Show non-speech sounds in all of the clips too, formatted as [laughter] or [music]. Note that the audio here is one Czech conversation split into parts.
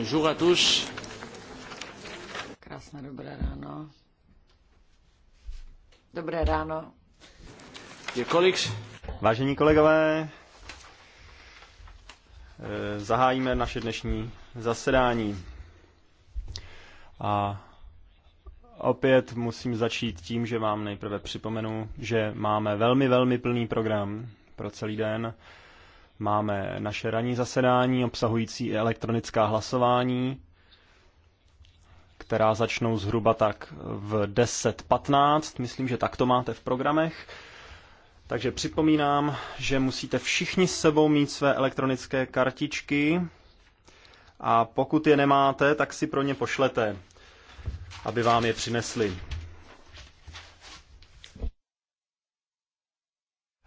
Bonjour à tous. Krásné dobré ráno. Dobré ráno. Vážení kolegové, eh, zahájíme naše dnešní zasedání. A opět musím začít tím, že vám nejprve připomenu, že máme velmi, velmi plný program pro celý den. Máme naše ranní zasedání obsahující i elektronická hlasování, která začnou zhruba tak v 10.15. Myslím, že tak to máte v programech. Takže připomínám, že musíte všichni s sebou mít své elektronické kartičky a pokud je nemáte, tak si pro ně pošlete, aby vám je přinesli.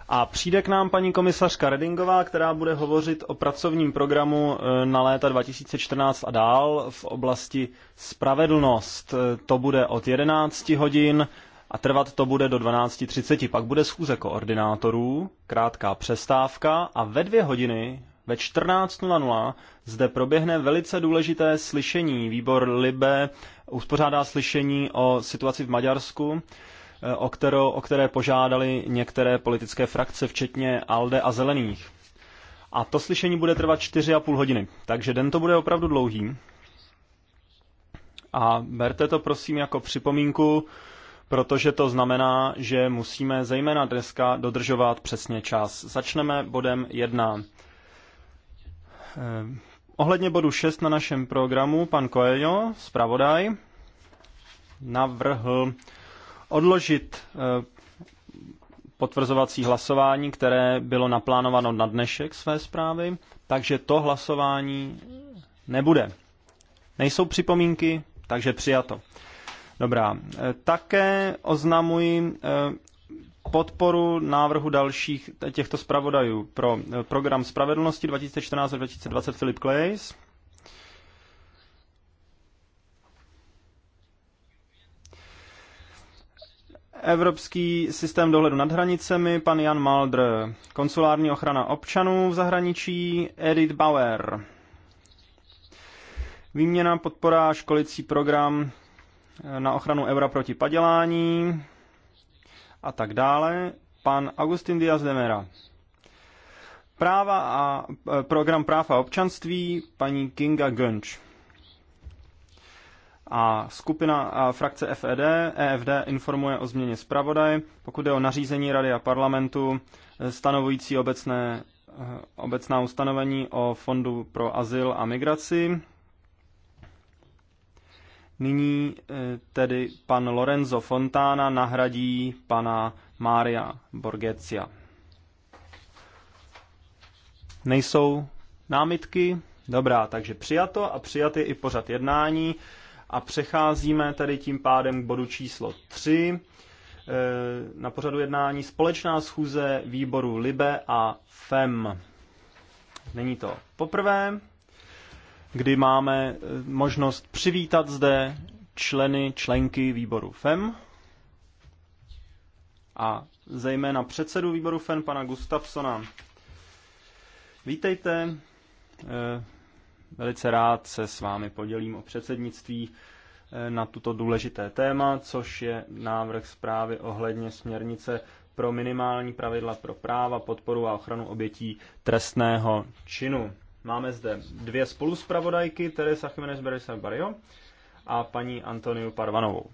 A přijde k nám paní komisařka Redingová, která bude hovořit o pracovním programu e, na léta 2014 a dál v oblasti spravedlnost. E, to bude od 11 hodin a trvat to bude do 12.30. Pak bude schůze koordinátorů, krátká přestávka a ve dvě hodiny ve 14.00 zde proběhne velice důležité slyšení. Výbor Libe uspořádá slyšení o situaci v Maďarsku o, kterou, o které požádali některé politické frakce, včetně ALDE a Zelených. A to slyšení bude trvat 4,5 hodiny, takže den to bude opravdu dlouhý. A berte to prosím jako připomínku, protože to znamená, že musíme zejména dneska dodržovat přesně čas. Začneme bodem 1. Eh, ohledně bodu 6 na našem programu pan Coelho, zpravodaj, navrhl odložit eh, potvrzovací hlasování, které bylo naplánováno na dnešek své zprávy, takže to hlasování nebude. Nejsou připomínky, takže přijato. Dobrá. Eh, také oznamuji eh, podporu návrhu dalších těchto zpravodajů pro program Spravedlnosti 2014-2020 Filip Klejs Evropský systém dohledu nad hranicemi, pan Jan Maldr, konsulární ochrana občanů v zahraničí, Edith Bauer. Výměna, podpora, školicí program na ochranu eura proti padělání a tak dále, pan Agustin Diaz de Mera. Práva a eh, program práva občanství, paní Kinga Gönč. A skupina a frakce FED, EFD informuje o změně zpravodaje, pokud je o nařízení Rady a parlamentu eh, stanovující obecné, eh, obecná ustanovení o Fondu pro azyl a migraci. Nyní eh, tedy pan Lorenzo Fontana nahradí pana Mária Borgecia. Nejsou námitky? Dobrá, takže přijato a přijat je i pořad jednání. A přecházíme tedy tím pádem k bodu číslo 3 eh, na pořadu jednání společná schůze výboru Libe a FEM. Není to poprvé, kdy máme eh, možnost přivítat zde členy, členky výboru FEM a zejména předsedu výboru FEM, pana Gustafsona. Vítejte, eh, Velice rád se s vámi podělím o předsednictví eh, na tuto důležité téma, což je návrh zprávy ohledně směrnice pro minimální pravidla pro práva, podporu a ochranu obětí trestného činu. Máme zde dvě spoluspravodajky, Teresa Chimenez Berisa Barrio a paní Antoniu Parvanovou.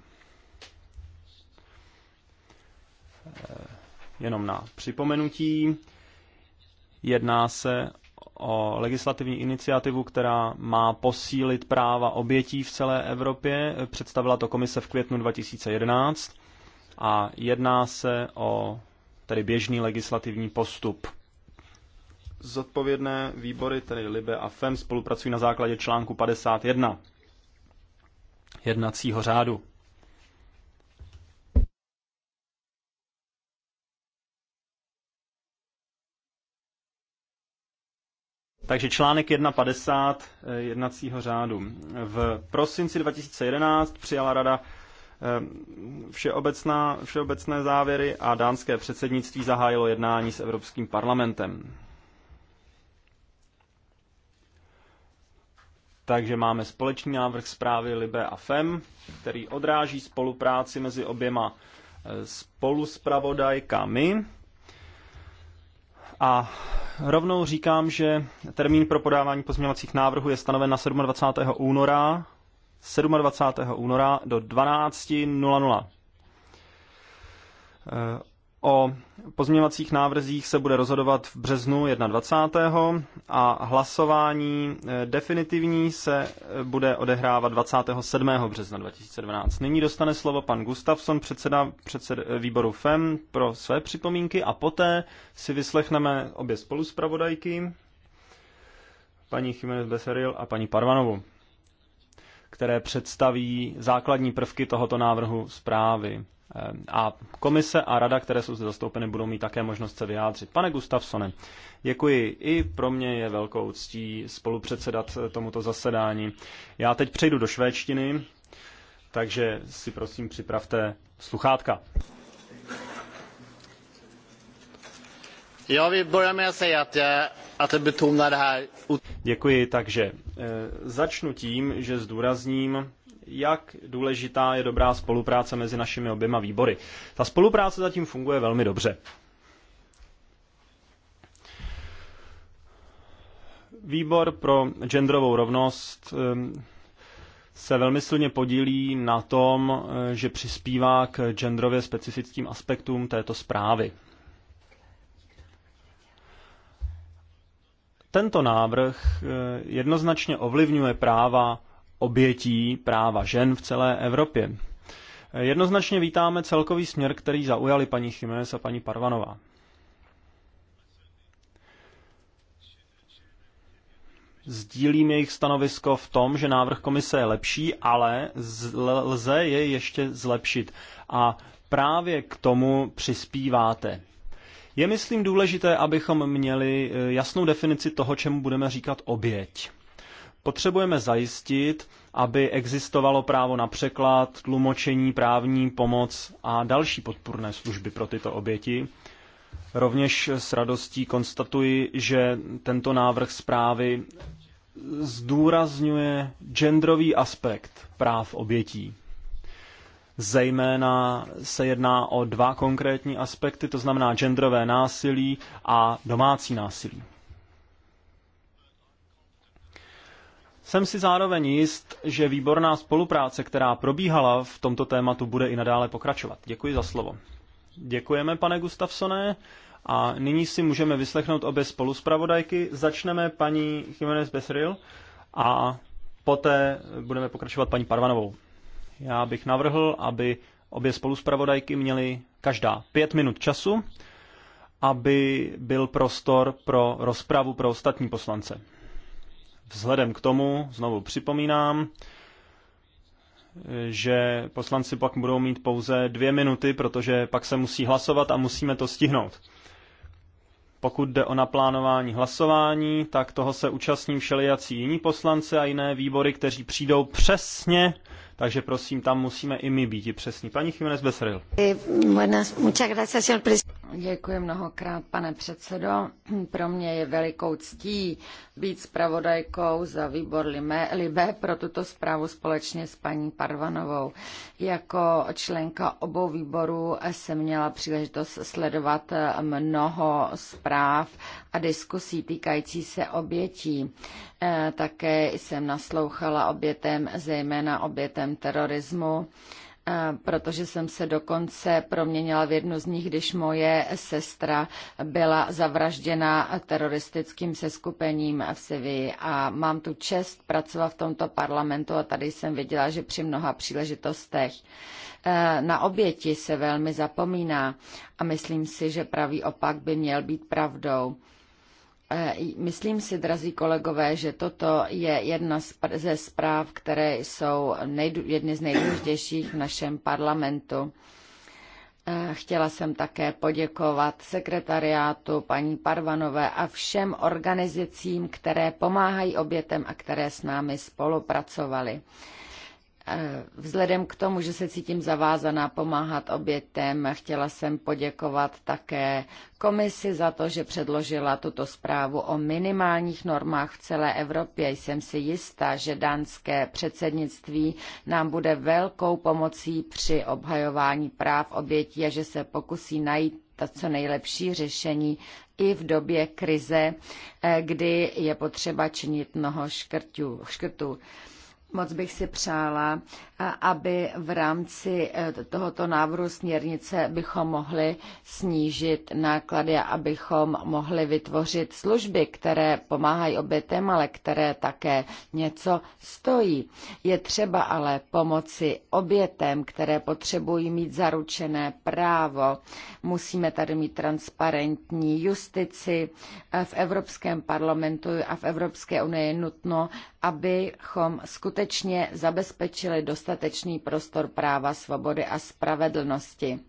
Eh, jenom na připomenutí, jedná se o legislativní iniciativu, která má posílit práva obětí v celé Evropě. Představila to komise v květnu 2011 a jedná se o tedy běžný legislativní postup. Zodpovědné výbory, tedy Libe a FEM, spolupracují na základě článku 51 jednacího řádu. Takže článek 1.50 eh, jednacího řádu. V prosinci 2011 přijala rada eh, všeobecná, všeobecné závěry a dánské předsednictví zahájilo jednání s Evropským parlamentem. Takže máme společný návrh zprávy Libe a FEM, který odráží spolupráci mezi oběma eh, spoluspravodajkami a rovnou říkám, že termín pro podávání pozměňovacích návrhů je stanoven na 27. února 27. února do 12.00. O pozměňovacích návrzích se bude rozhodovat v březnu 21. a hlasování eh, definitivní se eh, bude odehrávat 27. března 2012. Nyní dostane slovo pan Gustafsson, předseda předseda eh, výboru FEM, pro své připomínky a poté si vyslechneme obě spoluspravodajky, paní Jiménez Beseril a paní Parvanovu, které představí základní prvky tohoto návrhu zprávy. Ehm, a komise a rada, které jsou zde zastoupeny, budou mít také možnost se vyjádřit. Pane Gustafsone, děkuji. I pro mě je velkou ctí spolupředsedat tomuto zasedání. Já teď přejdu do švédštiny, takže si prosím připravte sluchátka. Já bych börja med att säga att to att Děkuji, takže eh, začnu tím, že zdůrazním jak důležitá je dobrá spolupráce mezi našimi oběma výbory. Ta spolupráce zatím funguje velmi dobře. Výbor pro genderovou rovnost ehm, se velmi silně podílí na tom, eh, že přispívá k genderově specifickým aspektům této zprávy. Tento návrh eh, jednoznačně ovlivňuje práva obětí práva žen v celé Evropě. Jednoznačně vítáme celkový směr, který zaujali paní Chimenez a paní Parvanová. Sdílím jejich stanovisko v tom, že návrh komise je lepší, ale lze je ještě zlepšit. A právě k tomu přispíváte. Je myslím důležité, abychom měli eh, jasnou definici toho, čemu budeme říkat oběť. Potřebujeme zajistit, aby existovalo právo na překlad, tlumočení, právní pomoc a další podpůrné služby pro tyto oběti. Rovněž s radostí konstatuji, že tento návrh zprávy zdůrazňuje genderový aspekt práv obětí. Zejména se jedná o dva konkrétní aspekty, to znamená genderové násilí a domácí násilí. Jsem si zároveň jist, že výborná spolupráce, která probíhala v tomto tématu, bude i nadále pokračovat. Děkuji za slovo. Děkujeme, pane Gustafsone. A nyní si můžeme vyslechnout obě spoluspravodajky. Začneme paní Jiménez Besril a poté budeme pokračovat paní Parvanovou. Já bych navrhl, aby obě spoluspravodajky měly každá pět minut času, aby byl prostor pro rozpravu pro ostatní poslance. Vzhledem k tomu, znovu připomínám, že poslanci pak budou mít pouze dvě minuty, protože pak se musí hlasovat a musíme to stihnout. Pokud jde o naplánování hlasování, tak toho se účastní všelijací jiní poslanci a jiné výbory, kteří přijdou přesně, takže prosím, tam musíme i my být přesní. Paní Chimenez Besril. Eh, Děkuji mnohokrát, pane předsedo. [clears throat] Pro mě je velikou ctí být zpravodajkou za výbor Libe pro tuto zprávu společně s paní Parvanovou. Jako členka obou výborů jsem měla příležitost sledovat mnoho zpráv a diskusí týkající se obětí. E, také jsem naslouchala obětem, zejména obětem terorismu protože jsem se dokonce proměnila v jednu z nich, když moje sestra byla zavražděna teroristickým seskupením v Sevii. A mám tu čest pracovat v tomto parlamentu a tady jsem viděla, že při mnoha příležitostech eh, na oběti se velmi zapomíná a myslím si, že pravý opak by měl být pravdou. Eh, myslím si, drazí kolegové, že toto je jedna ze zpráv, které jsou nejdu, jedny z nejdůležitějších v našem parlamentu. Eh, chtěla jsem také poděkovat sekretariátu, paní Parvanové a všem organizacím, které pomáhají obětem a které s námi spolupracovaly. Eh, vzhledem k tomu, že se cítím zavázaná pomáhat obětem, chtěla jsem poděkovat také komisi za to, že předložila tuto zprávu o minimálních normách v celé Evropě. Jsem si jistá, že dánské předsednictví nám bude velkou pomocí při obhajování práv obětí a že se pokusí najít to, co nejlepší řešení i v době krize, eh, kdy je potřeba činit mnoho škrtů. škrtů. Moc bych si přála, aby v rámci eh, tohoto návrhu směrnice bychom mohli snížit náklady a abychom mohli vytvořit služby, které pomáhají obětem, ale které také něco stojí. Je třeba ale pomoci obětem, které potřebují mít zaručené právo. Musíme tady mít transparentní justici. Eh, v Evropském parlamentu a v Evropské unii je nutno, abychom skutečně zabezpečili dostatek dostatečný prostor práva, svobody a spravedlnosti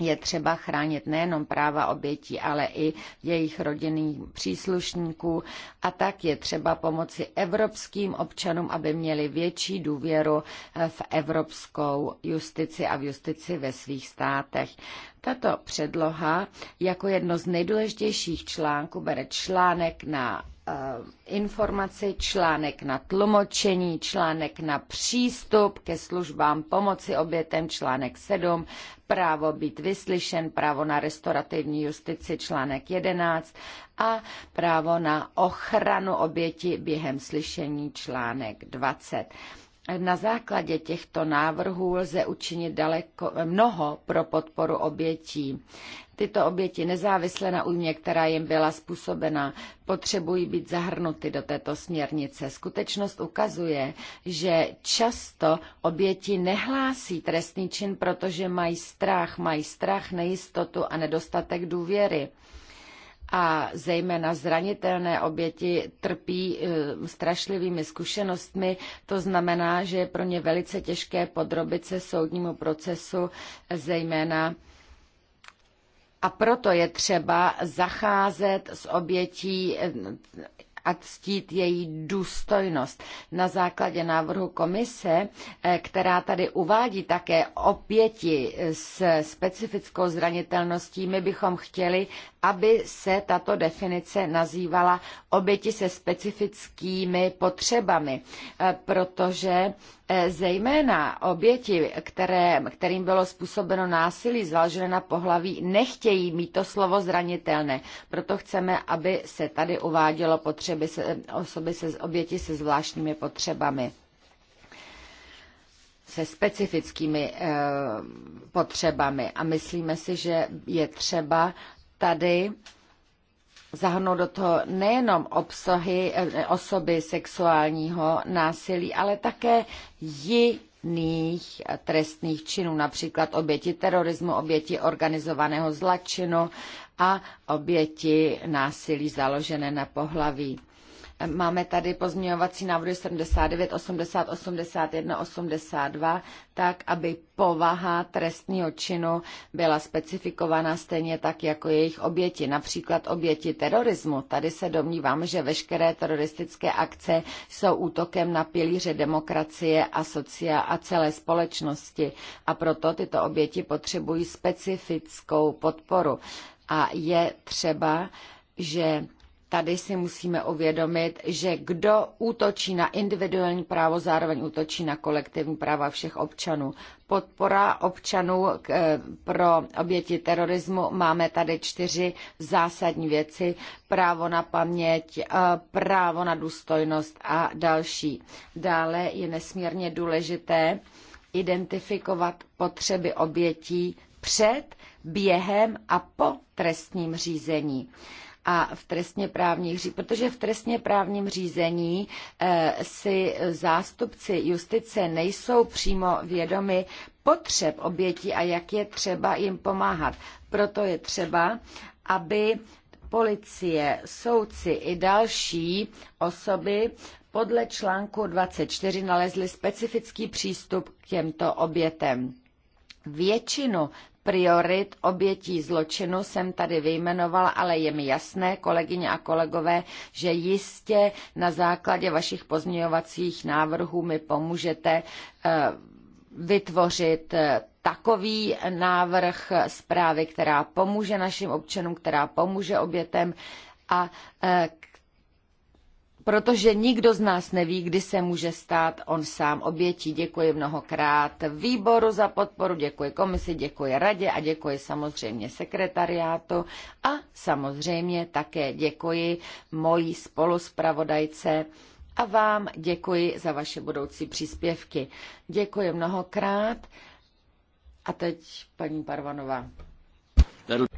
je třeba chránit nejenom práva obětí, ale i jejich rodinných příslušníků a tak je třeba pomoci evropským občanům, aby měli větší důvěru v evropskou justici a v justici ve svých státech. Tato předloha jako jedno z nejdůležitějších článků bere článek na eh, informaci, článek na tlumočení, článek na přístup ke službám pomoci obětem, článek 7, právo být vyslyšen, právo na restaurativní justici, článek 11 a právo na ochranu oběti během slyšení, článek 20. Na základě těchto návrhů lze učinit daleko mnoho pro podporu obětí. Tyto oběti nezávisle na újmě, která jim byla způsobena, potřebují být zahrnuty do této směrnice. Skutečnost ukazuje, že často oběti nehlásí trestný čin, protože mají strach, mají strach, nejistotu a nedostatek důvěry a zejména zranitelné oběti trpí eh, strašlivými zkušenostmi. To znamená, že je pro ně velice těžké podrobit se soudnímu procesu, zejména a proto je třeba zacházet s obětí eh, a ctít její důstojnost. Na základě návrhu komise, eh, která tady uvádí také oběti s specifickou zranitelností, my bychom chtěli, aby se tato definice nazývala oběti se specifickými potřebami, e, protože e, zejména oběti, které, kterým bylo způsobeno násilí založené na pohlaví, nechtějí mít to slovo zranitelné. Proto chceme, aby se tady uvádělo potřeby se, osoby se oběti se zvláštními potřebami se specifickými e, potřebami a myslíme si, že je třeba tady zahrnout do toho nejenom obsahy eh, osoby sexuálního násilí, ale také jiných trestných činů, například oběti terorismu, oběti organizovaného zlačinu a oběti násilí založené na pohlaví. Máme tady pozměňovací návrhy 79, 80, 81, 82, tak, aby povaha trestního činu byla specifikována stejně tak jako jejich oběti, například oběti terorismu. Tady se domníváme, že veškeré teroristické akce jsou útokem na pilíře demokracie a, socia a celé společnosti a proto tyto oběti potřebují specifickou podporu. A je třeba, že tady si musíme uvědomit, že kdo útočí na individuální právo, zároveň útočí na kolektivní práva všech občanů. Podpora občanů eh, pro oběti terorismu. Máme tady čtyři zásadní věci. Právo na paměť, eh, právo na důstojnost a další. Dále je nesmírně důležité identifikovat potřeby obětí před, během a po trestním řízení a v trestně právních řízení, protože v trestně právním řízení eh, si zástupci justice nejsou přímo vědomi potřeb obětí a jak je třeba jim pomáhat. Proto je třeba, aby policie, soudci i další osoby podle článku 24 nalezli specifický přístup k těmto obětem. Většinu priorit obětí zločinu jsem tady vyjmenovala, ale je mi jasné, kolegyně a kolegové, že jistě na základě vašich pozměňovacích návrhů mi pomůžete eh, vytvořit eh, takový návrh zprávy, která pomůže našim občanům, která pomůže obětem a eh, protože nikdo z nás neví, kdy se může stát on sám obětí. Děkuji mnohokrát výboru za podporu, děkuji komisi, děkuji radě a děkuji samozřejmě sekretariátu a samozřejmě také děkuji mojí spoluspravodajce a vám děkuji za vaše budoucí příspěvky. Děkuji mnohokrát a teď paní Parvanová.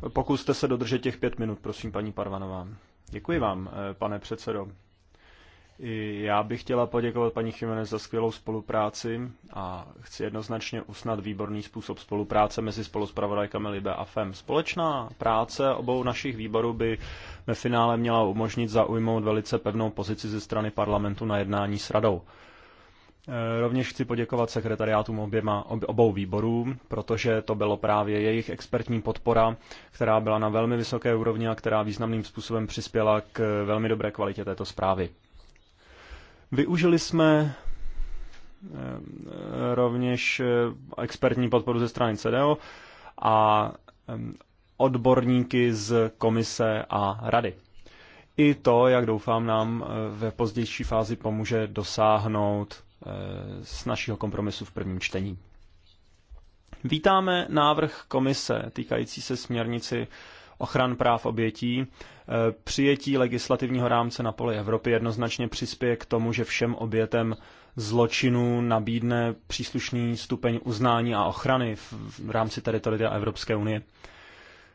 Pokuste se dodržet těch pět minut, prosím, paní Parvanová. Děkuji vám, eh, pane předsedo. I já bych chtěla poděkovat paní Chimene za skvělou spolupráci a chci jednoznačně usnat výborný způsob spolupráce mezi spoluspravodajkami Libe a FEM. Společná práce obou našich výborů by ve finále měla umožnit zaujmout velice pevnou pozici ze strany parlamentu na jednání s radou. E, rovněž chci poděkovat sekretariátům oběma, obou výborům, protože to bylo právě jejich expertní podpora, která byla na velmi vysoké úrovni a která významným způsobem přispěla k velmi dobré kvalitě této zprávy. Využili jsme eh, rovněž eh, expertní podporu ze strany CDO a eh, odborníky z komise a rady. I to, jak doufám, nám ve pozdější fázi pomůže dosáhnout z našeho kompromisu v prvním čtení. Vítáme návrh komise týkající se směrnici ochran práv obětí. E, přijetí legislativního rámce na poli Evropy jednoznačně přispěje k tomu, že všem obětem zločinů nabídne příslušný stupeň uznání a ochrany v rámci teritoria Evropské unie.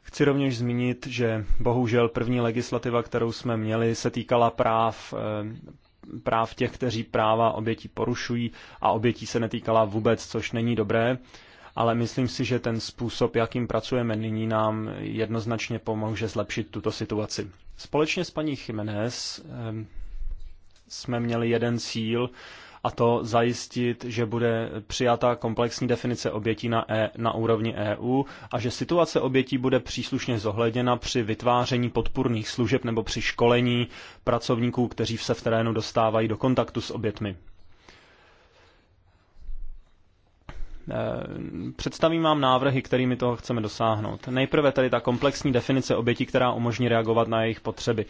Chci rovněž zmínit, že bohužel první legislativa, kterou jsme měli, se týkala práv e, práv těch, kteří práva obětí porušují a obětí se netýkala vůbec, což není dobré ale myslím si, že ten způsob, jakým pracujeme nyní, nám jednoznačně pomůže zlepšit tuto situaci. Společně s paní Jiménez jsme měli jeden cíl, a to zajistit, že bude přijata komplexní definice obětí na, e, na úrovni EU a že situace obětí bude příslušně zohleděna při vytváření podpůrných služeb nebo při školení pracovníků, kteří se v terénu dostávají do kontaktu s obětmi. Eh, představím vám návrhy, kterými toho chceme dosáhnout. Nejprve tedy ta komplexní definice obětí, která umožní reagovat na jejich potřeby.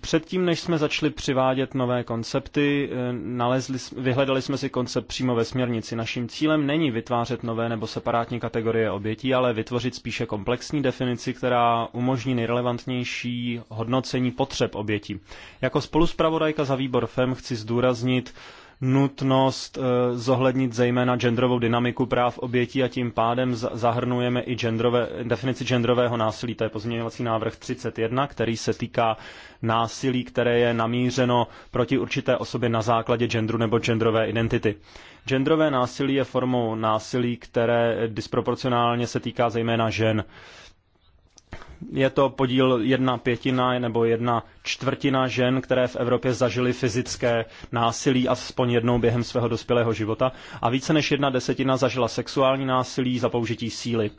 Předtím, než jsme začali přivádět nové koncepty, eh, nalezli, vyhledali jsme si koncept přímo ve směrnici. Naším cílem není vytvářet nové nebo separátní kategorie obětí, ale vytvořit spíše komplexní definici, která umožní nejrelevantnější hodnocení potřeb obětí. Jako spoluspravodajka za výbor FEM chci zdůraznit nutnost eh, zohlednit zejména genderovou dynamiku práv obětí a tím pádem zahrnujeme i genderové, definici genderového násilí. To je pozměňovací návrh 31, který se týká násilí, které je namířeno proti určité osobě na základě genderu nebo genderové identity. Genderové násilí je formou násilí, které disproporcionálně se týká zejména žen je to podíl jedna pětina nebo jedna čtvrtina žen, které v Evropě zažily fyzické násilí aspoň jednou během svého dospělého života a více než jedna desetina zažila sexuální násilí za použití síly.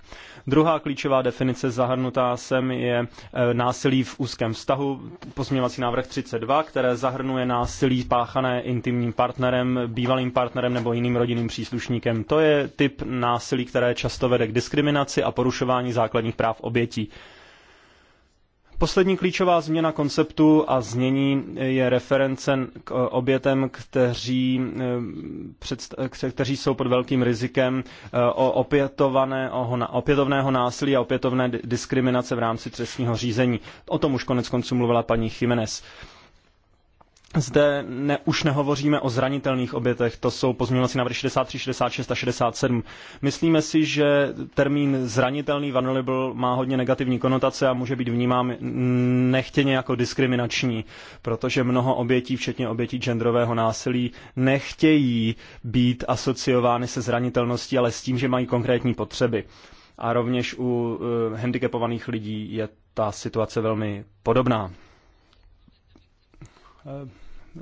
Druhá klíčová definice zahrnutá sem je e, násilí v úzkém vztahu, pozměňovací návrh 32, které zahrnuje násilí páchané intimním partnerem, bývalým partnerem nebo jiným rodinným příslušníkem. To je typ násilí, které často vede k diskriminaci a porušování základních práv obětí. Poslední klíčová změna konceptu a znění je reference k obětem, kteří, eh, eh, kteří jsou pod velkým rizikem eh, o opětovaného, opětovného násilí a opětovné diskriminace v rámci trestního řízení. O tom už konec konců mluvila paní Jiménez. Zde ne, už nehovoříme o zranitelných obětech, to jsou pozměňovací návrhy 63, 66 a 67. Myslíme si, že termín zranitelný vulnerable má hodně negativní konotace a může být vnímán nechtěně jako diskriminační, protože mnoho obětí, včetně obětí genderového násilí, nechtějí být asociovány se zranitelností, ale s tím, že mají konkrétní potřeby. A rovněž u eh, handicapovaných lidí je ta situace velmi podobná. Eh,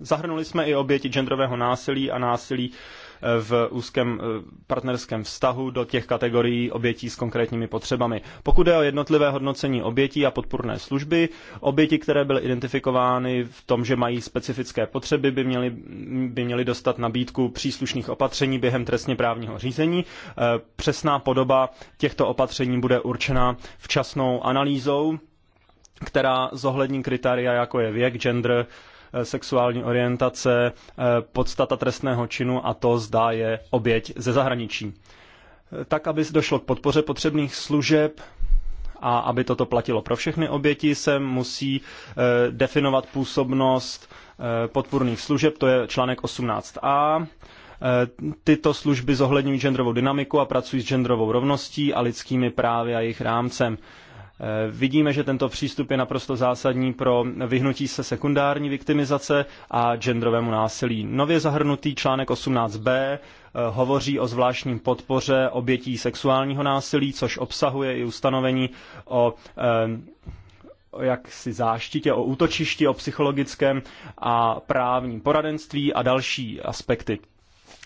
zahrnuli jsme i oběti genderového násilí a násilí eh, v úzkém eh, partnerském vztahu do těch kategorií obětí s konkrétními potřebami. Pokud je o jednotlivé hodnocení obětí a podpůrné služby, oběti, které byly identifikovány v tom, že mají specifické potřeby, by měly, by měly dostat nabídku příslušných opatření během trestně právního řízení. Přesná podoba těchto opatření bude určena včasnou analýzou která zohlední kritéria, jako je věk, gender, Eh, sexuální orientace, eh, podstata trestného činu a to zdá je oběť ze zahraničí. Eh, tak, aby došlo k podpoře potřebných služeb, a aby toto platilo pro všechny oběti, se musí definovat působnost podpůrných služeb, to je článek 18a. Tyto služby zohledňují genderovou dynamiku a pracují s genderovou rovností a lidskými právy a jejich rámcem. Eh, vidíme, že tento přístup je naprosto zásadní pro vyhnutí se sekundární viktimizace a genderovému násilí. Nově zahrnutý článek 18b eh, hovoří o zvláštním podpoře obětí sexuálního násilí, což obsahuje i ustanovení eh, o jaksi záštitě, o útočišti, o psychologickém a právním poradenství a další aspekty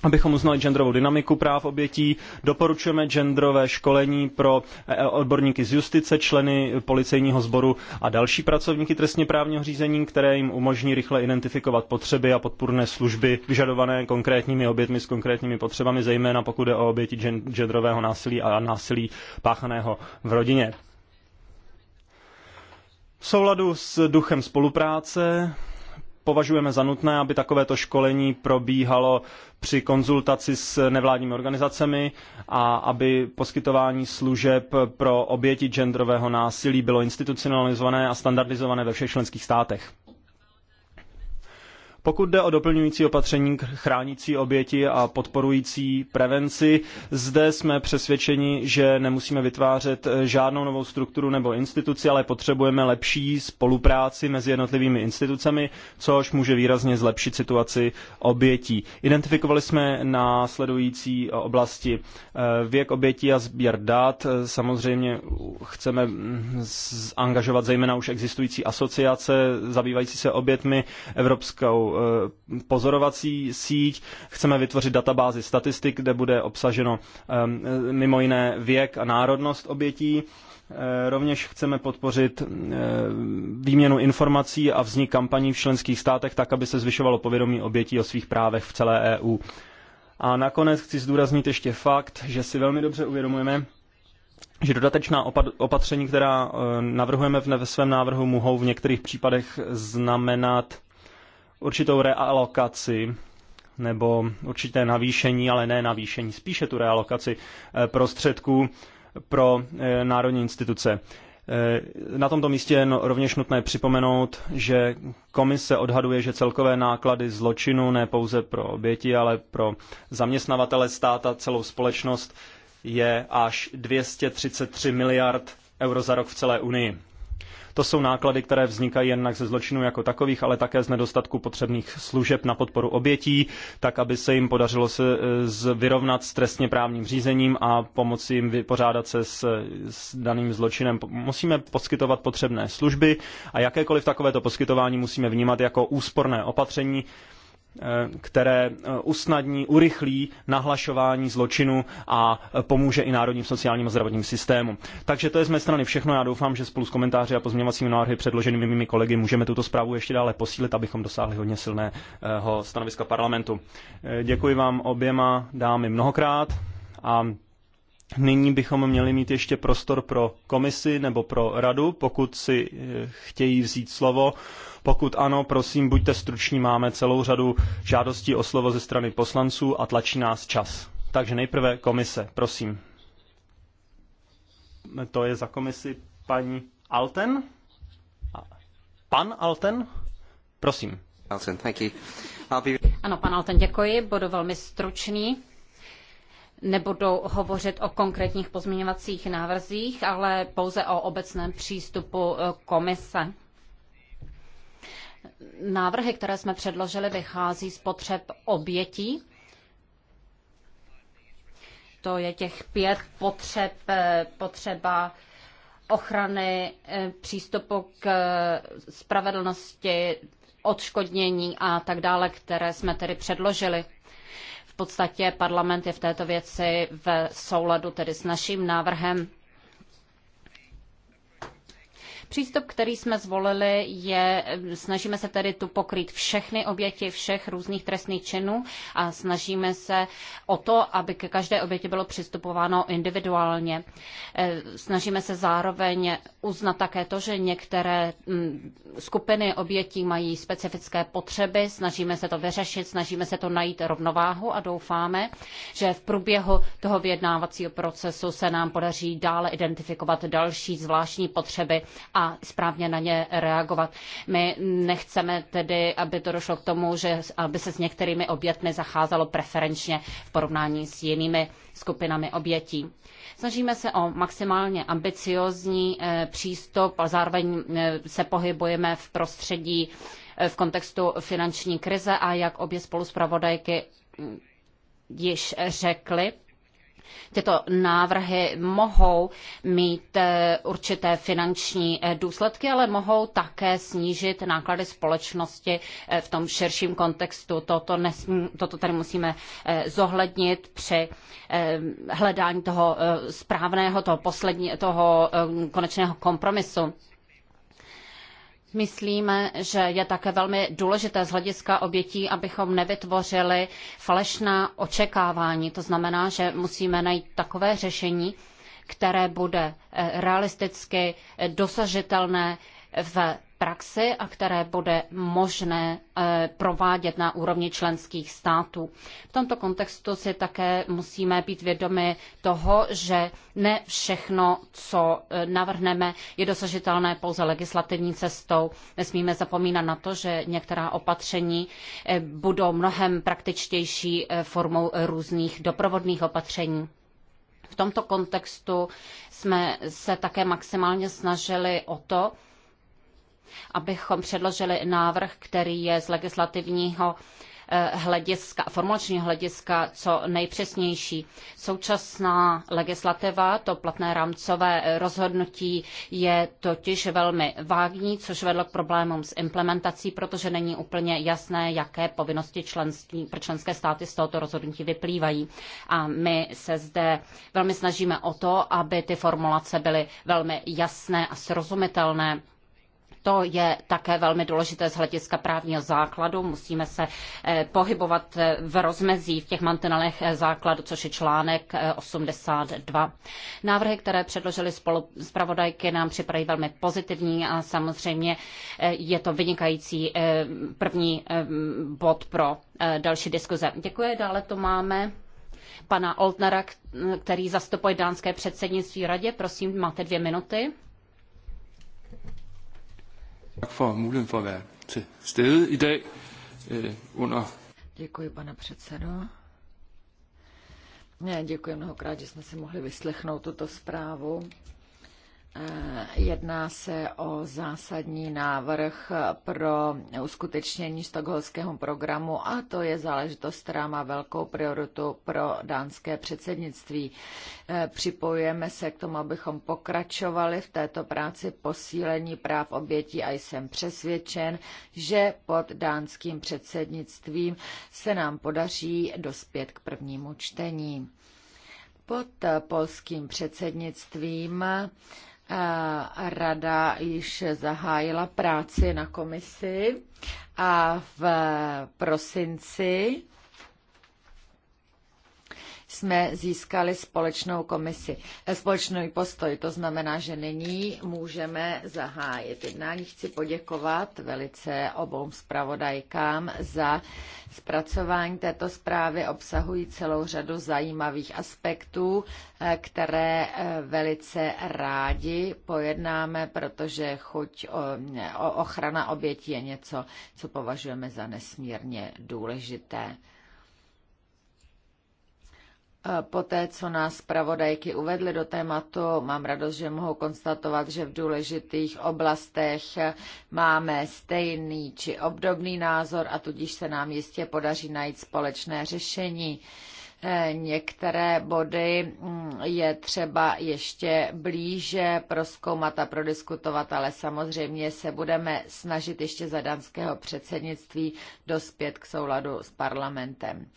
abychom uznali genderovou dynamiku práv obětí. Doporučujeme genderové školení pro e, e, odborníky z justice, členy policejního sboru a další pracovníky trestně právního řízení, které jim umožní rychle identifikovat potřeby a podpůrné služby vyžadované konkrétními obětmi s konkrétními potřebami, zejména pokud jde o oběti genderového násilí a násilí páchaného v rodině. V souladu s duchem spolupráce považujeme za nutné, aby takovéto školení probíhalo při konzultaci s nevládními organizacemi a aby poskytování služeb pro oběti genderového násilí bylo institucionalizované a standardizované ve všech členských státech. Pokud jde o doplňující opatření chránící oběti a podporující prevenci, zde jsme přesvědčeni, že nemusíme vytvářet eh, žádnou novou strukturu nebo instituci, ale potřebujeme lepší spolupráci mezi jednotlivými institucemi, což může výrazně zlepšit situaci obětí. Identifikovali jsme následující eh, oblasti eh, věk obětí a sběr dat. Samozřejmě chceme mm, angažovat zejména už existující asociace zabývající se obětmi Evropskou Eh, pozorovací síť, chceme vytvořit databázi statistik, kde bude obsaženo eh, mimo jiné věk a národnost obětí. Eh, rovněž chceme podpořit výměnu informací a vznik kampaní v členských státech tak, aby se zvyšovalo povědomí obětí o svých právech v celé EU. A nakonec chci zdůraznit ještě fakt, že si velmi dobře uvědomujeme, že dodatečná opatření, která navrhujeme ve svém návrhu, mohou v některých případech znamenat určitou realokaci nebo určité navýšení, ale ne navýšení, spíše tu realokaci eh, prostředků pro eh, národní instituce. Eh, na tomto místě je rovněž nutné připomenout, že komise odhaduje, že celkové náklady zločinu ne pouze pro oběti, ale pro zaměstnavatele státa, celou společnost je až 233 miliard euro za rok v celé Unii. To jsou náklady, které vznikají jednak ze zločinů jako takových, ale také z nedostatku potřebných služeb na podporu obětí, tak aby se jim podařilo se eh, vyrovnat s trestně právním řízením a pomoci jim vypořádat se s, s daným zločinem. Musíme poskytovat potřebné služby a jakékoliv takovéto poskytování musíme vnímat jako úsporné opatření, Eh, které eh, usnadní, urychlí nahlašování zločinu a eh, pomůže i národním sociálním a zdravotním systému. Takže to je z mé strany všechno. Já doufám, že spolu s komentáři a pozměňovacími návrhy předloženými mými kolegy můžeme tuto zprávu ještě dále posílit, abychom dosáhli hodně silného stanoviska parlamentu. Děkuji vám oběma dámy mnohokrát a Nyní bychom měli mít ještě prostor pro komisi nebo pro radu, pokud si chtějí vzít slovo. Pokud ano, prosím, buďte struční, máme celou řadu žádostí o slovo ze strany poslanců a tlačí nás čas. Takže nejprve komise, prosím. To je za komisi paní Alten? Pan Alten? Prosím. Alten, thank you. Ano, pan Alten, děkuji, budu velmi stručný. Nebudu hovořit o konkrétních pozměňovacích návrzích, ale pouze o obecném přístupu eh, komise návrhy, které jsme předložili, vychází z potřeb obětí. To je těch pět potřeb, eh, potřeba ochrany, eh, přístupu k eh, spravedlnosti, odškodnění a tak dále, které jsme tedy předložili. V podstatě parlament je v této věci v souladu tedy s naším návrhem Přístup, který jsme zvolili, je, snažíme se tedy tu pokrýt všechny oběti všech různých trestných činů a snažíme se o to, aby ke každé oběti bylo přistupováno individuálně. E, snažíme se zároveň uznat také to, že některé mm, skupiny obětí mají specifické potřeby, snažíme se to vyřešit, snažíme se to najít rovnováhu a doufáme, že v průběhu toho vyjednávacího procesu se nám podaří dále identifikovat další zvláštní potřeby a a správně na ně reagovat. My nechceme tedy, aby to došlo k tomu, že aby se s některými obětmi zacházelo preferenčně v porovnání s jinými skupinami obětí. Snažíme se o maximálně ambiciozní eh, přístup a zároveň eh, se pohybujeme v prostředí eh, v kontextu finanční krize a jak obě spoluspravodajky hm, již řekly, tyto návrhy mohou mít eh, určité finanční eh, důsledky, ale mohou také snížit náklady společnosti eh, v tom širším kontextu. Toto, nesmí, toto tady musíme zohlednit při hledání toho správného, toho poslední, toho konečného kompromisu. Myslíme, že je také velmi důležité z hlediska obětí, abychom nevytvořili falešná očekávání. To znamená, že musíme najít takové řešení, které bude eh, realisticky dosažitelné v praxi a které bude možné eh, provádět na úrovni členských států. V tomto kontextu si také musíme být vědomi toho, že ne všechno, co eh, navrhneme, je dosažitelné pouze legislativní cestou. Nesmíme zapomínat na to, že některá opatření eh, budou mnohem praktičtější formou různých doprovodných opatření. V tomto kontextu jsme se také maximálně snažili o to, abychom předložili návrh, který je z legislativního eh, hlediska, formulačního hlediska co nejpřesnější. Současná legislativa, to platné rámcové rozhodnutí je totiž velmi vágní, což vedlo k problémům s implementací, protože není úplně jasné, jaké povinnosti členský, pro členské státy z tohoto rozhodnutí vyplývají. A my se zde velmi snažíme o to, aby ty formulace byly velmi jasné a srozumitelné to je také velmi důležité z hlediska právního základu. Musíme se eh, pohybovat eh, v rozmezí v těch mantinelech eh, základu, což je článek 82. Návrhy, které předložili spolu zpravodajky, nám připadají velmi pozitivní a samozřejmě je to vynikající první bod pro další diskuze. Děkuji, dále to máme pana Oltnera, který zastupuje dánské předsednictví radě. Prosím, máte dvě minuty. Tak for muligheden for at være til stede i dag øh, under... Děkuji, pane předsedo. Ne, děkuji mnohokrát, že jsme si mohli vyslechnout tuto zprávu Eh, jedná se o zásadní návrh pro uskutečnění stokholského programu a to je záležitost, která má velkou prioritu pro dánské předsednictví. Eh, připojujeme se k tomu, abychom pokračovali v této práci posílení práv obětí a jsem přesvědčen, že pod dánským předsednictvím se nám podaří dospět k prvnímu čtení. Pod polským předsednictvím Rada již zahájila práci na komisi a v prosinci jsme získali společnou komisi, eh, společný postoj. To znamená, že nyní můžeme zahájit jednání. Chci poděkovat velice obou zpravodajkám za zpracování této zprávy. Obsahují celou řadu zajímavých aspektů, eh, které eh, velice rádi pojednáme, protože chuť o, o ochrana obětí je něco, co považujeme za nesmírně důležité. E, poté, co nás zpravodajky uvedly do tématu, mám radost, že mohu konstatovat, že v důležitých oblastech máme stejný či obdobný názor a tudíž se nám jistě podaří najít společné řešení. Eh, některé body mm, je třeba ještě blíže proskoumat a prodiskutovat, ale samozřejmě se budeme snažit ještě za dánského předsednictví dospět k souladu s parlamentem.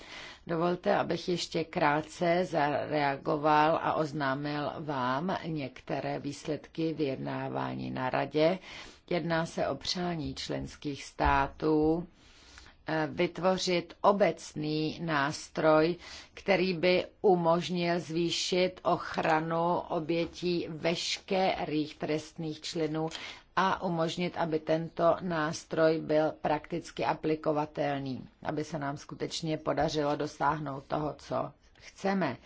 Dovolte, abych ještě krátce zareagoval a oznámil vám některé výsledky vyjednávání na radě. Jedná se o přání členských států vytvořit obecný nástroj, který by umožnil zvýšit ochranu obětí veškerých trestných členů a umožnit, aby tento nástroj byl prakticky aplikovatelný, aby se nám skutečně podařilo dosáhnout toho, co chceme.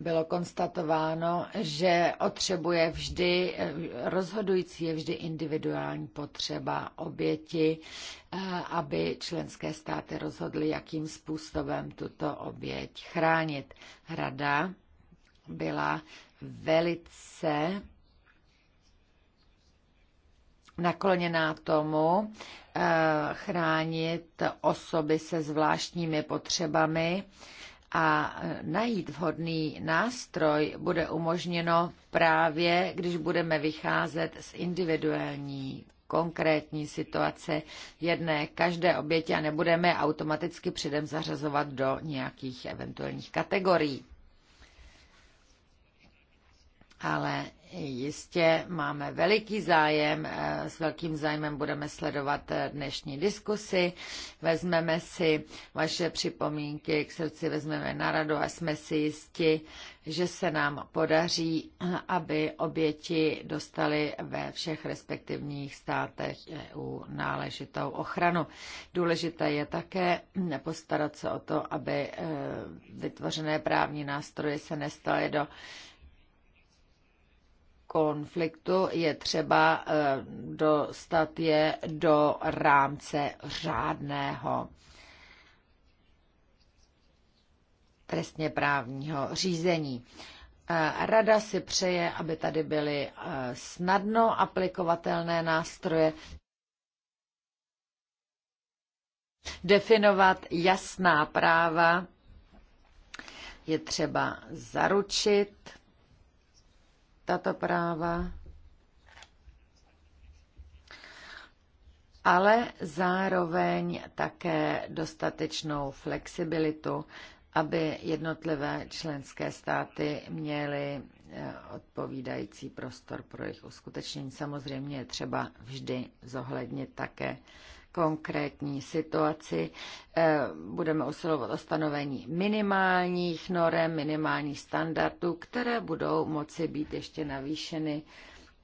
bylo konstatováno, že otřebuje vždy, rozhodující je vždy individuální potřeba oběti, eh, aby členské státy rozhodly, jakým způsobem tuto oběť chránit. Rada byla velice nakloněná tomu eh, chránit osoby se zvláštními potřebami, a e, najít vhodný nástroj bude umožněno právě, když budeme vycházet z individuální konkrétní situace jedné každé oběti a nebudeme automaticky předem zařazovat do nějakých eventuálních kategorií. Ale Jistě máme veliký zájem, eh, s velkým zájmem budeme sledovat eh, dnešní diskusy, vezmeme si vaše připomínky k srdci, vezmeme na radu a jsme si jisti, že se nám podaří, eh, aby oběti dostali ve všech respektivních státech EU náležitou ochranu. Důležité je také nepostarat mm, se o to, aby vytvořené právní nástroje se nestaly do konfliktu je třeba eh, dostat je do rámce řádného trestně právního řízení. Eh, Rada si přeje, aby tady byly eh, snadno aplikovatelné nástroje, definovat jasná práva je třeba zaručit tato práva, ale zároveň také dostatečnou flexibilitu, aby jednotlivé členské státy měly eh, odpovídající prostor pro jejich uskutečnění. Samozřejmě je třeba vždy zohlednit také konkrétní situaci. Eh, budeme usilovat o stanovení minimálních norem, minimálních standardů, které budou moci být ještě navýšeny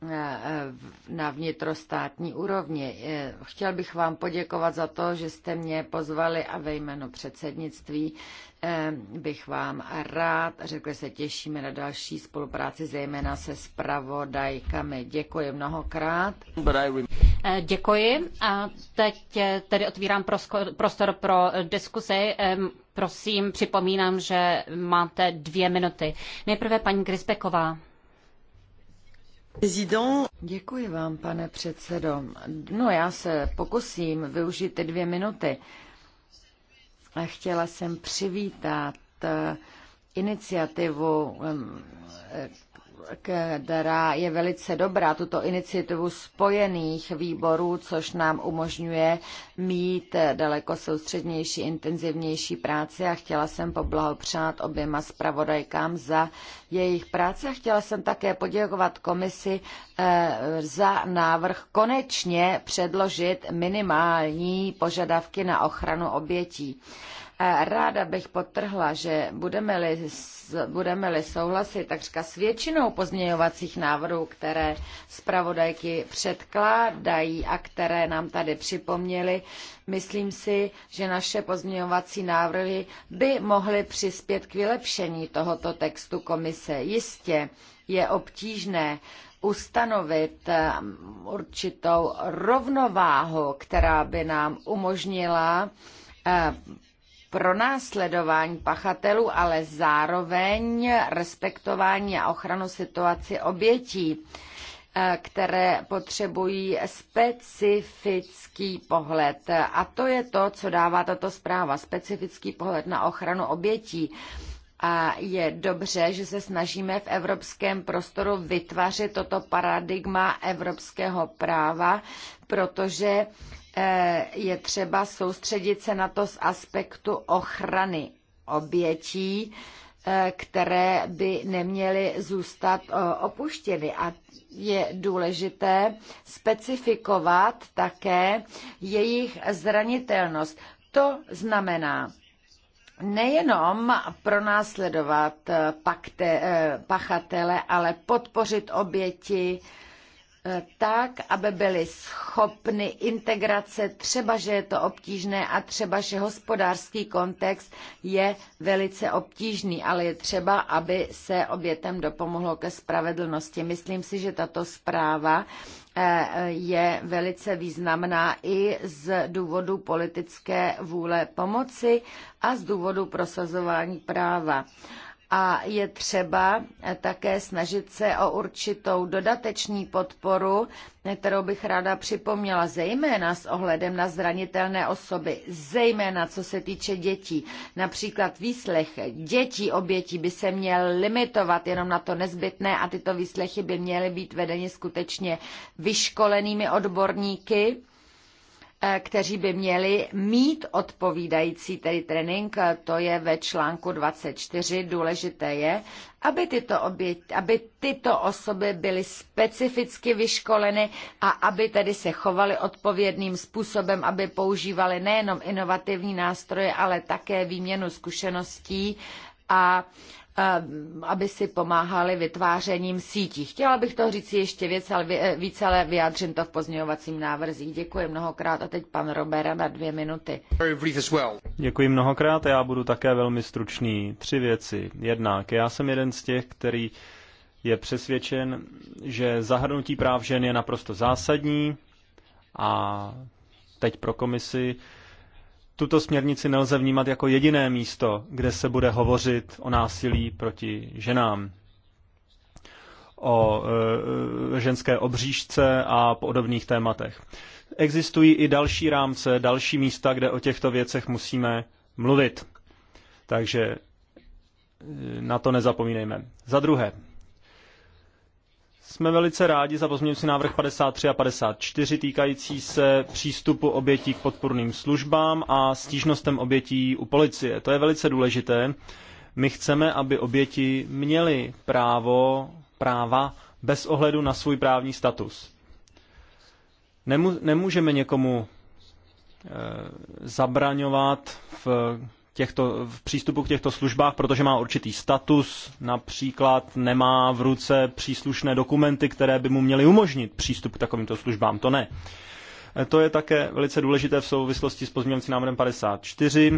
Eh, na vnitrostátní úrovni. Eh, chtěl bych vám poděkovat za to, že jste mě pozvali a ve jménu předsednictví eh, bych vám rád řekl, že se těšíme na další spolupráci, zejména se spravodajkami. Děkuji mnohokrát. Děkuji. A teď tedy otvírám prostor pro diskuzi. Prosím, připomínám, že máte dvě minuty. Nejprve paní Grisbeková. Děkuji vám, pane předsedo. No já se pokusím využít ty dvě minuty. chtěla jsem přivítat eh, iniciativu která je velice dobrá, tuto iniciativu spojených výborů, což nám umožňuje mít daleko soustřednější, intenzivnější práci a chtěla jsem poblahopřát oběma zpravodajkám za jejich práci a chtěla jsem také poděkovat komisi eh, za návrh konečně předložit minimální požadavky na ochranu obětí. Ráda bych podtrhla, že budeme-li, budeme-li souhlasit takřka s většinou pozměňovacích návrhů, které zpravodajky předkládají a které nám tady připomněly, myslím si, že naše pozměňovací návrhy by mohly přispět k vylepšení tohoto textu komise. Jistě je obtížné ustanovit um, určitou rovnováhu, která by nám umožnila pronásledování pachatelů, ale zároveň respektování a ochranu situaci obětí eh, které potřebují specifický pohled. A to je to, co dává tato zpráva, specifický pohled na ochranu obětí. A je dobře, že se snažíme v evropském prostoru vytvářet toto paradigma evropského práva, protože Eh, je třeba soustředit se na to z aspektu ochrany obětí, eh, které by neměly zůstat eh, opuštěny. A je důležité specifikovat také jejich zranitelnost. To znamená, nejenom pronásledovat pachatele, ale podpořit oběti, tak, aby byly schopny integrace, třeba, že je to obtížné a třeba, že hospodářský kontext je velice obtížný, ale je třeba, aby se obětem dopomohlo ke spravedlnosti. Myslím si, že tato zpráva eh, je velice významná i z důvodu politické vůle pomoci a z důvodu prosazování práva a je třeba také snažit se o určitou dodateční podporu, kterou bych ráda připomněla, zejména s ohledem na zranitelné osoby, zejména co se týče dětí. Například výslech dětí obětí by se měl limitovat jenom na to nezbytné a tyto výslechy by měly být vedeny skutečně vyškolenými odborníky Eh, kteří by měli mít odpovídající tedy trénink, eh, to je ve článku 24. Důležité je, aby tyto, oběť, aby tyto osoby byly specificky vyškoleny a aby tedy se chovaly odpovědným způsobem, aby používaly nejenom inovativní nástroje, ale také výměnu zkušeností a Eh, aby si pomáhali vytvářením sítí. Chtěla bych to říct ještě věc, ale eh, více, ale vyjádřím to v pozměňovacím návrzích. Děkuji mnohokrát a teď pan Robera na dvě minuty. Děkuji mnohokrát, já budu také velmi stručný. Tři věci. Jednak, já jsem jeden z těch, který je přesvědčen, že zahrnutí práv žen je naprosto zásadní a teď pro komisi tuto směrnici nelze vnímat jako jediné místo, kde se bude hovořit o násilí proti ženám, o e, ženské obřížce a podobných tématech. Existují i další rámce, další místa, kde o těchto věcech musíme mluvit. Takže e, na to nezapomínejme. Za druhé, jsme velice rádi za pozměňující návrh 53 a 54 týkající se přístupu obětí k podporným službám a stížnostem obětí u policie. To je velice důležité. My chceme, aby oběti měly právo, práva bez ohledu na svůj právní status. Nemů, nemůžeme někomu e, zabraňovat v těchto, v přístupu k těchto službách, protože má určitý status, například nemá v ruce příslušné dokumenty, které by mu měly umožnit přístup k takovýmto službám. To ne. To je také velice důležité v souvislosti s pozměňovacím návrhem 54.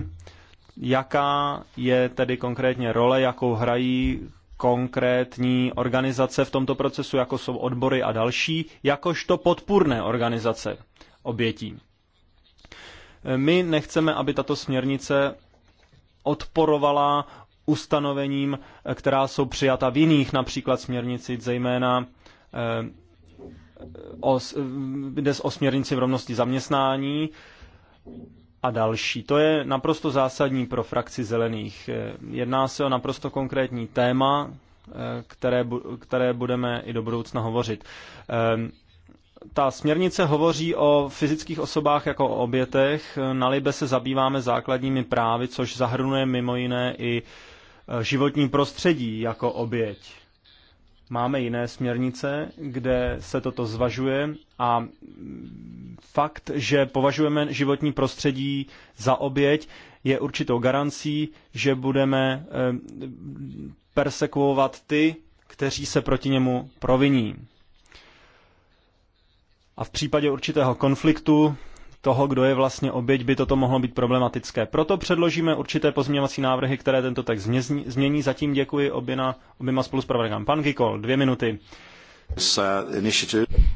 Jaká je tedy konkrétně role, jakou hrají konkrétní organizace v tomto procesu, jako jsou odbory a další, jakožto podpůrné organizace obětí. My nechceme, aby tato směrnice odporovala ustanovením, eh, která jsou přijata v jiných, například směrnici, zejména eh, o, eh, jde o směrnici v rovnosti zaměstnání a další. To je naprosto zásadní pro frakci zelených. Jedná se o naprosto konkrétní téma, které, které budeme i do budoucna hovořit. Ehm, ta směrnice hovoří o fyzických osobách jako o obětech. Na Libe se zabýváme základními právy, což zahrnuje mimo jiné i e, životní prostředí jako oběť. Máme jiné směrnice, kde se toto zvažuje a fakt, že považujeme životní prostředí za oběť, je určitou garancí, že budeme e, persekuovat ty, kteří se proti němu proviní. A v případě určitého konfliktu toho, kdo je vlastně oběť, by toto mohlo být problematické. Proto předložíme určité pozměňovací návrhy, které tento text změní. Zatím děkuji oběma, oběma spoluspravodajkám. Pan Gikol, dvě minuty.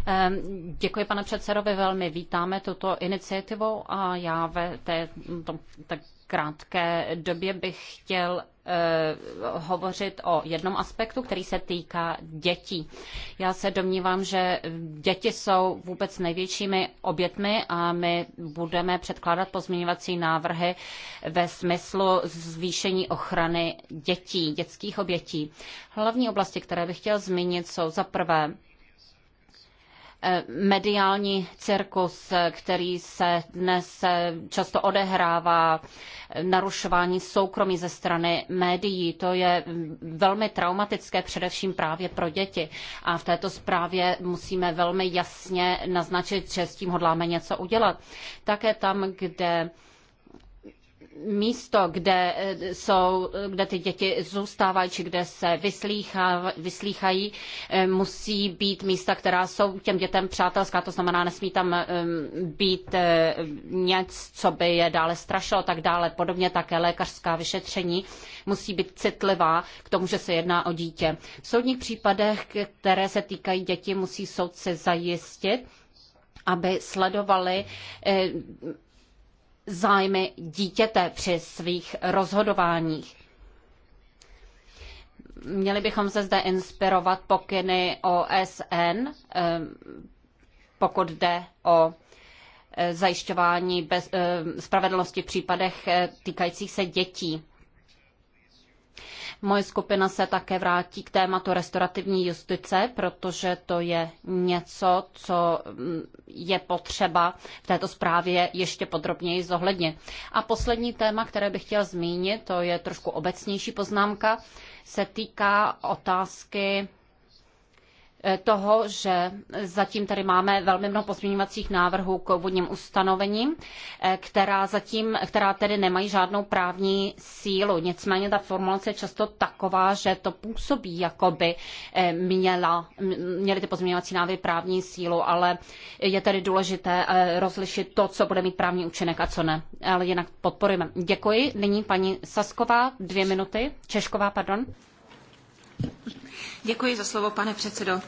Ehm, děkuji, pane předsedovi, velmi vítáme tuto iniciativu a já ve té, tom, tak krátké době bych chtěl Eh, hovořit o jednom aspektu, který se týká dětí. Já se domnívám, že děti jsou vůbec největšími obětmi a my budeme předkládat pozměňovací návrhy ve smyslu zvýšení ochrany dětí, dětských obětí. Hlavní oblasti, které bych chtěl zmínit, jsou za prvé Eh, mediální cirkus, který se dnes eh, často odehrává, eh, narušování soukromí ze strany médií, to je mm, velmi traumatické především právě pro děti. A v této zprávě musíme velmi jasně naznačit, že s tím hodláme něco udělat. Také tam, kde místo, kde, eh, jsou, kde ty děti zůstávají či kde se vyslýchá, vyslýchají, eh, musí být místa, která jsou těm dětem přátelská, to znamená, nesmí tam ehm, být eh, nic, co by je dále strašilo a tak dále. Podobně také lékařská vyšetření musí být citlivá k tomu, že se jedná o dítě. V soudních případech, které se týkají dětí, musí soudce zajistit, aby sledovali zájmy dítěte při svých rozhodováních. Měli bychom se zde inspirovat pokyny OSN, eh, pokud jde o eh, zajišťování bez, eh, spravedlnosti v případech týkajících se dětí. Moje skupina se také vrátí k tématu restaurativní justice, protože to je něco, co mm, je potřeba v této zprávě ještě podrobněji zohlednit. A poslední téma, které bych chtěla zmínit, to je trošku obecnější poznámka, se týká otázky Eh, toho, že zatím tady máme velmi mnoho pozměňovacích návrhů k úvodním ustanovením, eh, která, zatím, která tedy nemají žádnou právní sílu. Nicméně ta formulace je často taková, že to působí, jako by eh, měla, měly ty pozměňovací návrhy právní sílu, ale je tedy důležité rozlišit to, co bude mít právní účinek a co ne. Ale jinak podporujeme. Děkuji. Nyní paní Sasková, dvě minuty. Češková, pardon. Děkuji za slovo, pane předsedo.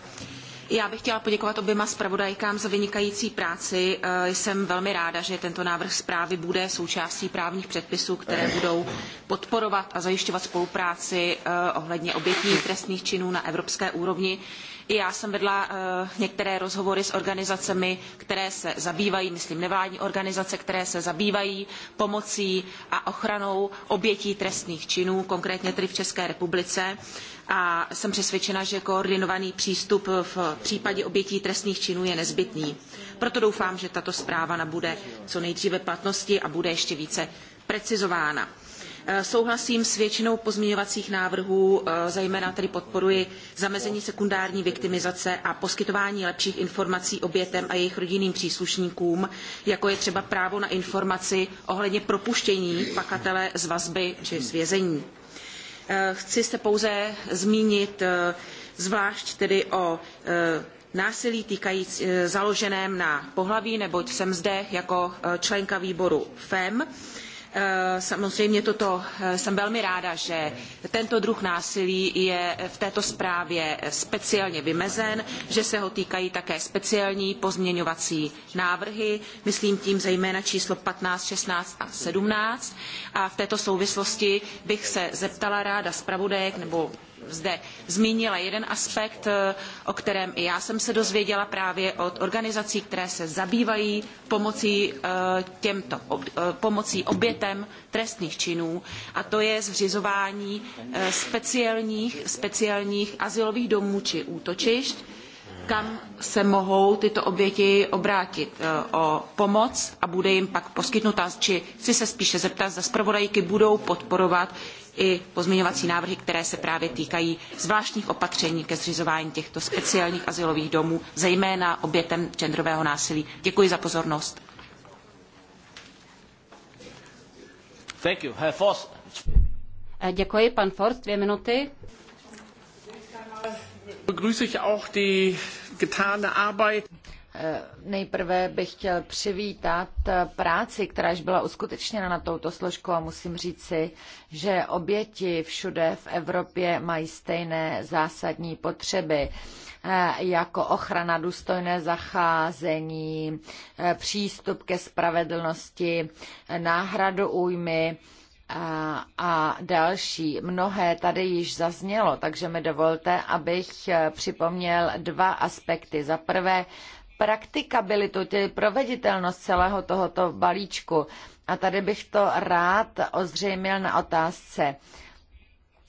Já bych chtěla poděkovat oběma zpravodajkám za vynikající práci. Eh, jsem velmi ráda, že tento návrh zprávy bude součástí právních předpisů, které budou podporovat a zajišťovat spolupráci eh, ohledně obětí trestných činů na evropské úrovni. I já jsem vedla eh, některé rozhovory s organizacemi, které se zabývají, myslím nevládní organizace, které se zabývají pomocí a ochranou obětí trestných činů, konkrétně tedy v České republice a jsem přesvědčena, že koordinovaný přístup v případě obětí trestných činů je nezbytný. Proto doufám, že tato zpráva nabude co nejdříve platnosti a bude ještě více precizována. E, souhlasím s většinou pozměňovacích návrhů, e, zejména tedy podporuji zamezení sekundární viktimizace a poskytování lepších informací obětem a jejich rodinným příslušníkům, jako je třeba právo na informaci ohledně propuštění pakatele z vazby či z vězení. Eh, chci se pouze zmínit eh, zvlášť tedy o eh, násilí týkajíc, založeném na pohlaví, neboť jsem zde jako členka výboru FEM. Eh, samozřejmě toto eh, jsem velmi ráda, že tento druh násilí je v této zprávě speciálně vymezen, že se ho týkají také speciální pozměňovací návrhy, myslím tím zejména číslo 15, 16 a 17. A v této souvislosti bych se zeptala ráda zpravodajek nebo zde zmínila jeden aspekt, eh, o kterém i já jsem se dozvěděla právě od organizací, které se zabývají pomocí, eh, těmto, eh, pomocí obětem trestných činů, a to je zřizování speciálních, speciálních asilových domů či útočišť, kam se mohou tyto oběti obrátit o pomoc a bude jim pak poskytnuta, či chci se spíše zeptat, zda zpravodajky budou podporovat i pozměňovací návrhy, které se právě týkají zvláštních opatření ke zřizování těchto speciálních asilových domů, zejména obětem genderového násilí. Děkuji za pozornost. Eh, děkuji, pan Forst, dvě minuty. Begrüße ich auch die getane Arbeit. Eh, nejprve bych chtěl přivítat eh, práci, která již byla uskutečněna na touto složku a musím říci, že oběti všude v Evropě mají stejné zásadní potřeby eh, jako ochrana důstojné zacházení, přístup ke spravedlnosti, náhradu újmy, a, další. Mnohé tady již zaznělo, takže mi dovolte, abych připomněl dva aspekty. Za prvé praktikabilitu, tedy proveditelnost celého tohoto balíčku. A tady bych to rád ozřejmil na otázce.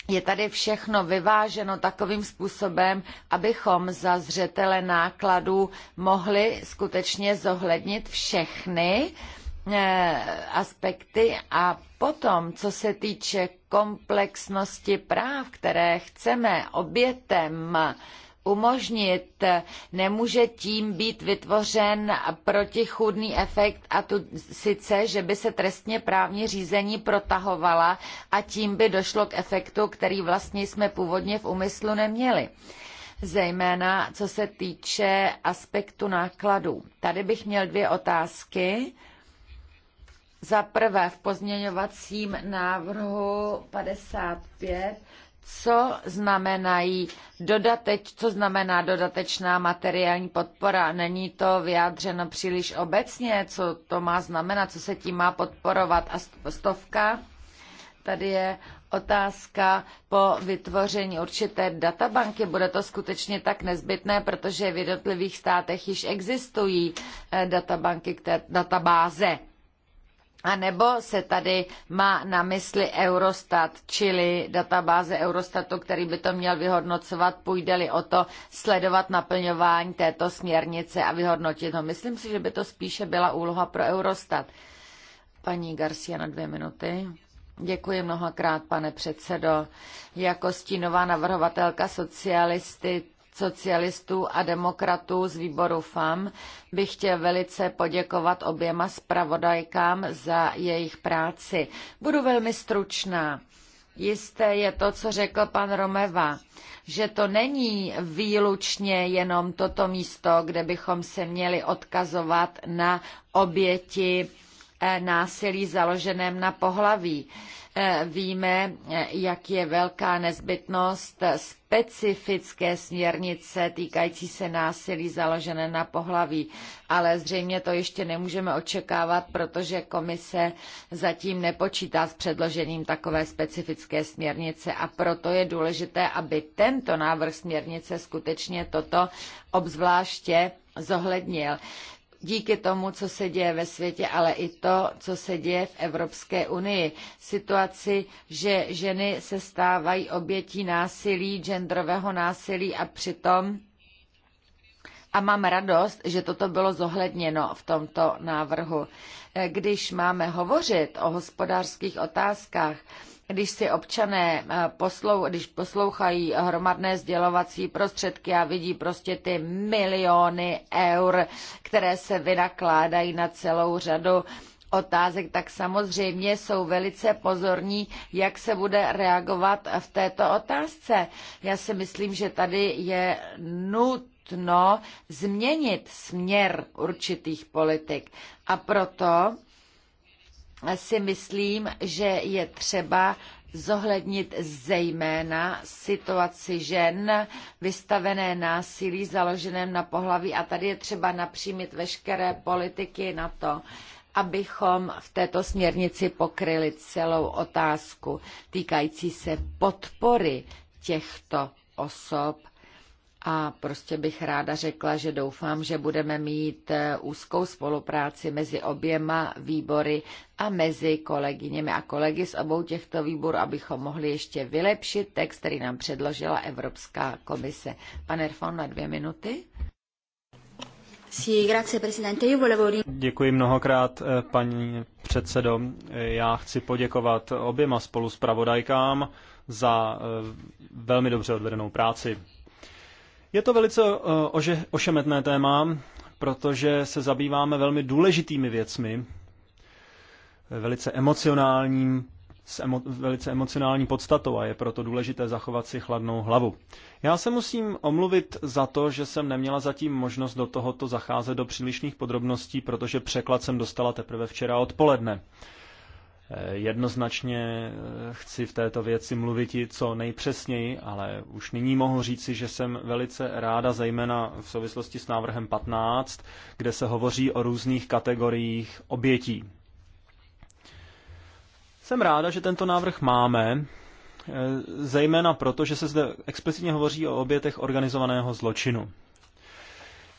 Je tady všechno vyváženo takovým způsobem, abychom za zřetele nákladů mohli skutečně zohlednit všechny eh, aspekty a potom, co se týče komplexnosti práv, které chceme obětem umožnit. Nemůže tím být vytvořen protichůdný efekt a tu sice, že by se trestně právní řízení protahovala a tím by došlo k efektu, který vlastně jsme původně v úmyslu neměli zejména co se týče aspektu nákladů. Tady bych měl dvě otázky. Za prvé v pozměňovacím návrhu 55 co znamenají dodateč, co znamená dodatečná materiální podpora. Není to vyjádřeno příliš obecně, co to má znamenat, co se tím má podporovat. A stovka, tady je otázka po vytvoření určité databanky. Bude to skutečně tak nezbytné, protože v jednotlivých státech již existují eh, databanky, které, databáze a nebo se tady má na mysli Eurostat, čili databáze Eurostatu, který by to měl vyhodnocovat, půjde-li o to sledovat naplňování této směrnice a vyhodnotit ho. Myslím si, že by to spíše byla úloha pro Eurostat. Paní Garcia na dvě minuty. Děkuji mnohokrát, pane předsedo. Jako stínová navrhovatelka socialisty socialistů a demokratů z výboru FAM bych chtěl velice poděkovat oběma zpravodajkám za jejich práci. Budu velmi stručná. Jisté je to, co řekl pan Romeva, že to není výlučně jenom toto místo, kde bychom se měli odkazovat na oběti eh, násilí založeném na pohlaví. Eh, víme, eh, jak je velká nezbytnost specifické směrnice týkající se násilí založené na pohlaví, ale zřejmě to ještě nemůžeme očekávat, protože komise zatím nepočítá s předložením takové specifické směrnice a proto je důležité, aby tento návrh směrnice skutečně toto obzvláště zohlednil díky tomu, co se děje ve světě, ale i to, co se děje v Evropské unii. Situaci, že ženy se stávají obětí násilí, genderového násilí a přitom a mám radost, že toto bylo zohledněno v tomto návrhu. Když máme hovořit o hospodářských otázkách, když si občané eh, poslou, když poslouchají hromadné sdělovací prostředky a vidí prostě ty miliony eur, které se vynakládají na celou řadu otázek, tak samozřejmě jsou velice pozorní, jak se bude reagovat v této otázce. Já si myslím, že tady je nutno změnit směr určitých politik. A proto si myslím, že je třeba zohlednit zejména situaci žen vystavené násilí založeném na pohlaví a tady je třeba napřímit veškeré politiky na to, abychom v této směrnici pokryli celou otázku týkající se podpory těchto osob a prostě bych ráda řekla, že doufám, že budeme mít eh, úzkou spolupráci mezi oběma výbory a mezi kolegyněmi a kolegy z obou těchto výborů, abychom mohli ještě vylepšit text, který nám předložila Evropská komise. Pan Erfon na dvě minuty. Děkuji mnohokrát, eh, paní předsedo. Já chci poděkovat oběma spoluspravodajkám za eh, velmi dobře odvedenou práci. Je to velice eh, ože, ošemetné téma, protože se zabýváme velmi důležitými věcmi, velice emocionálním, s emo, velice emocionální podstatou a je proto důležité zachovat si chladnou hlavu. Já se musím omluvit za to, že jsem neměla zatím možnost do tohoto zacházet do přílišných podrobností, protože překlad jsem dostala teprve včera odpoledne. Jednoznačně eh, chci v této věci mluvit i co nejpřesněji, ale už nyní mohu říci, že jsem velice ráda, zejména v souvislosti s návrhem 15, kde se hovoří o různých kategoriích obětí. Jsem ráda, že tento návrh máme, eh, zejména proto, že se zde explicitně hovoří o obětech organizovaného zločinu.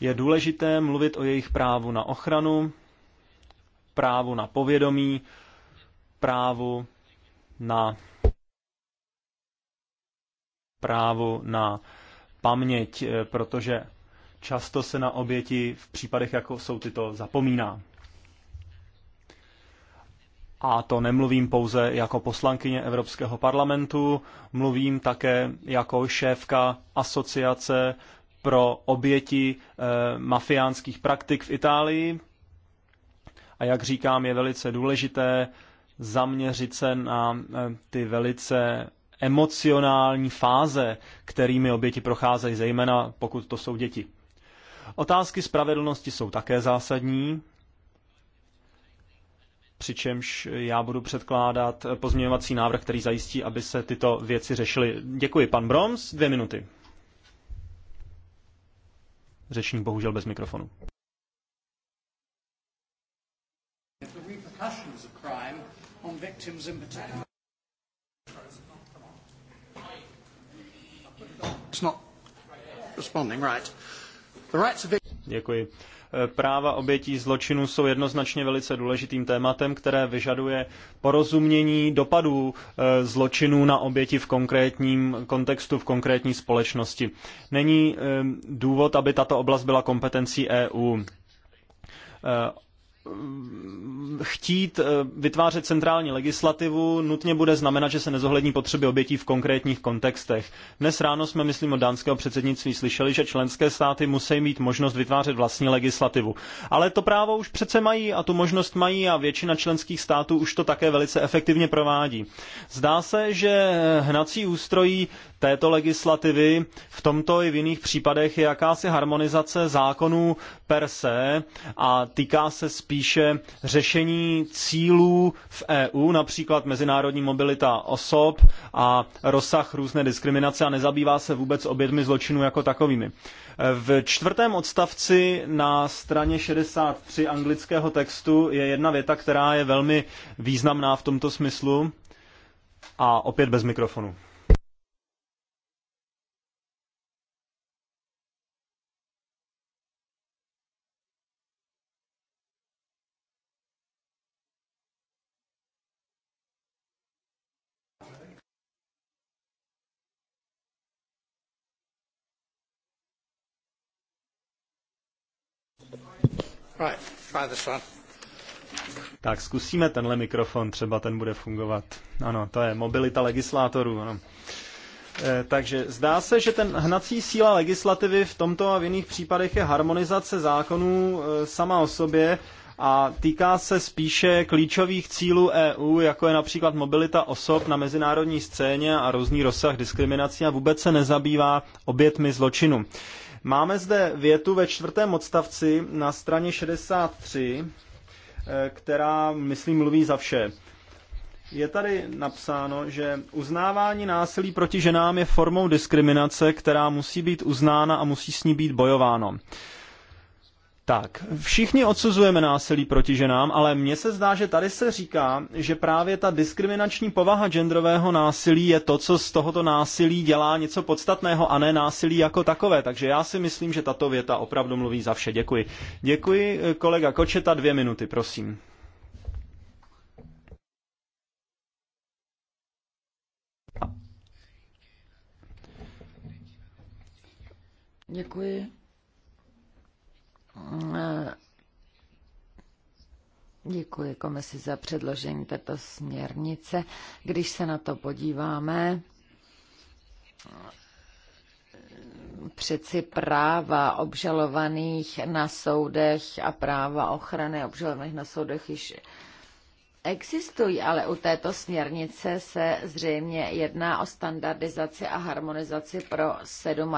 Je důležité mluvit o jejich právu na ochranu, právu na povědomí, právu na právu na paměť, eh, protože často se na oběti v případech, jako jsou tyto, zapomíná. A to nemluvím pouze jako poslankyně Evropského parlamentu, mluvím také jako šéfka asociace pro oběti e, mafiánských praktik v Itálii. A jak říkám, je velice důležité zaměřit se na eh, ty velice emocionální fáze, kterými oběti procházejí, zejména pokud to jsou děti. Otázky spravedlnosti jsou také zásadní, přičemž já budu předkládat pozměňovací návrh, který zajistí, aby se tyto věci řešily. Děkuji, pan Broms, dvě minuty. Řečník bohužel bez mikrofonu. victims in particular. It's not responding, right. The rights of Děkuji. Eh, práva obětí zločinů jsou jednoznačně velice důležitým tématem, které vyžaduje porozumění dopadů eh, zločinů na oběti v konkrétním kontextu, v konkrétní společnosti. Není eh, důvod, aby tato oblast byla kompetencí EU Eh, chtít eh, vytvářet centrální legislativu nutně bude znamenat, že se nezohlední potřeby obětí v konkrétních kontextech. Dnes ráno jsme, myslím, od dánského předsednictví slyšeli, že členské státy musí mít možnost vytvářet vlastní legislativu. Ale to právo už přece mají a tu možnost mají a většina členských států už to také velice efektivně provádí. Zdá se, že hnací ústrojí této legislativy v tomto i v jiných případech je jakási harmonizace zákonů per se a týká se spíš spíše řešení cílů v EU, například mezinárodní mobilita osob a rozsah různé diskriminace a nezabývá se vůbec obětmi zločinů jako takovými. V čtvrtém odstavci na straně 63 anglického textu je jedna věta, která je velmi významná v tomto smyslu a opět bez mikrofonu. Tak zkusíme tenhle mikrofon, třeba ten bude fungovat. Ano, to je mobilita legislátorů, ano. E, takže zdá se, že ten hnací síla legislativy v tomto a v jiných případech je harmonizace zákonů e, sama o sobě a týká se spíše klíčových cílů EU, jako je například mobilita osob na mezinárodní scéně a různý rozsah diskriminací a vůbec se nezabývá obětmi zločinu. E, Máme zde větu ve čtvrtém odstavci na straně 63, eh, která, myslím, mluví za vše. Je tady napsáno, že uznávání násilí proti ženám je formou diskriminace, která musí být uznána a musí s ní být bojováno. Tak, všichni odsuzujeme násilí proti ženám, ale mně se zdá, že tady se říká, že právě ta diskriminační povaha genderového násilí je to, co z tohoto násilí dělá něco podstatného a ne násilí jako takové. Takže já si myslím, že tato věta opravdu mluví za vše. Děkuji. Děkuji, eh, kolega Kočeta, dvě minuty, prosím. Děkuji. Eh, děkuji komisi za předložení této směrnice. Když se na to podíváme, přeci práva obžalovaných na soudech a práva ochrany obžalovaných na soudech již existují, ale u této směrnice se zřejmě jedná o standardizaci a harmonizaci pro 27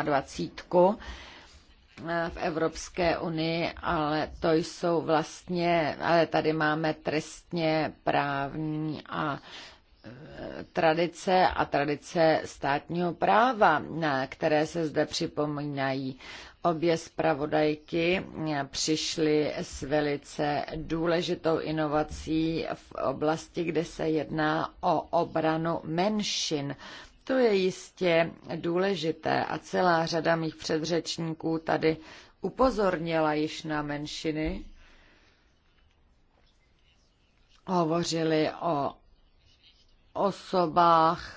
v Evropské unii, ale to jsou vlastně, ale tady máme trestně právní a e, tradice a tradice státního práva, které se zde připomínají. Obě zpravodajky e, přišly s velice důležitou inovací v oblasti, kde se jedná o obranu menšin. To je jistě důležité a celá řada mých předřečníků tady upozornila již na menšiny. Hovořili o osobách,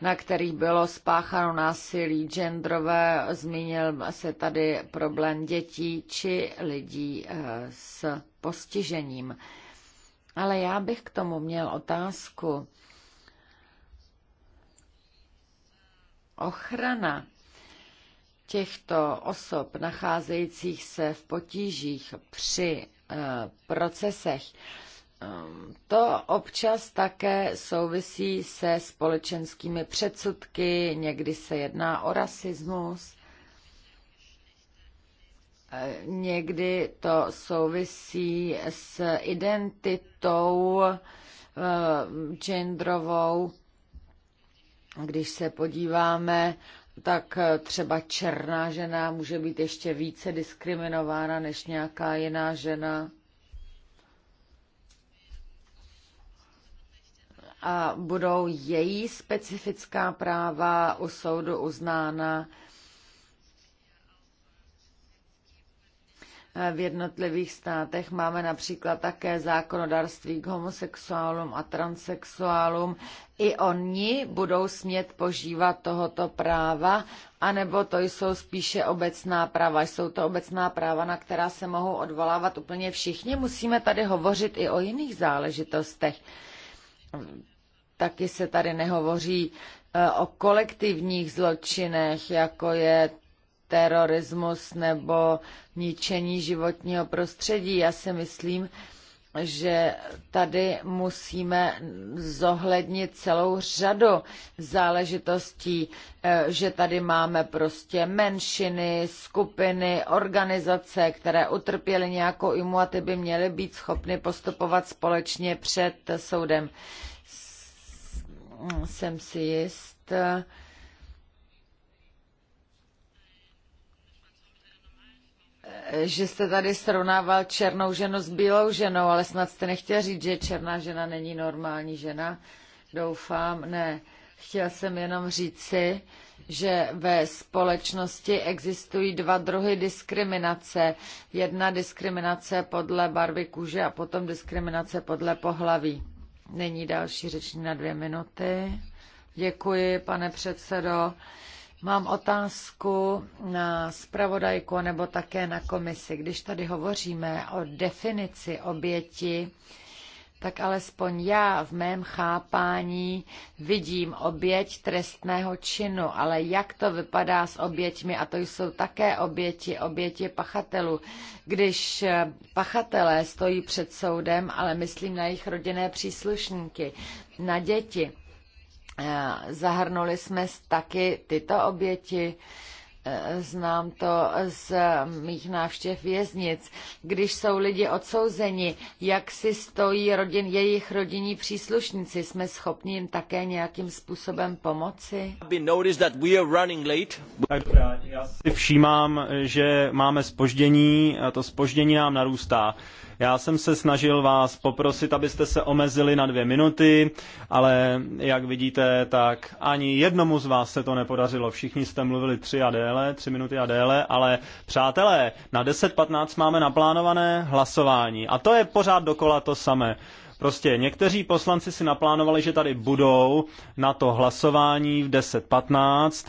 na kterých bylo spácháno násilí genderové, zmínil se tady problém dětí či lidí eh, s postižením. Ale já bych k tomu měl otázku. ochrana těchto osob nacházejících se v potížích při eh, procesech, ehm, to občas také souvisí se společenskými předsudky, někdy se jedná o rasismus, eh, někdy to souvisí s identitou eh, genderovou když se podíváme, tak třeba černá žena může být ještě více diskriminována než nějaká jiná žena. A budou její specifická práva u soudu uznána v jednotlivých státech. Máme například také zákonodarství k homosexuálům a transexuálům. I oni budou smět požívat tohoto práva, anebo to jsou spíše obecná práva. Jsou to obecná práva, na která se mohou odvolávat úplně všichni. Musíme tady hovořit i o jiných záležitostech. Taky se tady nehovoří eh, o kolektivních zločinech, jako je terorismus nebo ničení životního prostředí. Já si myslím, že tady musíme zohlednit celou řadu záležitostí, eh, že tady máme prostě menšiny, skupiny, organizace, které utrpěly nějakou imu a ty by měly být schopny postupovat společně před soudem. Jsem si jist, eh, že jste tady srovnával černou ženu s bílou ženou, ale snad jste nechtěl říct, že černá žena není normální žena. Doufám, ne. Chtěl jsem jenom říci, že ve společnosti existují dva druhy diskriminace. Jedna diskriminace podle barvy kůže a potom diskriminace podle pohlaví. Není další řeční na dvě minuty. Děkuji, pane předsedo. Mám otázku na zpravodajku nebo také na komisi. Když tady hovoříme o definici oběti, tak alespoň já v mém chápání vidím oběť trestného činu, ale jak to vypadá s oběťmi, a to jsou také oběti, oběti pachatelů. Když pachatelé stojí před soudem, ale myslím na jejich rodinné příslušníky, na děti, Eh, zahrnuli jsme taky tyto oběti. Eh, znám to z mých návštěv věznic. Když jsou lidi odsouzeni, jak si stojí rodin, jejich rodinní příslušníci, jsme schopni jim také nějakým způsobem pomoci? Já si všímám, že máme spoždění a to spoždění nám narůstá. Já jsem se snažil vás poprosit, abyste se omezili na dvě minuty, ale jak vidíte, tak ani jednomu z vás se to nepodařilo. Všichni jste mluvili tři a déle, tři minuty a déle, ale přátelé, na 10.15 máme naplánované hlasování a to je pořád dokola to samé. Prostě někteří poslanci si naplánovali, že tady budou na to hlasování v 10.15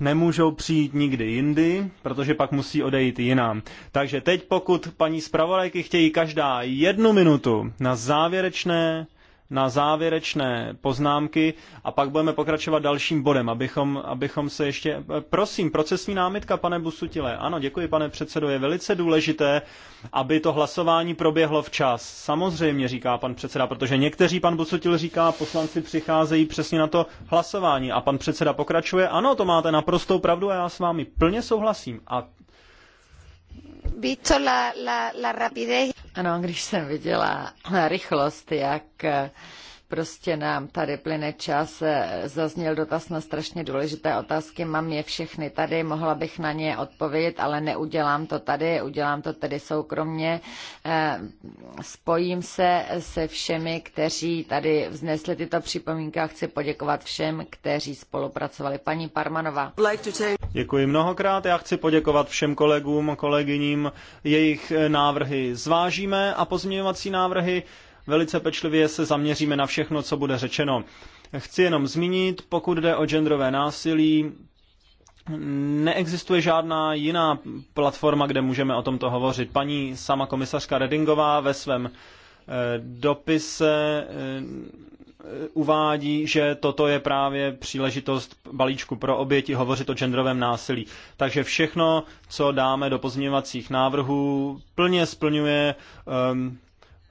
nemůžou přijít nikdy jindy, protože pak musí odejít jinam. Takže teď pokud paní zpravodajky chtějí každá jednu minutu na závěrečné na závěrečné poznámky a pak budeme pokračovat dalším bodem, abychom, abychom se ještě... Prosím, procesní námitka, pane Busutile. Ano, děkuji, pane předsedo. Je velice důležité, aby to hlasování proběhlo včas. Samozřejmě, říká pan předseda, protože někteří, pan Busutil říká, poslanci přicházejí přesně na to hlasování a pan předseda pokračuje. Ano, to máte naprostou pravdu a já s vámi plně souhlasím. A visto la, la, la rapidez ano, když jsem viděla rychlost, jak Prostě nám tady plyne čas, zazněl dotaz na strašně důležité otázky, mám je všechny tady, mohla bych na ně odpovědět, ale neudělám to tady, udělám to tedy soukromně. Eh, spojím se se všemi, kteří tady vznesli tyto připomínky a chci poděkovat všem, kteří spolupracovali. Paní Parmanová. Děkuji mnohokrát, já chci poděkovat všem kolegům, kolegyním, jejich návrhy zvážíme a pozměňovací návrhy Velice pečlivě se zaměříme na všechno, co bude řečeno. Chci jenom zmínit, pokud jde o genderové násilí, Neexistuje žádná jiná platforma, kde můžeme o tomto hovořit. Paní sama komisařka Redingová ve svém eh, dopise eh, uvádí, že toto je právě příležitost balíčku pro oběti hovořit o genderovém násilí. Takže všechno, co dáme do pozměňovacích návrhů, plně splňuje um,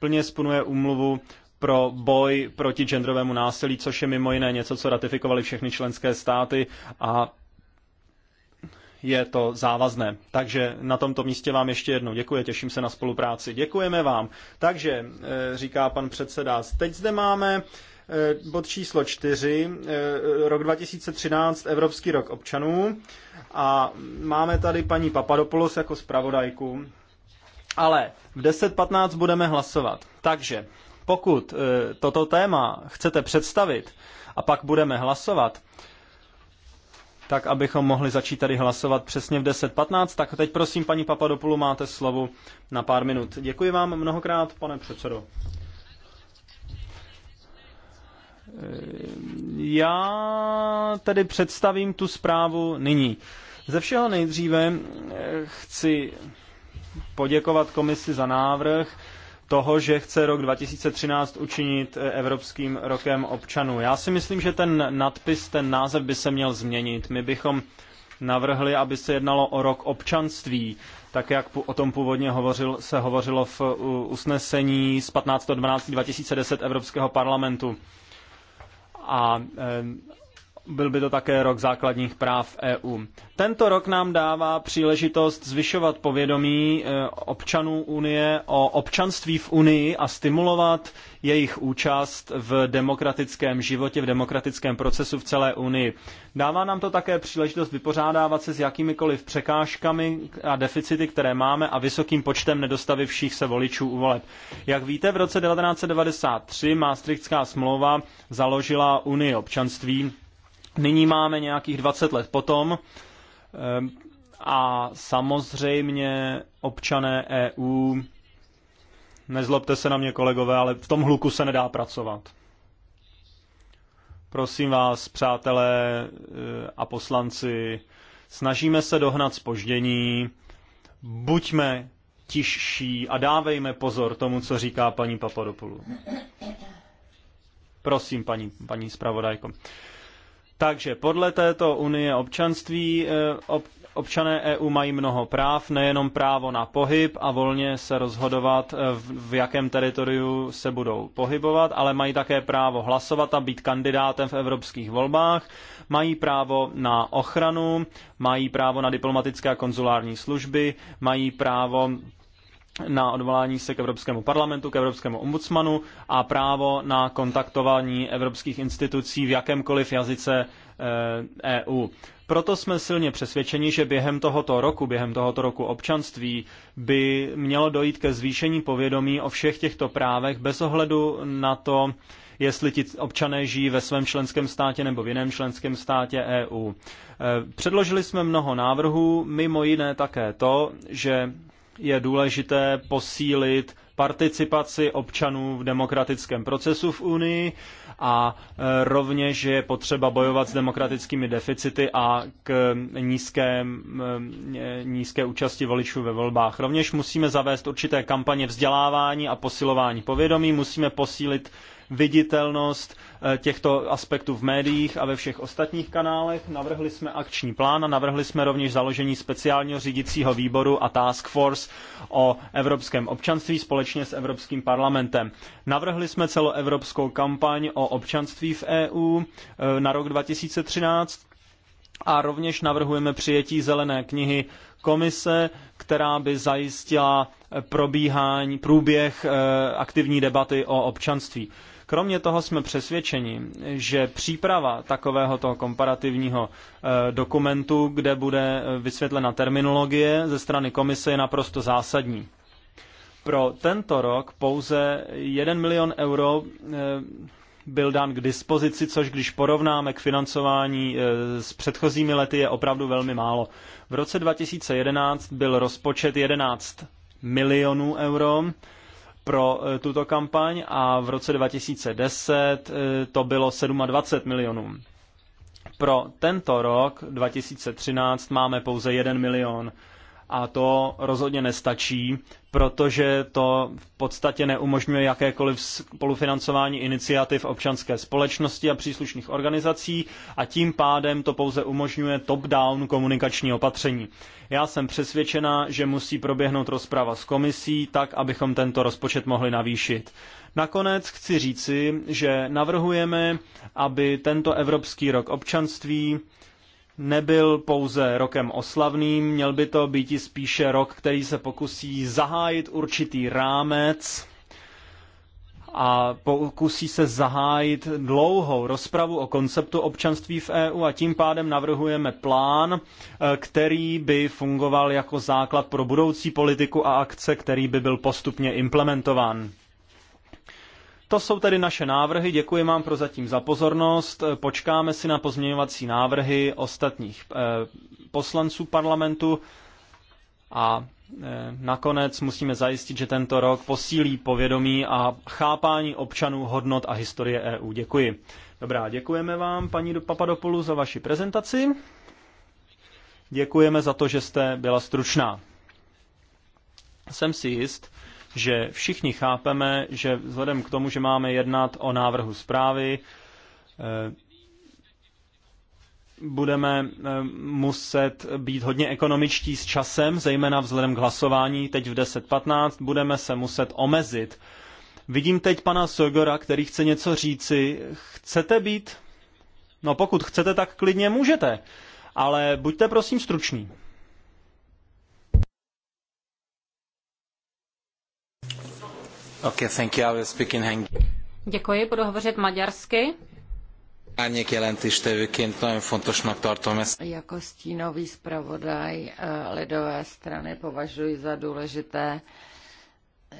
plně splňuje úmluvu pro boj proti genderovému násilí, což je mimo jiné něco, co ratifikovali všechny členské státy a je to závazné. Takže na tomto místě vám ještě jednou děkuji, těším se na spolupráci. Děkujeme vám. Takže, eh, říká pan předseda, teď zde máme eh, bod číslo čtyři, eh, rok 2013, Evropský rok občanů. A máme tady paní Papadopoulos jako zpravodajku. Ale v 10.15 budeme hlasovat. Takže pokud e, toto téma chcete představit a pak budeme hlasovat, tak abychom mohli začít tady hlasovat přesně v 10.15, tak teď prosím, paní Papadopoulou, máte slovo na pár minut. Děkuji vám mnohokrát, pane předsedo. E, já tedy představím tu zprávu nyní. Ze všeho nejdříve e, chci poděkovat komisi za návrh toho, že chce rok 2013 učinit eh, Evropským rokem občanů. Já si myslím, že ten nadpis, ten název by se měl změnit. My bychom navrhli, aby se jednalo o rok občanství, tak jak o tom původně hovořil, se hovořilo v usnesení z 15.12.2010 Evropského parlamentu. A eh, byl by to také rok základních práv EU. Tento rok nám dává příležitost zvyšovat povědomí eh, občanů Unie o občanství v Unii a stimulovat jejich účast v demokratickém životě, v demokratickém procesu v celé Unii. Dává nám to také příležitost vypořádávat se s jakýmikoliv překážkami a deficity, které máme a vysokým počtem nedostavivších se voličů u voleb. Jak víte, v roce 1993 Maastrichtská smlouva založila Unii občanství, Nyní máme nějakých 20 let potom ehm, a samozřejmě občané EU, nezlobte se na mě kolegové, ale v tom hluku se nedá pracovat. Prosím vás, přátelé eh, a poslanci, snažíme se dohnat spoždění, buďme tišší a dávejme pozor tomu, co říká paní Papadopoulou. Prosím, paní, paní zpravodajko. Takže podle této unie občanství eh, ob, občané EU mají mnoho práv, nejenom právo na pohyb a volně se rozhodovat, eh, v, v jakém teritoriu se budou pohybovat, ale mají také právo hlasovat a být kandidátem v evropských volbách, mají právo na ochranu, mají právo na diplomatické a konzulární služby, mají právo na odvolání se k Evropskému parlamentu, k Evropskému ombudsmanu a právo na kontaktování evropských institucí v jakémkoliv jazyce EU. Eh, e Proto jsme silně přesvědčeni, že během tohoto roku, během tohoto roku občanství, by mělo dojít ke zvýšení povědomí o všech těchto právech bez ohledu na to, jestli ti občané žijí ve svém členském státě nebo v jiném členském státě EU. Eh, předložili jsme mnoho návrhů, mimo jiné také to, že je důležité posílit participaci občanů v demokratickém procesu v Unii a e, rovněž je potřeba bojovat s demokratickými deficity a k nízké, e, nízké účasti voličů ve volbách. Rovněž musíme zavést určité kampaně vzdělávání a posilování povědomí, musíme posílit viditelnost Eh, těchto aspektů v médiích a ve všech ostatních kanálech. Navrhli jsme akční plán a navrhli jsme rovněž založení speciálního řídícího výboru a task force o evropském občanství společně s Evropským parlamentem. Navrhli jsme celoevropskou kampaň o občanství v EU eh, na rok 2013 a rovněž navrhujeme přijetí zelené knihy komise, která by zajistila probíhání, průběh eh, aktivní debaty o občanství. Kromě toho jsme přesvědčeni, že příprava takového toho komparativního eh, dokumentu, kde bude eh, vysvětlena terminologie ze strany komise, je naprosto zásadní. Pro tento rok pouze 1 milion euro eh, byl dán k dispozici, což když porovnáme k financování s předchozími lety je opravdu velmi málo. V roce 2011 byl rozpočet 11 milionů euro, pro eh, tuto kampaň a v roce 2010 eh, to bylo 27 milionů. Pro tento rok 2013 máme pouze 1 milion a to rozhodně nestačí, protože to v podstatě neumožňuje jakékoliv spolufinancování iniciativ občanské společnosti a příslušných organizací a tím pádem to pouze umožňuje top-down komunikační opatření. Já jsem přesvědčena, že musí proběhnout rozprava s komisí tak, abychom tento rozpočet mohli navýšit. Nakonec chci říci, že navrhujeme, aby tento Evropský rok občanství nebyl pouze rokem oslavným, měl by to být i spíše rok, který se pokusí zahájit určitý rámec a pokusí se zahájit dlouhou rozpravu o konceptu občanství v EU a tím pádem navrhujeme plán, eh, který by fungoval jako základ pro budoucí politiku a akce, který by byl postupně implementován. To jsou tedy naše návrhy. Děkuji vám pro zatím za pozornost. Počkáme si na pozměňovací návrhy ostatních eh, poslanců parlamentu a eh, nakonec musíme zajistit, že tento rok posílí povědomí a chápání občanů hodnot a historie EU. Děkuji. Dobrá, děkujeme vám, paní Papadopoulou, za vaši prezentaci. Děkujeme za to, že jste byla stručná. Jsem si jist, že všichni chápeme, že vzhledem k tomu, že máme jednat o návrhu zprávy, eh, budeme eh, muset být hodně ekonomičtí s časem, zejména vzhledem k hlasování teď v 10.15, budeme se muset omezit. Vidím teď pana Sogora, který chce něco říci. Chcete být? No pokud chcete, tak klidně můžete. Ale buďte prosím struční. Okay, thank you. I will speak in Hungary. Děkuji, budu hovořit maďarsky. Árnyék jelentéstevőként nagyon fontosnak tartom ezt. Jako stínový zpravodaj eh, lidové strany považuji za důležité,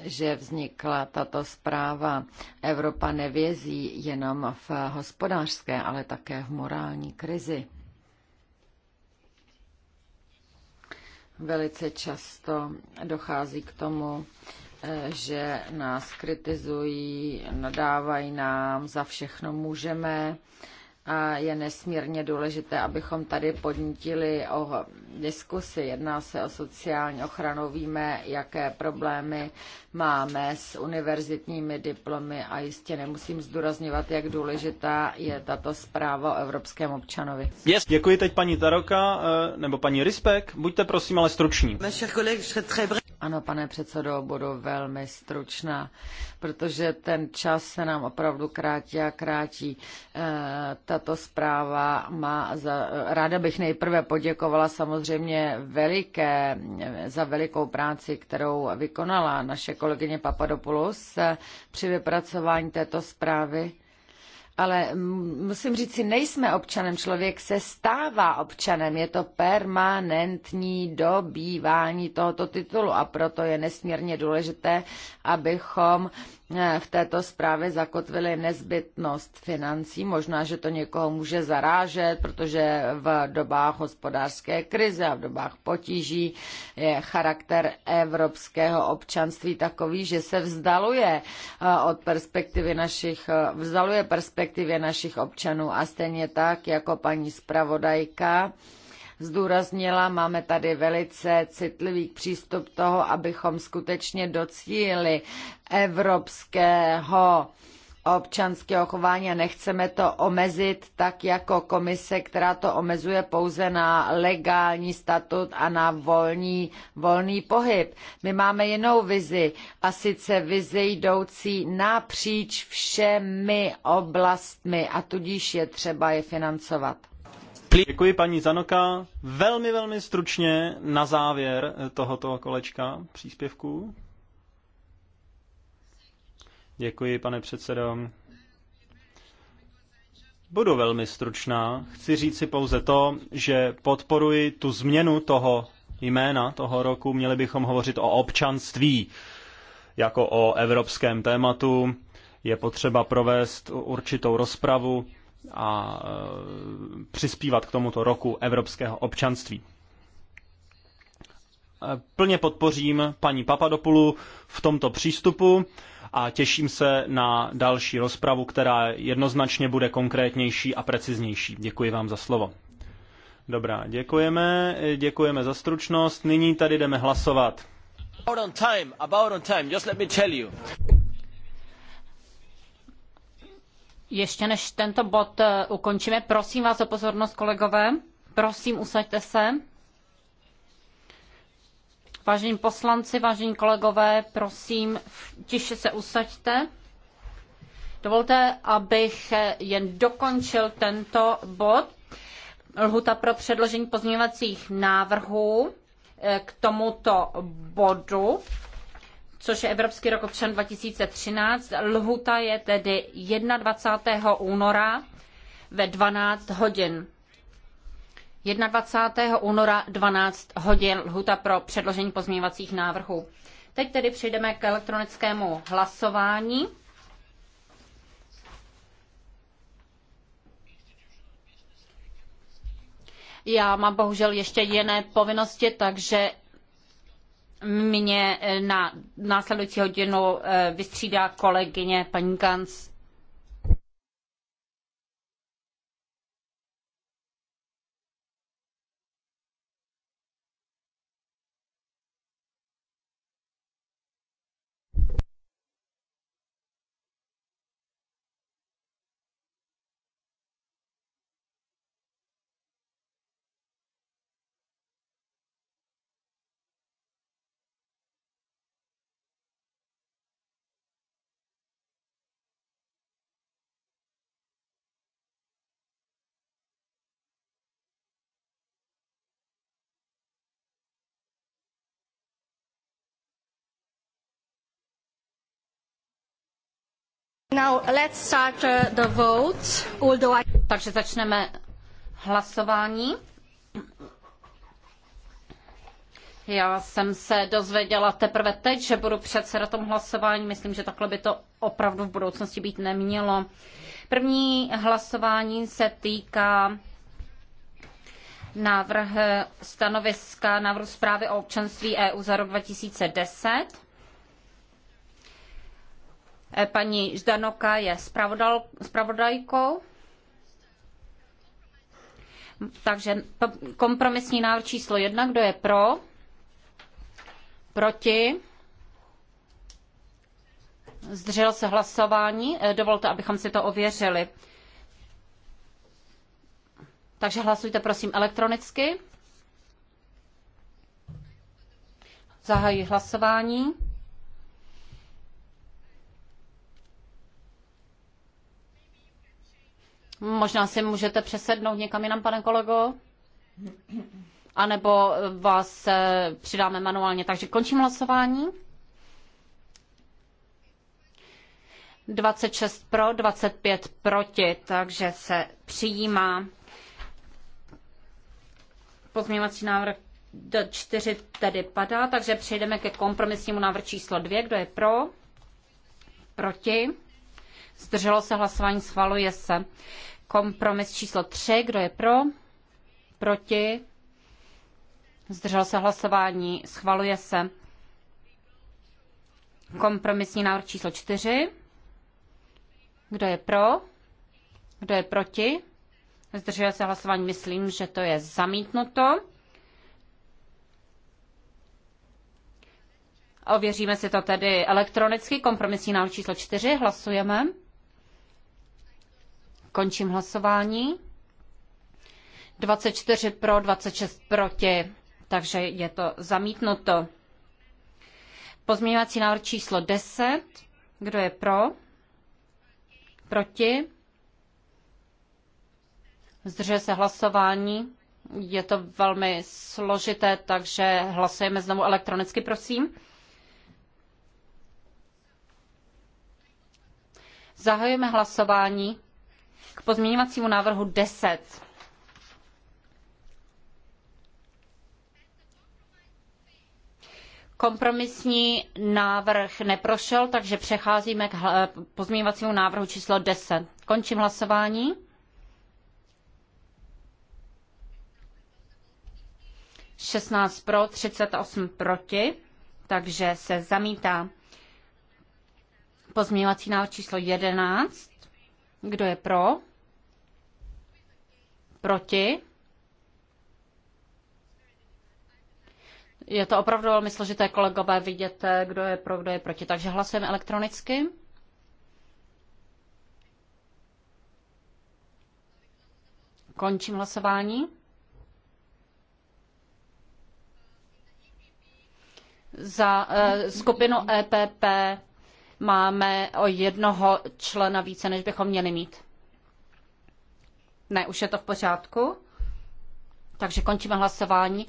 že vznikla tato zpráva. Evropa nevězí jenom v hospodářské, ale také v morální krizi. Velice často dochází k tomu, že nás kritizují, nadávají nám, za všechno můžeme. A je nesmírně důležité, abychom tady podnítili o diskusi. Jedná se o sociální ochranu, víme, jaké problémy máme s univerzitními diplomy a jistě nemusím zdůrazňovat, jak důležitá je tato zpráva o evropském občanovi. Yes. Děkuji teď paní Taroka, eh, nebo paní Rispek. Buďte prosím ale struční. je ano, pane předsedo, budu velmi stručná, protože ten čas se nám opravdu krátí a krátí. Eh, tato zpráva má... Za... Ráda bych nejprve poděkovala samozřejmě veliké, za velikou práci, kterou vykonala naše kolegyně Papadopoulos eh, při vypracování této zprávy ale musím říct si, nejsme občanem. Člověk se stává občanem. Je to permanentní dobývání tohoto titulu a proto je nesmírně důležité, abychom Eh, v této zprávě zakotvili nezbytnost financí. Možná, že to někoho může zarážet, protože v dobách hospodářské krize a v dobách potíží je charakter evropského občanství takový, že se vzdaluje eh, od perspektivy našich, eh, vzdaluje perspektivě našich občanů a stejně tak jako paní zpravodajka, zdůraznila, máme tady velice citlivý přístup toho, abychom skutečně docílili evropského občanského chování a nechceme to omezit tak jako komise, která to omezuje pouze na legální statut a na volný, volný pohyb. My máme jinou vizi a sice vizi jdoucí napříč všemi oblastmi a tudíž je třeba je financovat. Děkuji paní Zanoka. Velmi, velmi stručně na závěr tohoto kolečka příspěvků. Děkuji, pane předsedo. Budu velmi stručná. Chci říct si pouze to, že podporuji tu změnu toho jména, toho roku. Měli bychom hovořit o občanství jako o evropském tématu. Je potřeba provést určitou rozpravu a e, přispívat k tomuto roku evropského občanství. E, plně podpořím paní Papadopulu v tomto přístupu a těším se na další rozpravu, která jednoznačně bude konkrétnější a preciznější. Děkuji vám za slovo. Dobrá, děkujeme, děkujeme za stručnost. Nyní tady jdeme hlasovat. Ještě než tento bod eh, ukončíme, prosím vás o pozornost, kolegové. Prosím, usaďte se. Vážení poslanci, vážení kolegové, prosím, tiše se usaďte. Dovolte, abych eh, jen dokončil tento bod. Lhuta pro předložení pozměňovacích návrhů eh, k tomuto bodu což je Evropský rok občan 2013. Lhuta je tedy 21. února ve 12 hodin. 21. února 12 hodin lhuta pro předložení pozměňovacích návrhů. Teď tedy přejdeme k elektronickému hlasování. Já mám bohužel ještě jiné povinnosti, takže mě eh, na následující hodinu eh, vystřídá kolegyně paní Gans. Now let's start uh, the although I... Takže začneme hlasování. Já jsem se dozvěděla teprve teď, že budu předsedat tom hlasování. Myslím, že takhle by to opravdu v budoucnosti být nemělo. První hlasování se týká návrh stanoviska návrhu zprávy o občanství EU za rok 2010. Eh, paní Ždanoka je zpravodajkou. Takže kompromisní návrh číslo jedna, kdo je pro? Proti? Zdržel se hlasování. Eh, dovolte, abychom si to ověřili. Takže hlasujte prosím elektronicky. Zahajuji hlasování. Možná si můžete přesednout někam jinam, pane kolego? a nebo vás eh, přidáme manuálně. Takže končím hlasování. 26 pro, 25 proti, takže se přijímá pozměňovací návrh do 4 tedy padá, takže přejdeme ke kompromisnímu návrhu číslo 2. Kdo je pro? Proti? zdrželo se hlasování, schvaluje se. Kompromis číslo 3, kdo je pro, proti, zdržel se hlasování, schvaluje se. Kompromisní návrh číslo 4, kdo je pro, kdo je proti, zdržel se hlasování, myslím, že to je zamítnuto. Ověříme si to tedy elektronicky. Kompromisní návrh číslo 4. Hlasujeme. Končím hlasování. 24 pro, 26 proti, takže je to zamítnuto. Pozměňovací návrh číslo 10. Kdo je pro? Proti? Zdržuje se hlasování. Je to velmi složité, takže hlasujeme znovu elektronicky, prosím. Zahajujeme hlasování k pozměňovacímu návrhu 10. Kompromisní návrh neprošel, takže přecházíme k pozměňovacímu návrhu číslo 10. Končím hlasování. Šestnáct pro, třicet osm proti, takže se zamítá pozměňovací návrh číslo jedenáct. Kdo je pro? Proti? Je to opravdu velmi složité, kolegové, vidět, kdo je pro, kdo je proti. Takže hlasujeme elektronicky. Končím hlasování. Za eh, skupinu EPP máme o jednoho člena více, než bychom měli mít. Ne, už je to v pořádku. Takže končíme hlasování.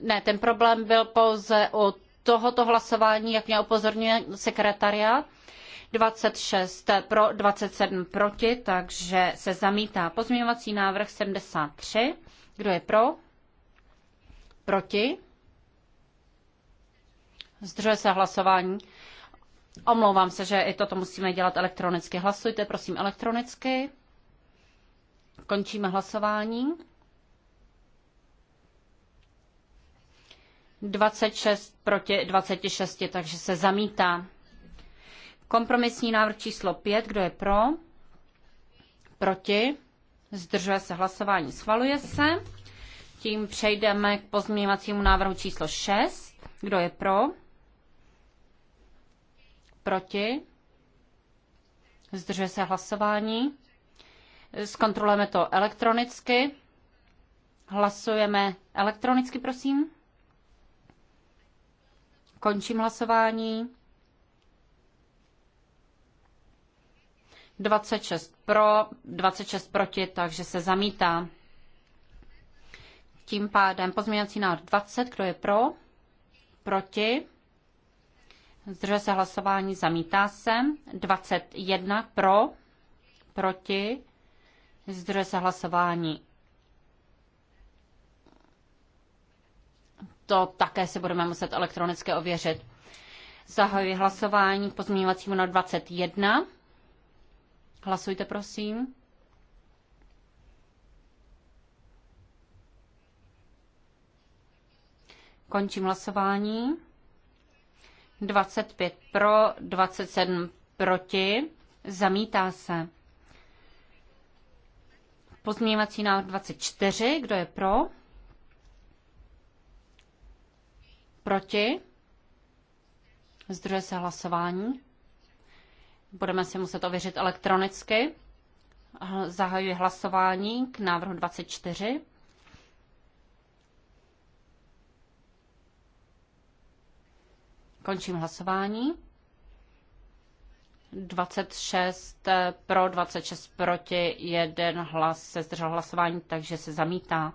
Ne, ten problém byl pouze u tohoto hlasování, jak mě upozorňuje sekretaria. 26 pro, 27 proti, takže se zamítá pozměňovací návrh 73. Kdo je pro? Proti? Zdržuje se hlasování. Omlouvám se, že i toto musíme dělat elektronicky. Hlasujte, prosím, elektronicky. Končíme hlasování. 26 proti 26, takže se zamítá. Kompromisní návrh číslo 5, kdo je pro? Proti? zdržuje se hlasování, schvaluje se. Tím přejdeme k pozměňovacímu návrhu číslo 6. Kdo je pro? Proti? Zdržuje se hlasování. Zkontrolujeme to elektronicky. Hlasujeme elektronicky, prosím. Končím hlasování. 26 pro, 26 proti, takže se zamítá. Tím pádem pozměňovací návrh 20, kdo je pro, proti, zdržel se hlasování, zamítá se. 21 pro, proti, zdržel se hlasování. To také si budeme muset elektronicky ověřit. Zahajuji hlasování k pozměňovacímu na 21. Hlasujte, prosím. Končím hlasování. 25 pro, 27 proti. Zamítá se. Pozměňovací návrh 24. Kdo je pro? Proti? Zdroje se hlasování. Budeme si muset ověřit elektronicky. Zahajuji hlasování k návrhu 24. Končím hlasování. 26 pro, 26 proti, jeden hlas se zdržel hlasování, takže se zamítá.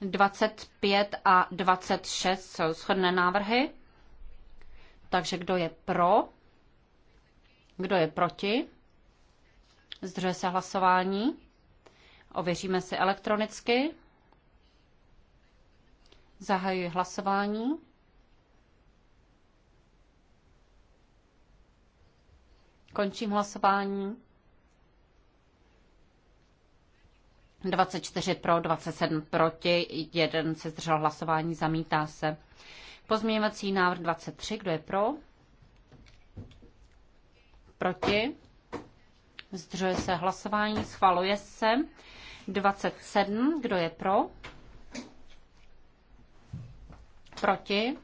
25 a 26 jsou shodné návrhy. Takže kdo je pro? Kdo je proti? Zdrže se hlasování. Ověříme si elektronicky. Zahajuji hlasování. Končím hlasování. 24 pro, 27 proti, jeden se zdržel hlasování, zamítá se. Pozměňovací návrh 23, kdo je pro? Proti? Zdržuje se hlasování, schvaluje se. 27, kdo je pro? Proti?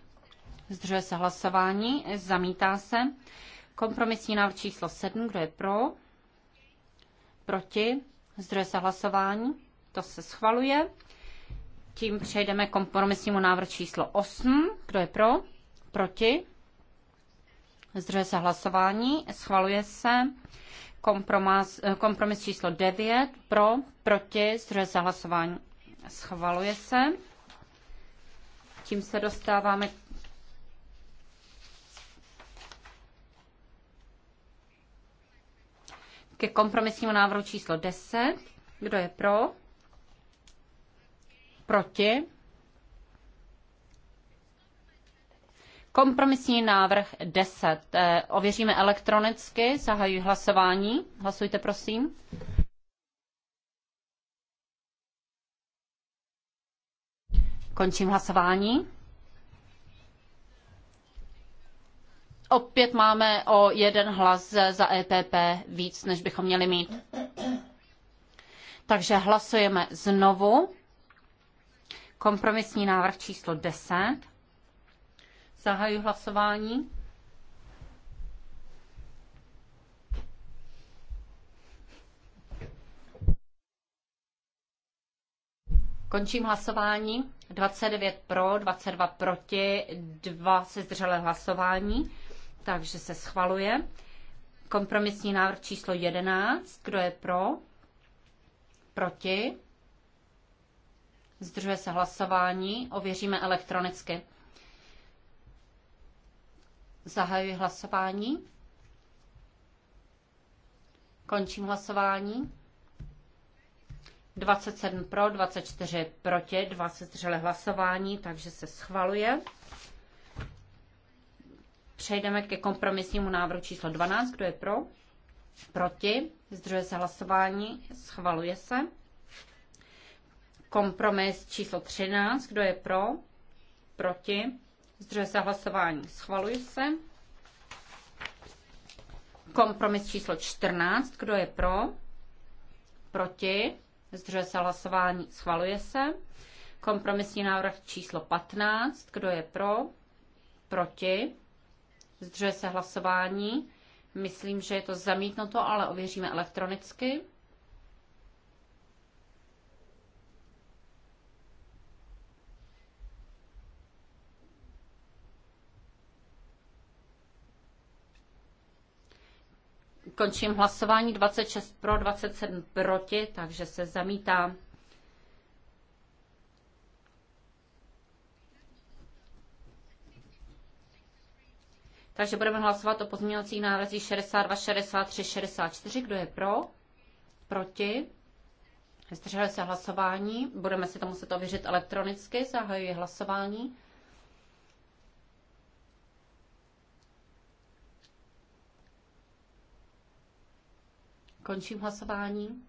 Zdržuje se hlasování, zamítá se. Kompromisní návrh číslo 7, kdo je pro? Proti? Zdržuje se hlasování, to se schvaluje tím přejdeme k kompromisnímu návrhu číslo 8. Kdo je pro? Proti? Zdrže se hlasování. Schvaluje se kompromis, eh, kompromis číslo 9. Pro? Proti? Zdrže se hlasování. Schvaluje se. Tím se dostáváme ke kompromisnímu návrhu číslo 10. Kdo je pro? Proti? Kompromisní návrh 10. Eh, ověříme elektronicky. Zahajuji hlasování. Hlasujte, prosím. Končím hlasování. Opět máme o jeden hlas za EPP víc, než bychom měli mít. Takže hlasujeme znovu. Kompromisní návrh číslo 10. Zahajuji hlasování. Končím hlasování. 29 pro, 22 proti, 2 se zdržely hlasování, takže se schvaluje. Kompromisní návrh číslo 11. Kdo je pro? Proti? zdržuje se hlasování, ověříme elektronicky. Zahajuji hlasování. Končím hlasování. 27 pro, 24 proti, 2 se zdrželi hlasování, takže se schvaluje. Přejdeme ke kompromisnímu návrhu číslo 12. Kdo je pro? Proti? Zdržuje se hlasování? Schvaluje se. Kompromis číslo 13, kdo je pro? Proti? Zdržel se hlasování. Schvaluji se. Kompromis číslo 14, kdo je pro? Proti? Zdržel se hlasování. Schvaluje se. Kompromisní návrh číslo 15, kdo je pro? Proti? Zdržel se hlasování. Myslím, že je to zamítnuto, ale ověříme elektronicky. Končím hlasování 26 pro, 27 proti, takže se zamítá. Takže budeme hlasovat o pozměňovacích návrzích 62, 63, 64. Kdo je pro? Proti? Zdrželi se hlasování. Budeme si to muset ověřit elektronicky. Zahajuji hlasování. Končím hlasování.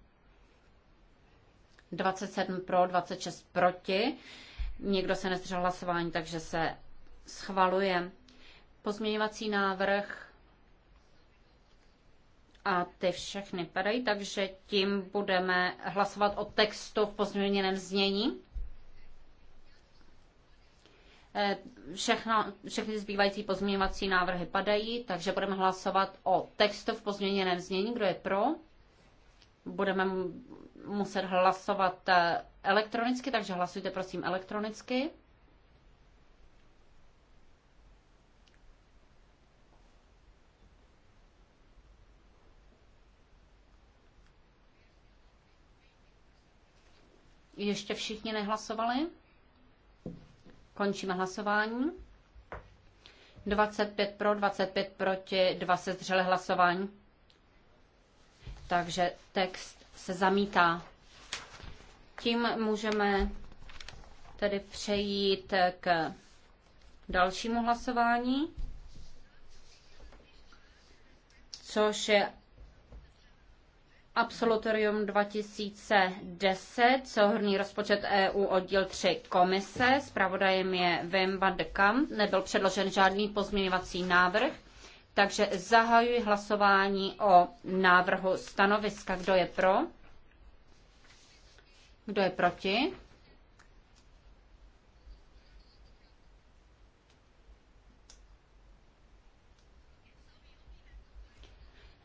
27 pro, 26 proti. Nikdo se nezdržel hlasování, takže se schvaluje. Pozměňovací návrh a ty všechny padají, takže tím budeme hlasovat o textu v pozměněném znění. Eh, Všechno, všechny zbývající pozměňovací návrhy padají, takže budeme hlasovat o textu v pozměněném znění. Kdo je pro? budeme muset hlasovat eh, elektronicky, takže hlasujte prosím elektronicky. Ještě všichni nehlasovali? Končíme hlasování. 25 pro, 25 proti, 2 se zřele hlasování takže text se zamítá. Tím můžeme tedy přejít k dalšímu hlasování, což je Absolutorium 2010, souhrný rozpočet EU oddíl 3 komise. Spravodajem je Wim van de Kamp. Nebyl předložen žádný pozměňovací návrh. Takže zahajuji hlasování o návrhu stanoviska. Kdo je pro? Kdo je proti?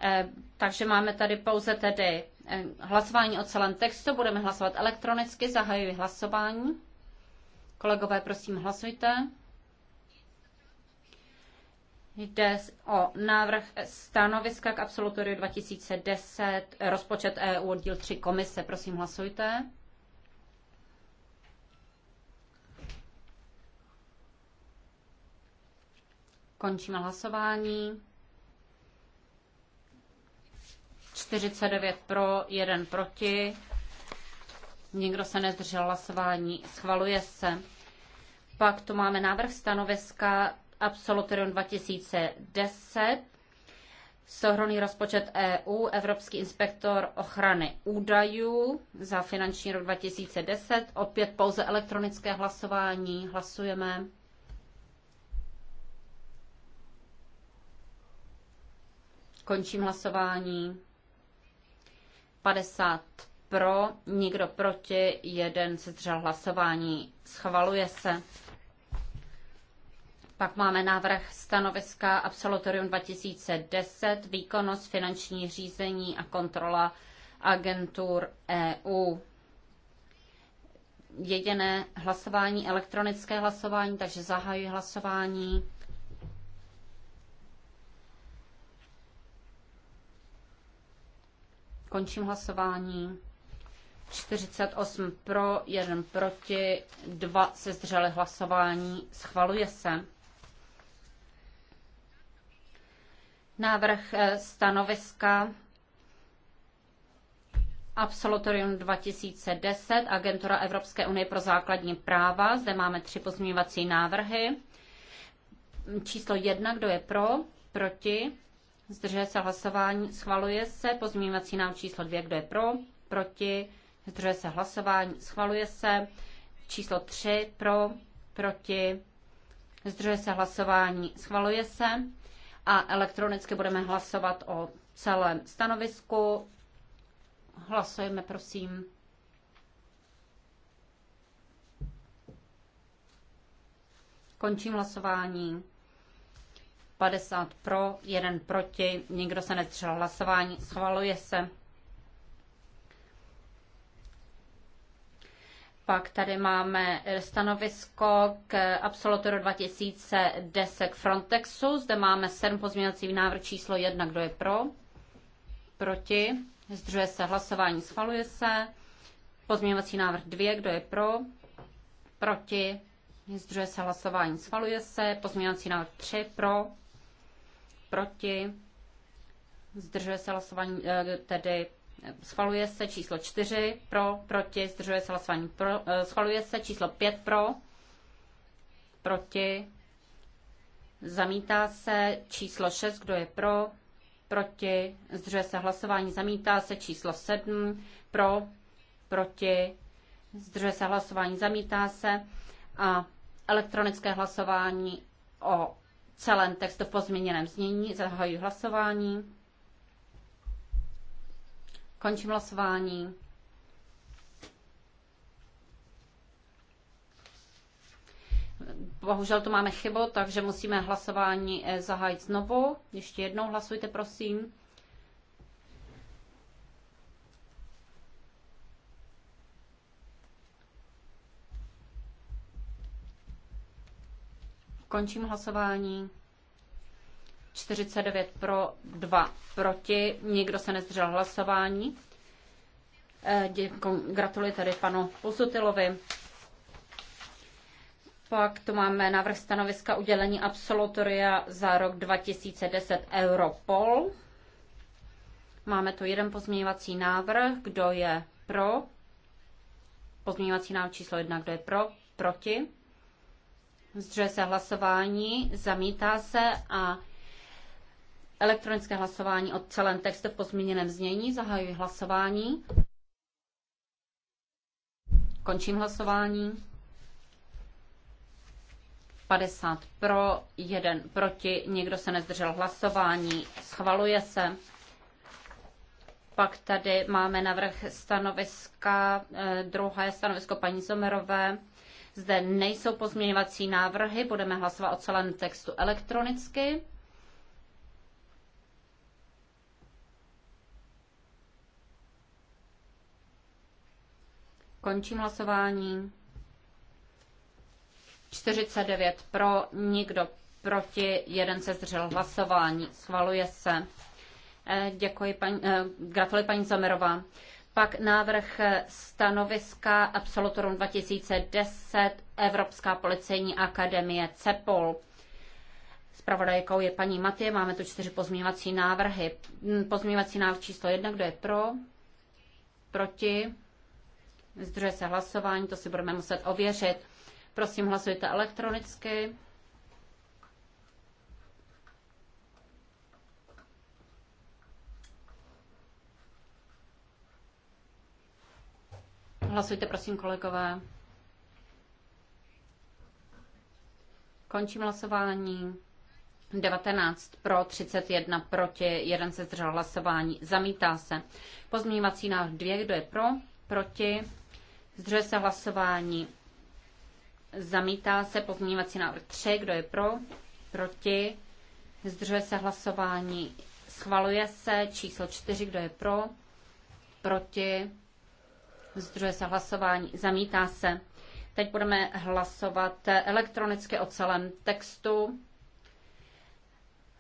Eh, takže máme tady pouze tedy eh, hlasování o celém textu. Budeme hlasovat elektronicky. Zahajuji hlasování. Kolegové, prosím, hlasujte. Jde o návrh stanoviska k absolutoriu 2010, rozpočet EU, oddíl 3 komise. Prosím, hlasujte. Končíme hlasování. 49 pro, 1 proti. Nikdo se nezdržel hlasování. Schvaluje se. Pak tu máme návrh stanoviska Absolutorium 2010, souhrný rozpočet EU, Evropský inspektor ochrany údajů za finanční rok 2010, opět pouze elektronické hlasování, hlasujeme. Končím hlasování. 50 pro, nikdo proti, jeden se hlasování. Schvaluje se. Pak máme návrh stanoviska Absolutorium 2010, výkonnost, finanční řízení a kontrola agentur EU. Jediné hlasování, elektronické hlasování, takže zahajuji hlasování. Končím hlasování. 48 pro, 1 proti, 2 se zdrželi hlasování. Schvaluje se. návrh eh, stanoviska Absolutorium 2010, Agentura Evropské unie pro základní práva. Zde máme tři pozměňovací návrhy. Číslo jedna, kdo je pro, proti, zdržuje se hlasování, schvaluje se. Pozměňovací návrh číslo dvě, kdo je pro, proti, zdržuje se hlasování, schvaluje se. Číslo tři, pro, proti, zdržuje se hlasování, schvaluje se a elektronicky budeme hlasovat o celém stanovisku. Hlasujeme, prosím. Končím hlasování. 50 pro, 1 proti, nikdo se netřel hlasování, schvaluje se. Pak tady máme stanovisko k absolutoru 2010 k Frontexu. Zde máme sedm pozměňovací návrh číslo 1. Kdo je pro? Proti? Zdržuje se hlasování, schvaluje se. Pozměňovací návrh 2. Kdo je pro? Proti? Zdržuje se hlasování, schvaluje se. Pozměňovací návrh 3. Pro? Proti? Zdržuje se hlasování, eh, tedy Schvaluje se číslo 4 pro, proti, zdržuje se hlasování pro, eh, schvaluje se číslo 5 pro, proti, zamítá se číslo 6, kdo je pro, proti, zdržuje se hlasování, zamítá se číslo 7 pro, proti, zdržuje se hlasování, zamítá se a elektronické hlasování o celém textu v pozměněném znění, zahajuji hlasování. Končím hlasování. Bohužel tu máme chybu, takže musíme hlasování eh, zahájit znovu. Ještě jednou hlasujte, prosím. Končím hlasování. 49 pro, 2 proti, nikdo se nezdržel hlasování. Eh, Děkuji, gratuluji tady panu Pusutilovi. Pak tu máme návrh stanoviska udělení absolutoria za rok 2010 Europol. Máme tu jeden pozměňovací návrh, kdo je pro. Pozměňovací návrh číslo jedna, kdo je pro, proti. Zdře se hlasování, zamítá se a Elektronické hlasování o celém textu v pozměněném znění. Zahajuji hlasování. Končím hlasování. 50 pro, 1 proti, nikdo se nezdržel hlasování, schvaluje se. Pak tady máme navrh stanoviska, eh, druhé stanovisko paní Zomerové. Zde nejsou pozměňovací návrhy, budeme hlasovat o celém textu elektronicky. Končím hlasování. 49 pro, nikdo proti, jeden se zdržel hlasování. Schvaluje se. Eh, děkuji, paní, eh, gratuluji paní Zamerová. Pak návrh stanoviska Absolutorum 2010 Evropská policejní akademie CEPOL. Spravodajkou je paní Matě, máme tu čtyři pozměňovací návrhy. Hm, pozměňovací návrh číslo jedna, kdo je pro? Proti? Zdržuje se hlasování, to si budeme muset ověřit. Prosím, hlasujte elektronicky. Hlasujte, prosím, kolegové. Končím hlasování. 19 pro, 31 proti, jeden se zdržel hlasování. Zamítá se. Pozměňovací návrh 2, kdo je pro, proti, Zdržuje se hlasování. Zamítá se pozměňovací návrh 3. Kdo je pro? Proti? Zdržuje se hlasování. Schvaluje se číslo 4. Kdo je pro? Proti? Zdržuje se hlasování. Zamítá se. Teď budeme hlasovat elektronicky o celém textu.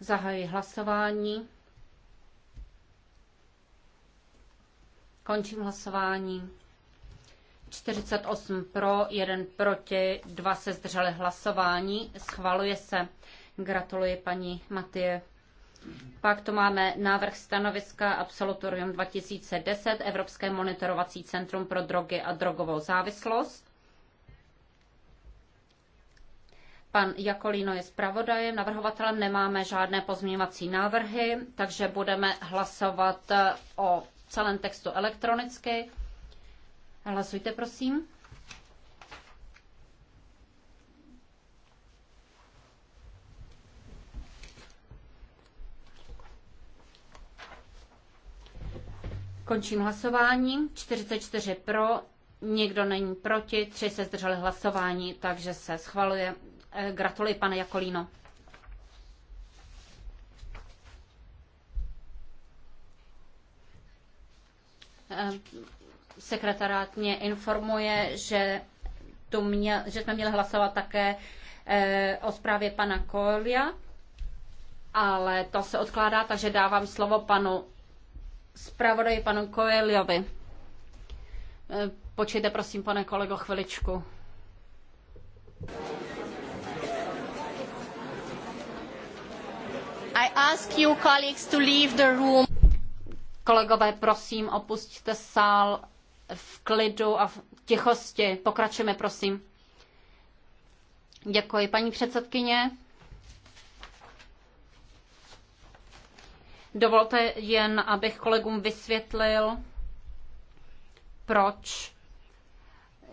Zahajuji hlasování. Končím hlasování. 48 pro, 1 proti, 2 se zdrželi hlasování. Schvaluje se. Gratuluji paní Matie. Pak tu máme návrh stanoviska Absolutorium 2010 Evropské monitorovací centrum pro drogy a drogovou závislost. Pan Jakolino je zpravodajem, navrhovatelem nemáme žádné pozměňovací návrhy, takže budeme hlasovat o celém textu elektronicky. Hlasujte, prosím. Končím hlasování. 44 pro, nikdo není proti, tři se zdrželi hlasování, takže se schvaluje. Eh, gratuluji, pane Jakolíno. Eh, sekretariát mě informuje, že, tu měl, že jsme měli hlasovat také eh, o zprávě pana Kolia, ale to se odkládá, takže dávám slovo panu zpravodaji, panu Koeliovi. Eh, Počkejte, prosím, pane kolego, chviličku. I ask you colleagues to leave the room. Kolegové, prosím, opusťte sál v klidu a v tichosti. Pokračujeme, prosím. Děkuji, paní předsedkyně. Dovolte jen, abych kolegům vysvětlil, proč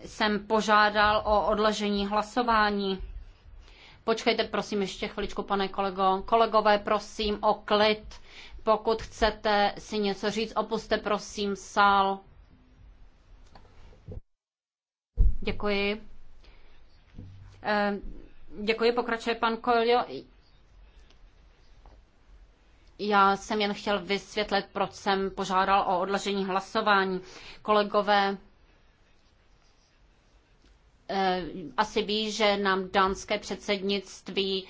jsem požádal o odložení hlasování. Počkejte, prosím, ještě chviličku, pane kolego. Kolegové, prosím o klid. Pokud chcete si něco říct, opuste, prosím, sál. Děkuji. Eh, děkuji, pokračuje pan Koljo. Já jsem jen chtěl vysvětlit, proč jsem požádal o odložení hlasování. Kolegové eh, asi ví, že nám dánské předsednictví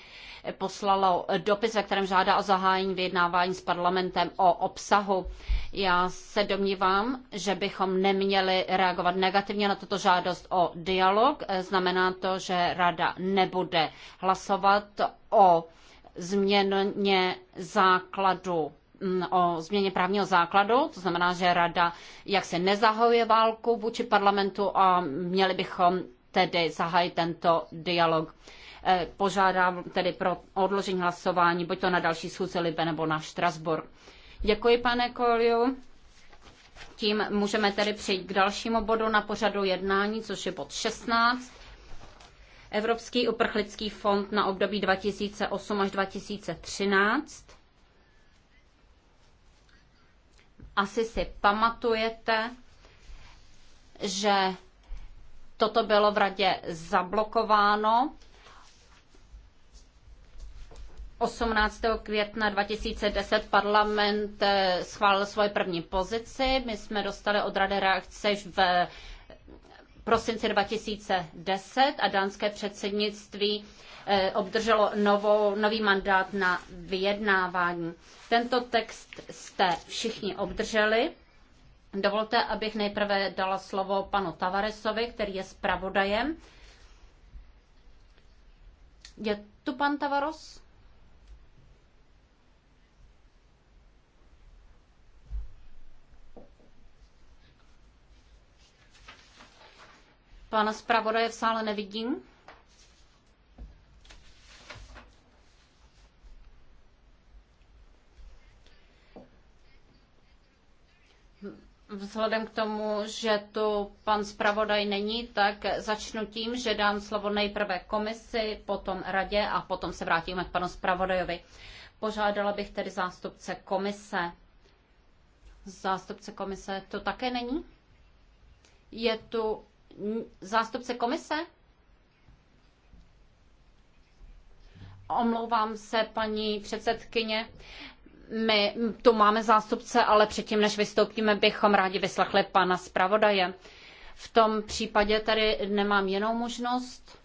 poslalo dopis, ve kterém žádá o zahájení vyjednávání s parlamentem o obsahu já se domnívám, že bychom neměli reagovat negativně na tuto žádost o dialog. Znamená to, že rada nebude hlasovat o změně základu mm, o změně právního základu, to znamená, že rada jak se nezahajuje válku vůči parlamentu a měli bychom tedy zahájit tento dialog. Eh, požádám tedy pro odložení hlasování, buď to na další schůzi Libe nebo na Štrasburg. Děkuji, pane Koliu. Tím můžeme tedy přejít k dalšímu bodu na pořadu jednání, což je bod 16. Evropský uprchlický fond na období 2008 až 2013. Asi si pamatujete, že toto bylo v radě zablokováno 18. května 2010 parlament eh, schválil svoji první pozici. My jsme dostali od Rady reakce v eh, prosinci 2010 a dánské předsednictví eh, obdrželo novou, nový mandát na vyjednávání. Tento text jste všichni obdrželi. Dovolte, abych nejprve dala slovo panu Tavaresovi, který je zpravodajem. Je tu pan Tavaros? Pana zpravodaje v sále nevidím. Vzhledem k tomu, že tu pan zpravodaj není, tak začnu tím, že dám slovo nejprve komisi, potom radě a potom se vrátíme k panu zpravodajovi. Požádala bych tedy zástupce komise. Zástupce komise to také není? Je tu zástupce komise? Omlouvám se, paní předsedkyně. My tu máme zástupce, ale předtím, než vystoupíme, bychom rádi vyslechli pana zpravodaje. V tom případě tady nemám jinou možnost,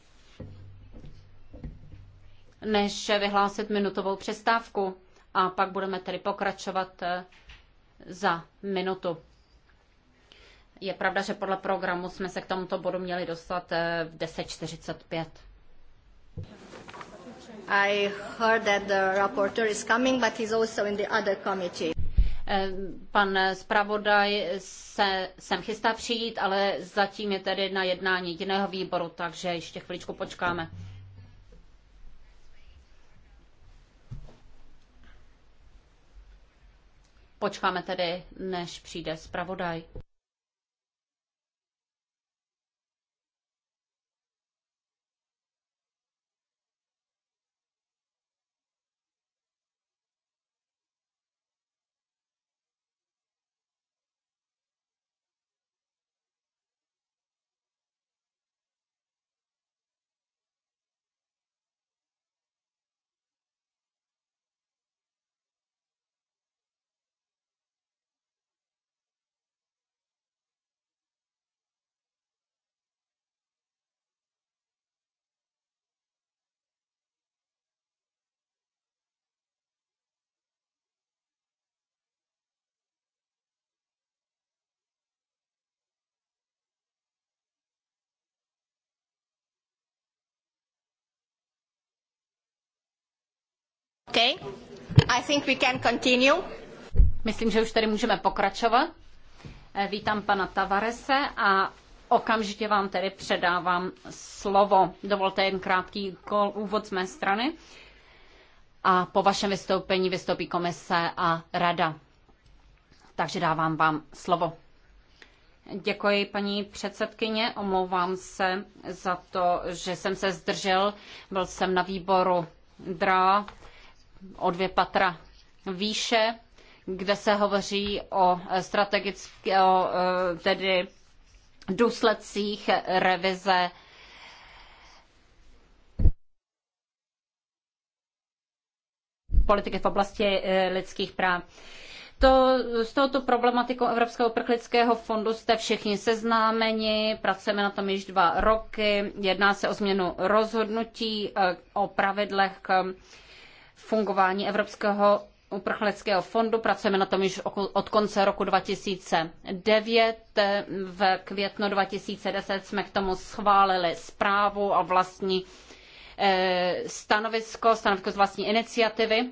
než vyhlásit minutovou přestávku a pak budeme tedy pokračovat eh, za minutu. Je pravda, že podle programu jsme se k tomuto bodu měli dostat eh, v 10.45. I heard that the rapporteur is coming, but he's also in the other committee. Eh, pan zpravodaj se sem chystá přijít, ale zatím je tedy na jednání jiného výboru, takže ještě chviličku počkáme. Počkáme tedy, než přijde zpravodaj. Okay. I think we can continue. Myslím, že už tady můžeme pokračovat. Eh, vítám pana Tavarese a okamžitě vám tedy předávám slovo. Dovolte jen krátký úvod z mé strany. A po vašem vystoupení vystoupí komise a rada. Takže dávám vám slovo. Děkuji, paní předsedkyně. Omlouvám se za to, že jsem se zdržel. Byl jsem na výboru DRA o dvě patra výše, kde se hovoří o strategické, o, e, tedy důsledcích revize politiky v oblasti e, lidských práv. To, s touto problematikou Evropského prklického fondu jste všichni seznámeni, pracujeme na tom již dva roky, jedná se o změnu rozhodnutí e, o pravidlech k fungování Evropského uprchleckého fondu. Pracujeme na tom již od konce roku 2009. V květnu 2010 jsme k tomu schválili zprávu a vlastní eh, stanovisko, stanovisko z vlastní iniciativy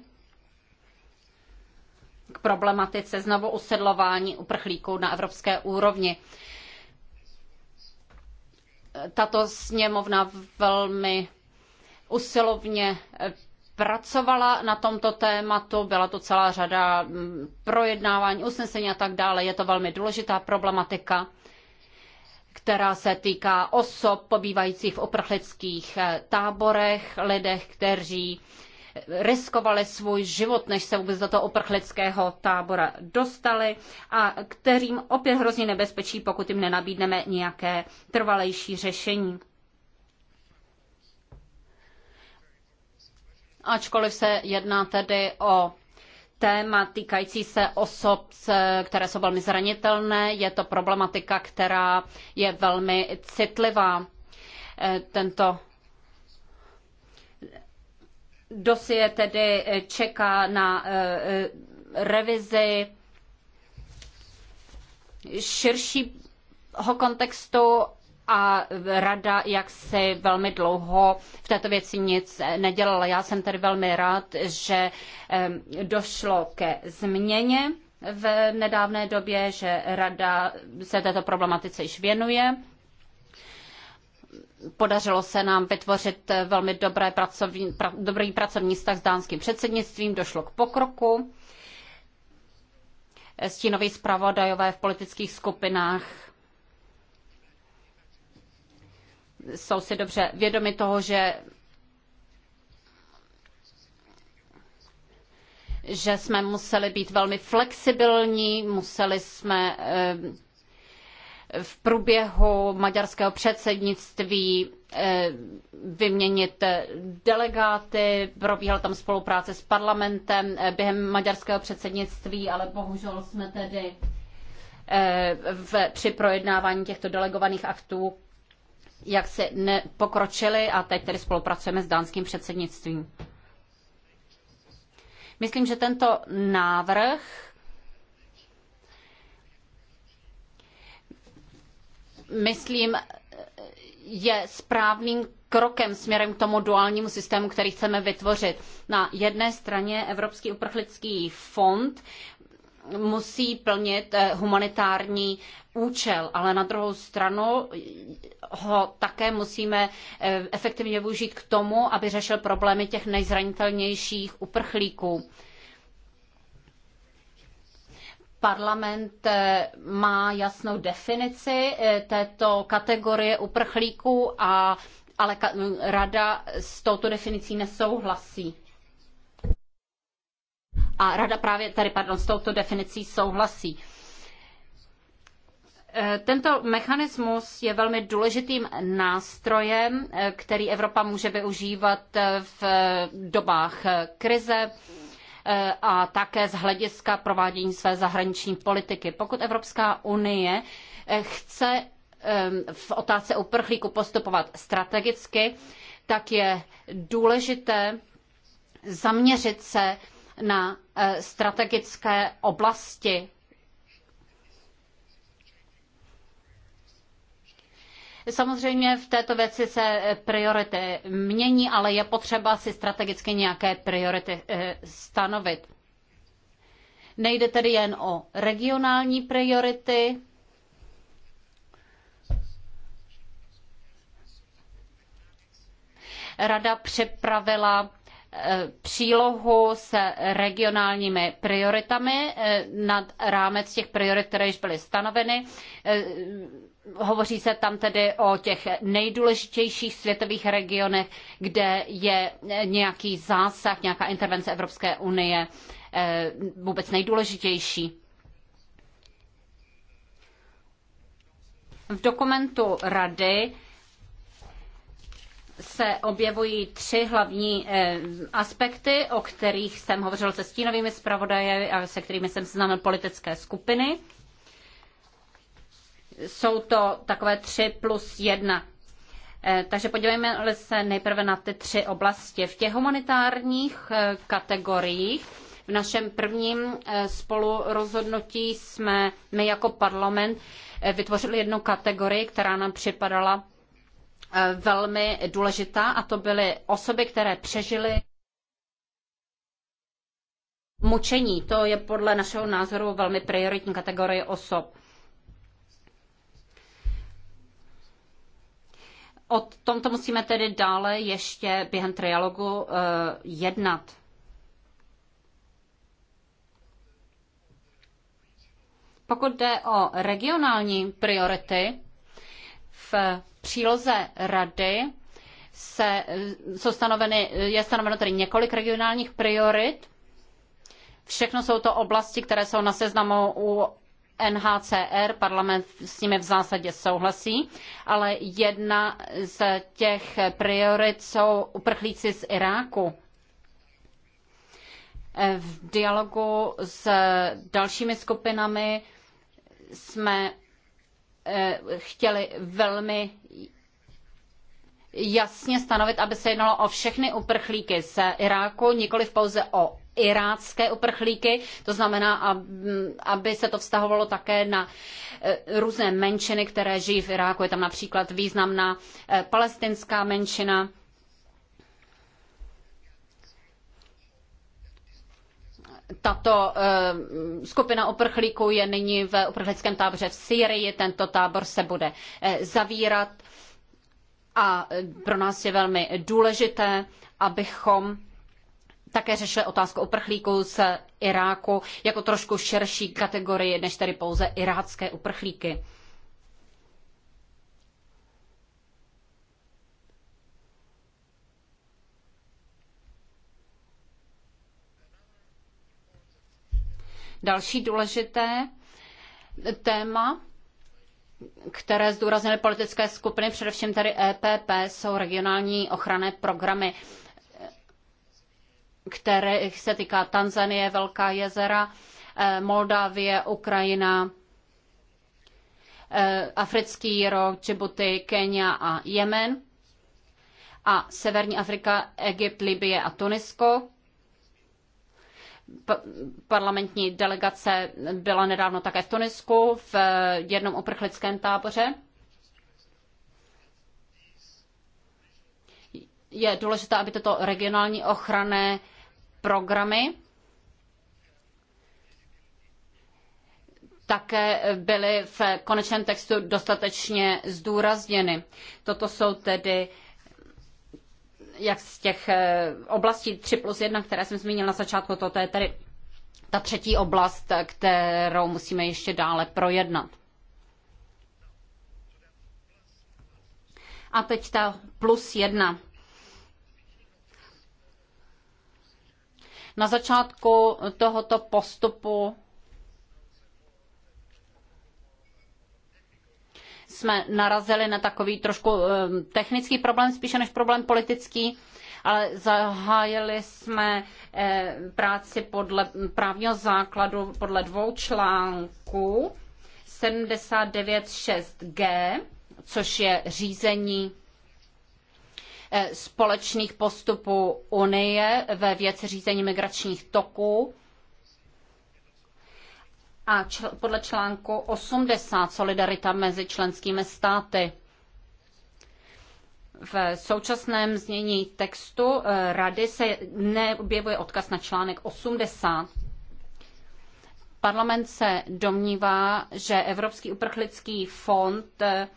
k problematice znovu usedlování uprchlíků na evropské úrovni. Tato sněmovna velmi usilovně pracovala na tomto tématu, byla to celá řada mm, projednávání, usnesení a tak dále. Je to velmi důležitá problematika, která se týká osob pobývajících v oprchlických eh, táborech, lidech, kteří riskovali svůj život, než se vůbec do toho oprchlického tábora dostali a kterým opět hrozí nebezpečí, pokud jim nenabídneme nějaké trvalejší řešení. ačkoliv se jedná tedy o téma týkající se osob, eh, které jsou velmi zranitelné. Je to problematika, která je velmi citlivá. Eh, tento dosie tedy eh, čeká na revizi širšího kontextu a rada jak si velmi dlouho v této věci nic nedělala. Já jsem tedy velmi rád, že došlo ke změně v nedávné době, že rada se této problematice již věnuje. Podařilo se nám vytvořit velmi dobré pracovní, pra, dobrý pracovní vztah s dánským předsednictvím, došlo k pokroku. Stínoví zpravodajové v politických skupinách jsou si dobře vědomi toho, že že jsme museli být velmi flexibilní, museli jsme eh, v průběhu maďarského předsednictví eh, vyměnit delegáty, probíhala tam spolupráce s parlamentem eh, během maďarského předsednictví, ale bohužel jsme tedy v, při projednávání těchto delegovaných aktů jak se pokročili a teď tedy spolupracujeme s dánským předsednictvím. Myslím, že tento návrh myslím, je správným krokem směrem k tomu duálnímu systému, který chceme vytvořit. Na jedné straně Evropský uprchlický fond musí plnit eh, humanitární účel, ale na druhou stranu ho také musíme eh, efektivně využít k tomu, aby řešil problémy těch nejzranitelnějších uprchlíků. Parlament eh, má jasnou definici této kategorie uprchlíků, a, ale rada s touto definicí nesouhlasí a rada právě tady, pardon, s touto definicí souhlasí. E, tento mechanismus je velmi důležitým nástrojem, e, který Evropa může využívat e, v dobách krize a také z hlediska provádění své zahraniční politiky. Pokud Evropská unie chce v otázce uprchlíku postupovat strategicky, tak je důležité zaměřit se na eh, strategické oblasti. Samozřejmě v této věci se eh, priority mění, ale je potřeba si strategicky nějaké priority eh, stanovit. Nejde tedy jen o regionální priority, Rada připravila přílohu s regionálními prioritami eh, nad rámec těch priorit, které již byly stanoveny. Eh, hovoří se tam tedy o těch nejdůležitějších světových regionech, kde je nějaký zásah, nějaká intervence Evropské unie eh, vůbec nejdůležitější. V dokumentu Rady se objevují tři hlavní eh, aspekty, o kterých jsem hovořil se stínovými zpravodaji a se kterými jsem seznámil politické skupiny. Jsou to takové tři plus jedna. Eh, takže podívejme se nejprve na ty tři oblasti. V těch humanitárních eh, kategoriích v našem prvním spolurozhodnutí jsme my jako parlament vytvořili jednu kategorii, která nám připadala E, velmi důležitá a to byly osoby, které přežily mučení. To je podle našeho názoru velmi prioritní kategorie osob. O tomto musíme tedy dále ještě během trialogu uh, jednat. Pokud jde o regionální priority, příloze rady se, jsou stanoveny, je stanoveno tedy několik regionálních priorit. Všechno jsou to oblasti, které jsou na seznamu u NHCR, parlament s nimi v zásadě souhlasí, ale jedna z těch priorit jsou uprchlíci z Iráku. V dialogu s dalšími skupinami jsme Eh, chtěli velmi jasně stanovit, aby se jednalo o všechny uprchlíky z Iráku, nikoliv pouze o irácké uprchlíky, to znamená, aby se to vztahovalo také na eh, různé menšiny, které žijí v Iráku. Je tam například významná eh, palestinská menšina, tato eh, skupina uprchlíků je nyní v uprchlickém táboře v Sýrii, tento tábor se bude eh, zavírat a eh, pro nás je velmi důležité, abychom také řešili otázku uprchlíků z Iráku jako trošku širší kategorii než tedy pouze irácké uprchlíky. Další důležité téma, které zdůraznily politické skupiny, především tady EPP, jsou regionální ochranné programy, které se týká Tanzanie, Velká jezera, eh, Moldávie, Ukrajina, eh, Africký rok, Djibouti, Kenia a Jemen a Severní Afrika, Egypt, Libye a Tunisko parlamentní delegace byla nedávno také v Tunisku v jednom oprchlickém táboře. Je důležité, aby tyto regionální ochranné programy také byly v konečném textu dostatečně zdůrazněny. Toto jsou tedy jak z těch eh, oblastí 3 plus 1, které jsem zmínil na začátku, to je tedy ta třetí oblast, kterou musíme ještě dále projednat. A teď ta plus jedna. Na začátku tohoto postupu jsme narazili na takový trošku eh, technický problém, spíše než problém politický, ale zahájili jsme eh, práci podle právního základu podle dvou článků 79.6g, což je řízení eh, společných postupů Unie ve věci řízení migračních toků a čl- podle článku 80 solidarita mezi členskými státy. V současném znění textu eh, rady se neobjevuje odkaz na článek 80. Parlament se domnívá, že Evropský uprchlický fond eh,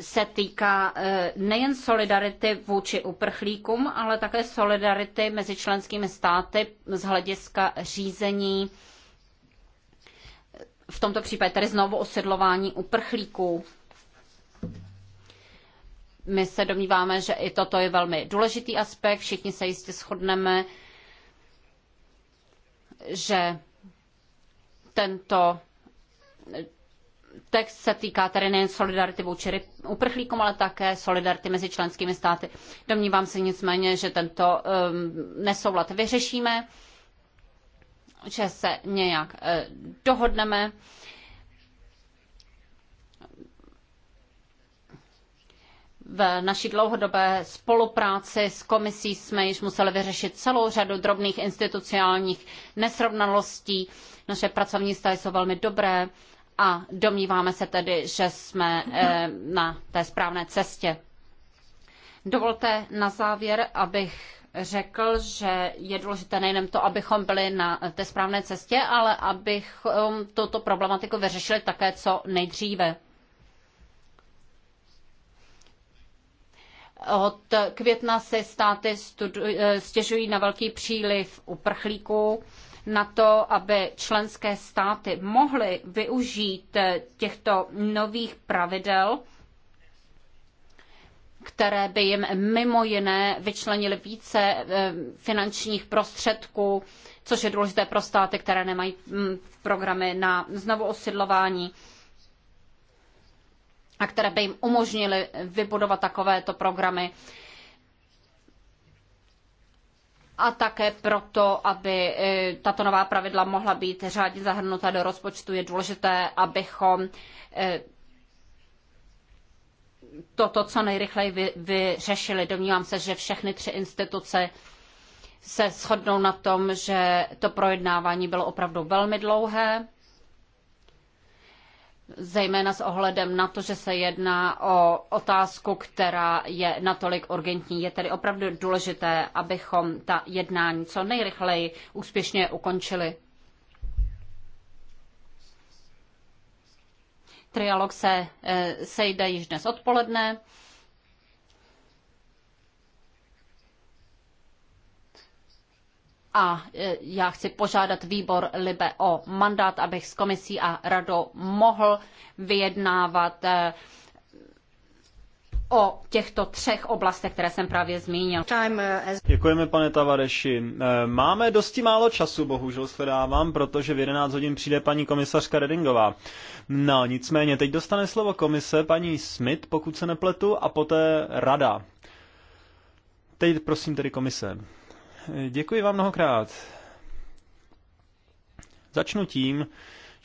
se týká eh, nejen solidarity vůči uprchlíkům, ale také solidarity mezi členskými státy z hlediska řízení v tomto případě tedy znovu osedlování uprchlíků. My se domníváme, že i toto je velmi důležitý aspekt. Všichni se jistě shodneme, že tento text se týká tedy nejen solidarity vůči uprchlíkům, ale také solidarity mezi členskými státy. Domnívám se nicméně, že tento um, nesoulad vyřešíme že se nějak eh, dohodneme. V naší dlouhodobé spolupráci s komisí jsme již museli vyřešit celou řadu drobných institucionálních nesrovnalostí. Naše pracovní stavy jsou velmi dobré a domníváme se tedy, že jsme eh, na té správné cestě. Dovolte na závěr, abych řekl, že je důležité nejen to, abychom byli na té správné cestě, ale abychom tuto problematiku vyřešili také co nejdříve. Od května se státy eh, stěžují na velký příliv uprchlíků na to, aby členské státy mohly využít eh, těchto nových pravidel které by jim mimo jiné vyčlenily více eh, finančních prostředků, což je důležité pro státy, které nemají mm, programy na znovu osidlování a které by jim umožnily vybudovat takovéto programy a také proto, aby eh, tato nová pravidla mohla být řádně zahrnuta do rozpočtu, je důležité, abychom eh, toto co nejrychleji vy, vyřešili. Domnívám se, že všechny tři instituce se shodnou na tom, že to projednávání bylo opravdu velmi dlouhé, zejména s ohledem na to, že se jedná o otázku, která je natolik urgentní. Je tedy opravdu důležité, abychom ta jednání co nejrychleji úspěšně ukončili. Trialog se eh, sejde již dnes odpoledne. a eh, já chci požádat výbor Libe o mandát, abych s komisí a radou mohl vyjednávat eh, o těchto třech oblastech, které jsem právě zmínil. Eh, Děkujeme, pane Tavareši. Eh, máme dosti málo času, bohužel shledávám, protože v 11 hodin přijde paní komisařka Redingová. No, nicméně, teď dostane slovo komise paní Smith, pokud se nepletu, a poté rada. Teď prosím tedy komise. Eh, děkuji vám mnohokrát. Začnu tím,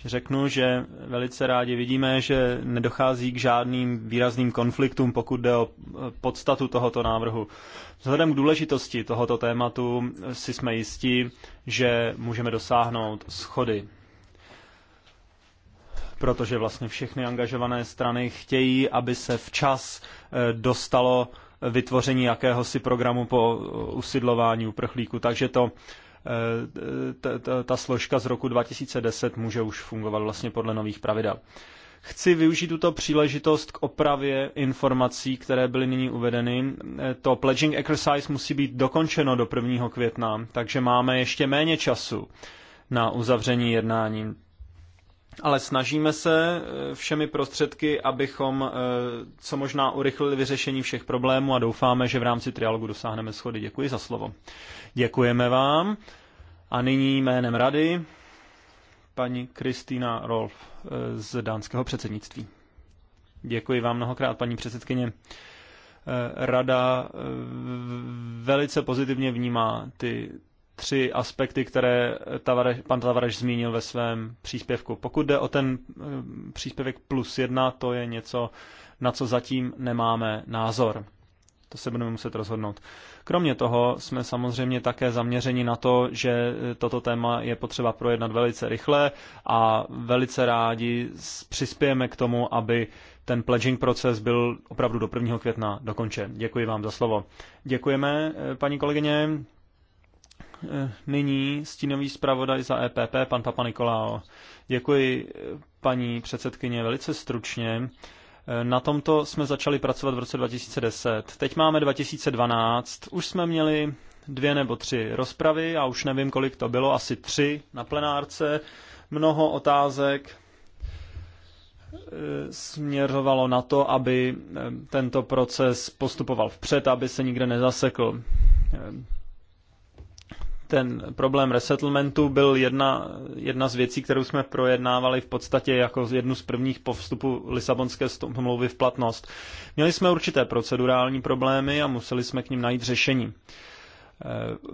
řeknu, že velice rádi vidíme, že nedochází k žádným výrazným konfliktům, pokud jde o e, podstatu tohoto návrhu. Vzhledem k důležitosti tohoto tématu si jsme jistí, že můžeme dosáhnout schody. Protože vlastně všechny angažované strany chtějí, aby se včas e, dostalo vytvoření jakéhosi programu po usidlování uprchlíku. Takže to Eh, ta složka z roku 2010 může už fungovat vlastně podle nových pravidel. Chci využít tuto příležitost k opravě informací, které byly nyní uvedeny. Eh, to pledging exercise musí být dokončeno do 1. května, takže máme ještě méně času na uzavření jednání ale snažíme se eh, všemi prostředky, abychom eh, co možná urychlili vyřešení všech problémů a doufáme, že v rámci trialogu dosáhneme schody. Děkuji za slovo. Děkujeme vám. A nyní jménem rady paní Kristýna Rolf eh, z dánského předsednictví. Děkuji vám mnohokrát, paní předsedkyně. Rada velice pozitivně vnímá ty tři aspekty, které Tavareš, pan Tavareš zmínil ve svém příspěvku. Pokud jde o ten eh, příspěvek plus jedna, to je něco, na co zatím nemáme názor. To se budeme muset rozhodnout. Kromě toho jsme samozřejmě také zaměřeni na to, že toto téma je potřeba projednat velice rychle a velice rádi přispějeme k tomu, aby ten pledging proces byl opravdu do 1. května dokončen. Děkuji vám za slovo. Děkujeme, eh, paní kolegyně. Eh, nyní stínový zpravodaj za EPP, pan Papa Nikolao. Děkuji, eh, paní předsedkyně, velice stručně. Eh, na tomto jsme začali pracovat v roce 2010. Teď máme 2012. Už jsme měli dvě nebo tři rozpravy a už nevím, kolik to bylo, asi tři na plenárce. Mnoho otázek směřovalo na to, aby tento proces postupoval vpřed, aby se nikde nezasekl ten problém resettlementu byl jedna, jedna z věcí, kterou jsme projednávali v podstatě jako jednu z prvních po vstupu Lisabonské smlouvy v platnost. Měli jsme určité procedurální problémy a museli jsme k ním najít řešení. E,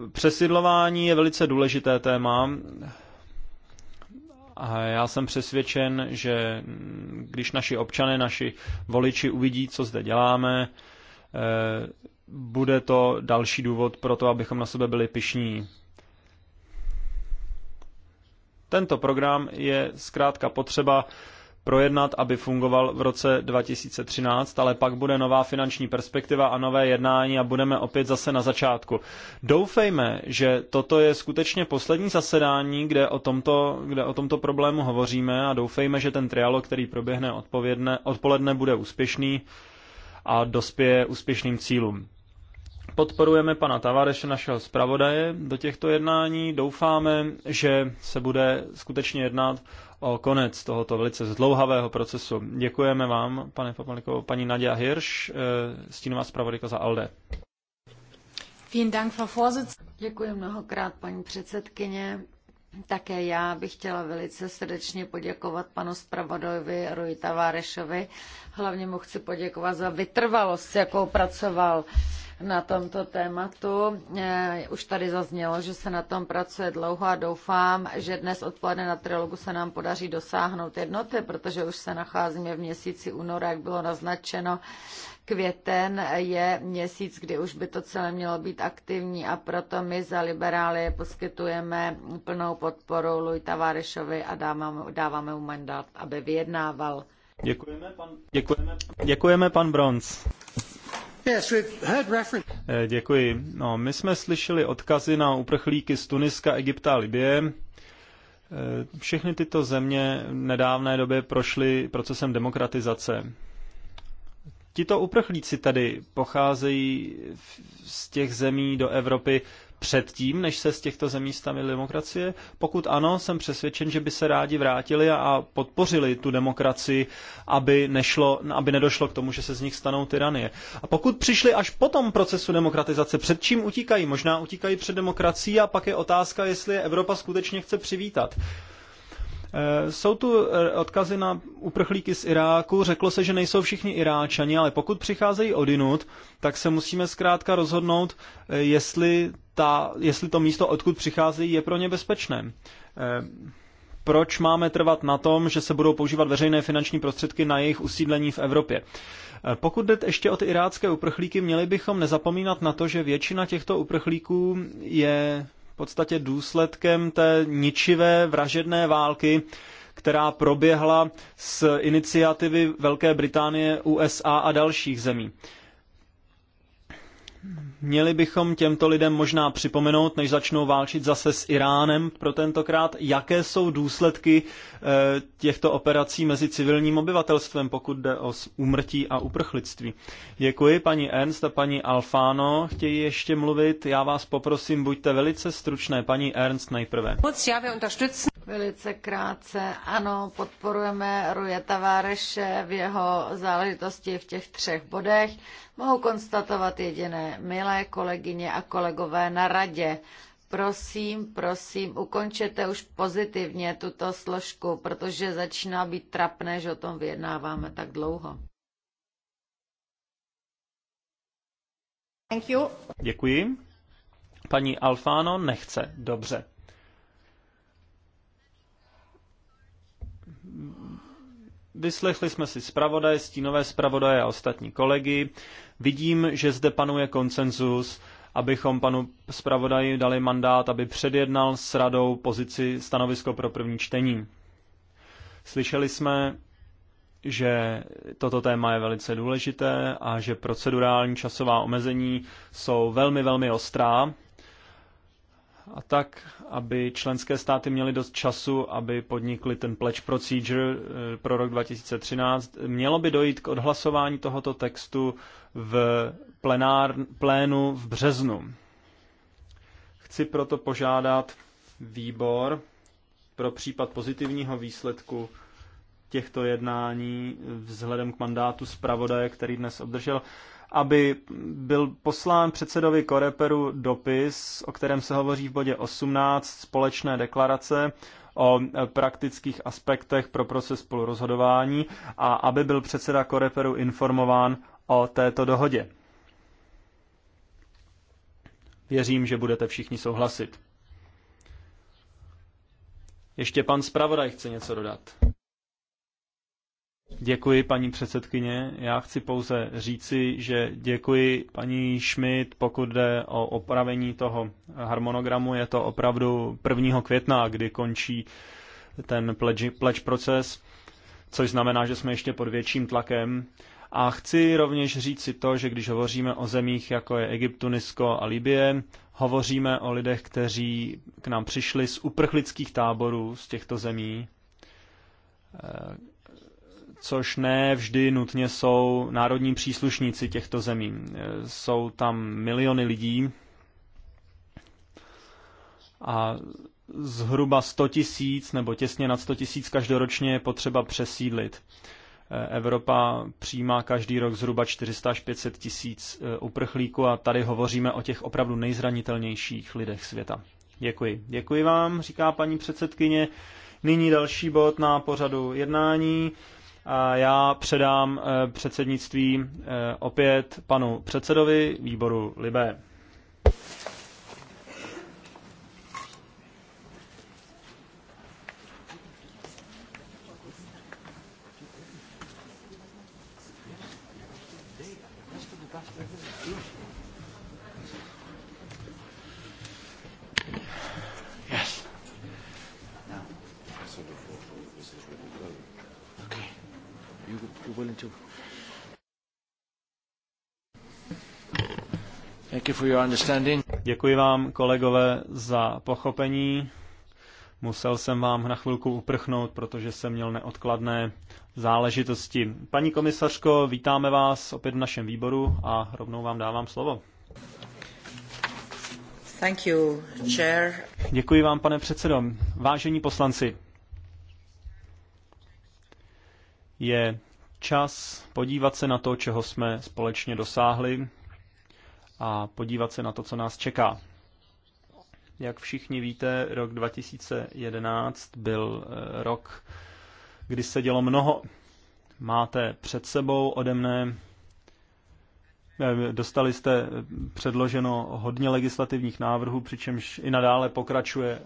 přesidlování je velice důležité téma. A já jsem přesvědčen, že když naši občané, naši voliči uvidí, co zde děláme, e, bude to další důvod pro to, abychom na sebe byli pišní. Tento program je zkrátka potřeba projednat, aby fungoval v roce 2013, ale pak bude nová finanční perspektiva a nové jednání a budeme opět zase na začátku. Doufejme, že toto je skutečně poslední zasedání, kde o tomto, kde o tomto problému hovoříme a doufejme, že ten trialog, který proběhne odpoledne, bude úspěšný a dospěje úspěšným cílům. Podporujeme pana Tavareše, našeho zpravodaje, do těchto jednání. Doufáme, že se bude skutečně jednat o konec tohoto velice zdlouhavého procesu. Děkujeme vám, pane Papaliko, paní Nadia Hirš, eh, stínová zpravodajka za ALDE. Děkuji mnohokrát, paní předsedkyně. Také já bych chtěla velice srdečně poděkovat panu zpravodajovi Rui Tavárešovi. Hlavně mu chci poděkovat za vytrvalost, jakou pracoval na tomto tématu. Eh, už tady zaznělo, že se na tom pracuje dlouho a doufám, že dnes odpoledne na trilogu se nám podaří dosáhnout jednoty, protože už se nacházíme v měsíci února, jak bylo naznačeno. Květen je měsíc, kdy už by to celé mělo být aktivní a proto my za liberály poskytujeme plnou podporu Luj Tavárešovi a dáváme, dáváme mu mandát, aby vyjednával. Děkujeme, pan, děkujeme, děkujeme pan Bronz. Eh, děkuji. No, my jsme slyšeli odkazy na uprchlíky z Tuniska, Egypta a Libie. Eh, všechny tyto země v nedávné době prošly procesem demokratizace. Tito uprchlíci tady pocházejí z těch zemí do Evropy předtím, než se z těchto zemí stane demokracie? Pokud ano, jsem přesvědčen, že by se rádi vrátili a podpořili tu demokracii, aby, nešlo, aby nedošlo k tomu, že se z nich stanou tyranie. A pokud přišli až po tom procesu demokratizace, před čím utíkají? Možná utíkají před demokracií a pak je otázka, jestli je Evropa skutečně chce přivítat. Eh, jsou tu eh, odkazy na uprchlíky z Iráku. Řeklo se, že nejsou všichni Iráčani, ale pokud přicházejí odinut, tak se musíme zkrátka rozhodnout, eh, jestli, ta, jestli to místo, odkud přicházejí, je pro ně bezpečné proč máme trvat na tom, že se budou používat veřejné finanční prostředky na jejich usídlení v Evropě. Pokud jde ještě o ty irácké uprchlíky, měli bychom nezapomínat na to, že většina těchto uprchlíků je podstatě důsledkem té ničivé vražedné války, která proběhla z iniciativy Velké Británie, USA a dalších zemí. Měli bychom těmto lidem možná připomenout, než začnou válčit zase s Iránem pro tentokrát, jaké jsou důsledky eh, těchto operací mezi civilním obyvatelstvem, pokud jde o úmrtí a uprchlictví. Děkuji, paní Ernst a paní Alfano. Chtějí ještě mluvit. Já vás poprosím, buďte velice stručné. Paní Ernst nejprve. Moc já Velice krátce. Ano, podporujeme Ruje Tavareše v jeho záležitosti v těch třech bodech. Mohu konstatovat jediné, milé kolegyně a kolegové na radě, prosím, prosím, ukončete už pozitivně tuto složku, protože začíná být trapné, že o tom vyjednáváme tak dlouho. Thank you. Děkuji. Paní Alfano nechce. Dobře. Vyslechli jsme si zpravodaje, stínové zpravodaje a ostatní kolegy. Vidím, že zde panuje konsenzus, abychom panu zpravodaji dali mandát, aby předjednal s radou pozici stanovisko pro první čtení. Slyšeli jsme, že toto téma je velice důležité a že procedurální časová omezení jsou velmi, velmi ostrá, a tak, aby členské státy měly dost času, aby podnikly ten pledge procedure eh, pro rok 2013. Mělo by dojít k odhlasování tohoto textu v plenár, plénu v březnu. Chci proto požádat výbor pro případ pozitivního výsledku těchto jednání vzhledem k mandátu zpravodaje, který dnes obdržel, aby byl poslán předsedovi Koreperu dopis, o kterém se hovoří v bodě 18 společné deklarace o praktických aspektech pro proces spolurozhodování a aby byl předseda Koreperu informován o této dohodě. Věřím, že budete všichni souhlasit. Ještě pan zpravodaj chce něco dodat. Děkuji, paní předsedkyně. Já chci pouze říci, že děkuji paní Schmidt, pokud jde o opravení toho harmonogramu. Je to opravdu 1. května, kdy končí ten pledge, proces, což znamená, že jsme ještě pod větším tlakem. A chci rovněž říci to, že když hovoříme o zemích, jako je Egypt, Tunisko a Libie, hovoříme o lidech, kteří k nám přišli z uprchlických táborů z těchto zemí což ne vždy nutně jsou národní příslušníci těchto zemí. Jsou tam miliony lidí a zhruba 100 tisíc nebo těsně nad 100 tisíc každoročně je potřeba přesídlit. Evropa přijímá každý rok zhruba 400 až 500 tisíc eh, uprchlíků a tady hovoříme o těch opravdu nejzranitelnějších lidech světa. Děkuji. Děkuji vám, říká paní předsedkyně. Nyní další bod na pořadu jednání. A já předám eh, předsednictví eh, opět panu předsedovi výboru Libé. Děkuji vám, kolegové, za pochopení. Musel jsem vám na chvilku uprchnout, protože jsem měl neodkladné záležitosti. Paní komisařko, vítáme vás opět v našem výboru a rovnou vám dávám slovo. Thank you, chair. Děkuji vám, pane předsedo. Vážení poslanci, je čas podívat se na to, čeho jsme společně dosáhli a podívat se na to, co nás čeká. Jak všichni víte, rok 2011 byl eh, rok, kdy se dělo mnoho. Máte před sebou ode mne, eh, dostali jste eh, předloženo hodně legislativních návrhů, přičemž i nadále pokračuje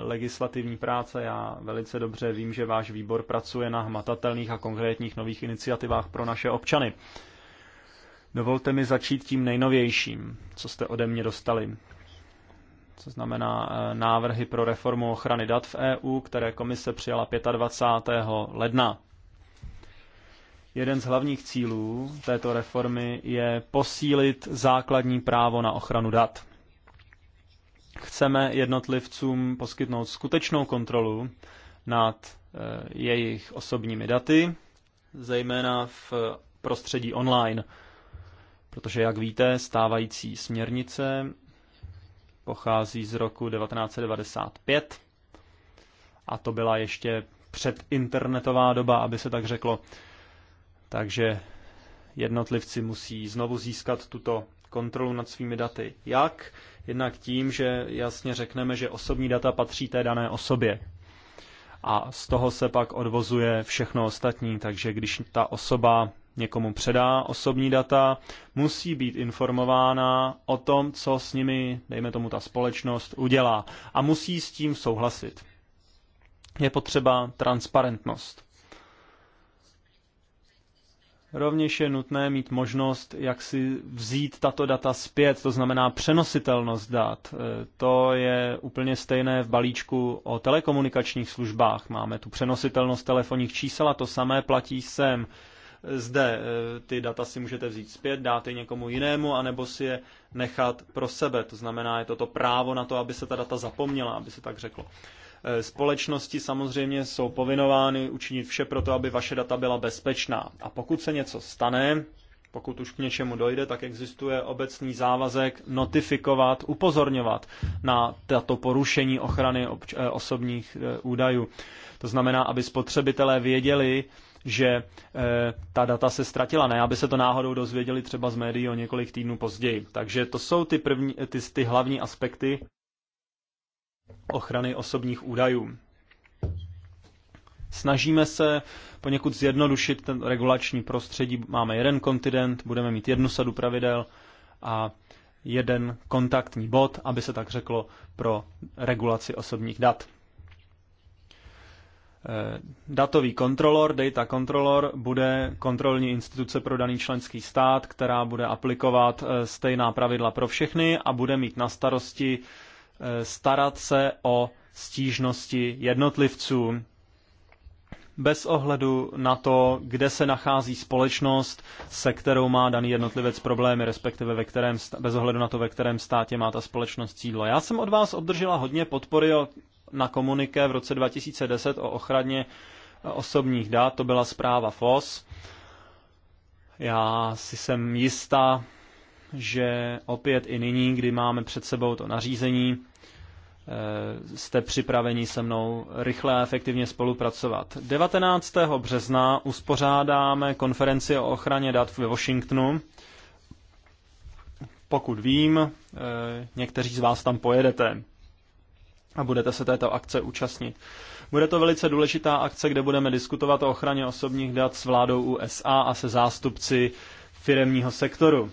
legislativní práce. Já velice dobře vím, že váš výbor pracuje na hmatatelných a konkrétních nových iniciativách pro naše občany. Dovolte mi začít tím nejnovějším, co jste ode mě dostali. Co znamená eh, návrhy pro reformu ochrany dat v EU, které komise přijala 25. ledna. Jeden z hlavních cílů této reformy je posílit základní právo na ochranu dat. Chceme jednotlivcům poskytnout skutečnou kontrolu nad eh, jejich osobními daty, zejména v eh, prostředí online protože, jak víte, stávající směrnice pochází z roku 1995 a to byla ještě předinternetová doba, aby se tak řeklo. Takže jednotlivci musí znovu získat tuto kontrolu nad svými daty. Jak? Jednak tím, že jasně řekneme, že osobní data patří té dané osobě. A z toho se pak odvozuje všechno ostatní, takže když ta osoba někomu předá osobní data, musí být informována o tom, co s nimi, dejme tomu ta společnost, udělá a musí s tím souhlasit. Je potřeba transparentnost. Rovněž je nutné mít možnost, jak si vzít tato data zpět, to znamená přenositelnost dat. E, to je úplně stejné v balíčku o telekomunikačních službách. Máme tu přenositelnost telefonních čísel a to samé platí sem zde eh, ty data si můžete vzít zpět, dáte je někomu jinému, anebo si je nechat pro sebe. To znamená, je to to právo na to, aby se ta data zapomněla, aby se tak řeklo. Eh, společnosti samozřejmě jsou povinovány učinit vše pro to, aby vaše data byla bezpečná. A pokud se něco stane, pokud už k něčemu dojde, tak existuje obecný závazek notifikovat, upozorňovat na tato porušení ochrany eh, osobních údajů. To znamená, aby spotřebitelé věděli, že eh, ta data se ztratila, ne aby se to náhodou dozvěděli třeba z médií o několik týdnů později. Takže to jsou ty, první, ty, ty hlavní aspekty ochrany osobních údajů. Snažíme se poněkud zjednodušit ten regulační prostředí. Máme jeden kontinent, budeme mít jednu sadu pravidel a jeden kontaktní bod, aby se tak řeklo, pro regulaci osobních dat. Eh, datový kontrolor, data kontrolor, bude kontrolní instituce pro daný členský stát, která bude aplikovat eh, stejná pravidla pro všechny a bude mít na starosti eh, starat se o stížnosti jednotlivců. Bez ohledu na to, kde se nachází společnost, se kterou má daný jednotlivec problémy, respektive ve kterém, bez ohledu na to, ve kterém státě má ta společnost sídlo. Já jsem od vás obdržela hodně podpory na komuniké v roce 2010 o ochraně osobních dat, to byla zpráva FOS. Já si jsem jistá, že opět i nyní, kdy máme před sebou to nařízení, eh, jste připraveni se mnou rychle a efektivně spolupracovat. 19. března uspořádáme konferenci o ochraně dat ve Washingtonu. Pokud vím, eh, někteří z vás tam pojedete a budete se této akce účastnit. Bude to velice důležitá akce, kde budeme diskutovat o ochraně osobních dat s vládou USA a se zástupci firemního sektoru.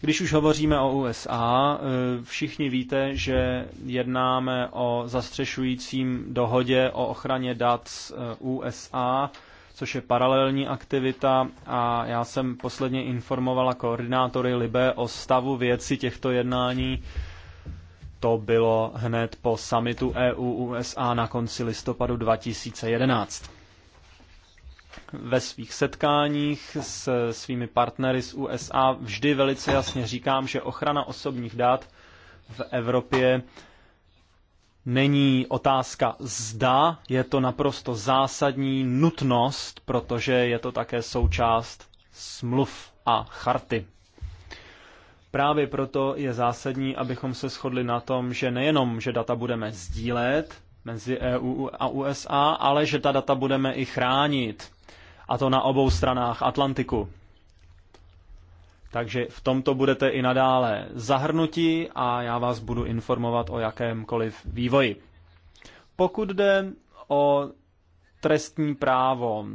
Když už hovoříme o USA, eh, všichni víte, že jednáme o zastřešujícím dohodě o ochraně dat z eh, USA, což je paralelní aktivita a já jsem posledně informovala koordinátory Libe o stavu věci těchto jednání to bylo hned po summitu EU-USA na konci listopadu 2011. Ve svých setkáních s svými partnery z USA vždy velice jasně říkám, že ochrana osobních dat v Evropě není otázka zda, je to naprosto zásadní nutnost, protože je to také součást smluv a charty Právě proto je zásadní, abychom se shodli na tom, že nejenom, že data budeme sdílet mezi EU a USA, ale že ta data budeme i chránit. A to na obou stranách Atlantiku. Takže v tomto budete i nadále zahrnutí a já vás budu informovat o jakémkoliv vývoji. Pokud jde o trestní právo,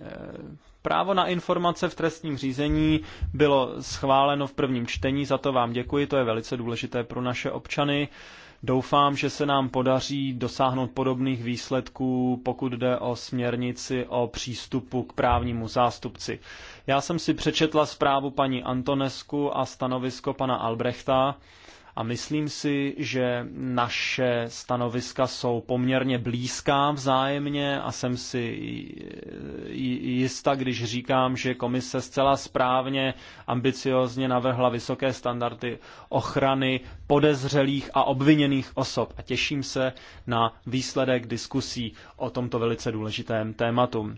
eh, Právo na informace v trestním řízení bylo schváleno v prvním čtení, za to vám děkuji, to je velice důležité pro naše občany. Doufám, že se nám podaří dosáhnout podobných výsledků, pokud jde o směrnici o přístupu k právnímu zástupci. Já jsem si přečetla zprávu paní Antonesku a stanovisko pana Albrechta a myslím si, že naše stanoviska jsou poměrně blízká vzájemně a jsem si jista, když říkám, že komise zcela správně ambiciozně navrhla vysoké standardy ochrany podezřelých a obviněných osob. A těším se na výsledek diskusí o tomto velice důležitém tématu.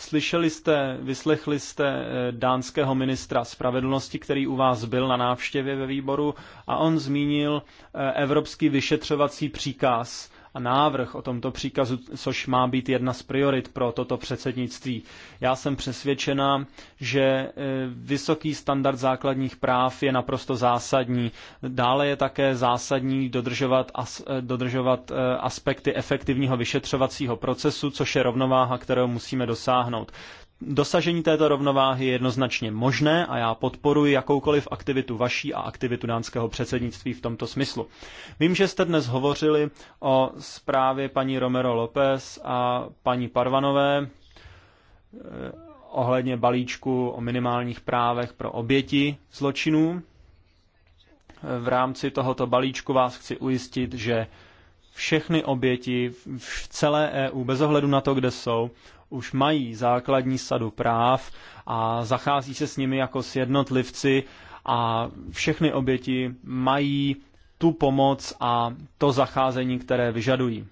Slyšeli jste, vyslechli jste eh, dánského ministra spravedlnosti, který u vás byl na návštěvě ve výboru a on zmínil eh, evropský vyšetřovací příkaz a návrh o tomto příkazu, což má být jedna z priorit pro toto předsednictví. Já jsem přesvědčena, že e, vysoký standard základních práv je naprosto zásadní. Dále je také zásadní dodržovat, as, e, dodržovat e, aspekty efektivního vyšetřovacího procesu, což je rovnováha, kterou musíme dosáhnout. Dosažení této rovnováhy je jednoznačně možné a já podporuji jakoukoliv aktivitu vaší a aktivitu dánského předsednictví v tomto smyslu. Vím, že jste dnes hovořili o zprávě paní Romero López a paní Parvanové eh, ohledně balíčku o minimálních právech pro oběti zločinů. V rámci tohoto balíčku vás chci ujistit, že všechny oběti v celé EU, bez ohledu na to, kde jsou, už mají základní sadu práv a zachází se s nimi jako s jednotlivci a všechny oběti mají tu pomoc a to zacházení, které vyžadují.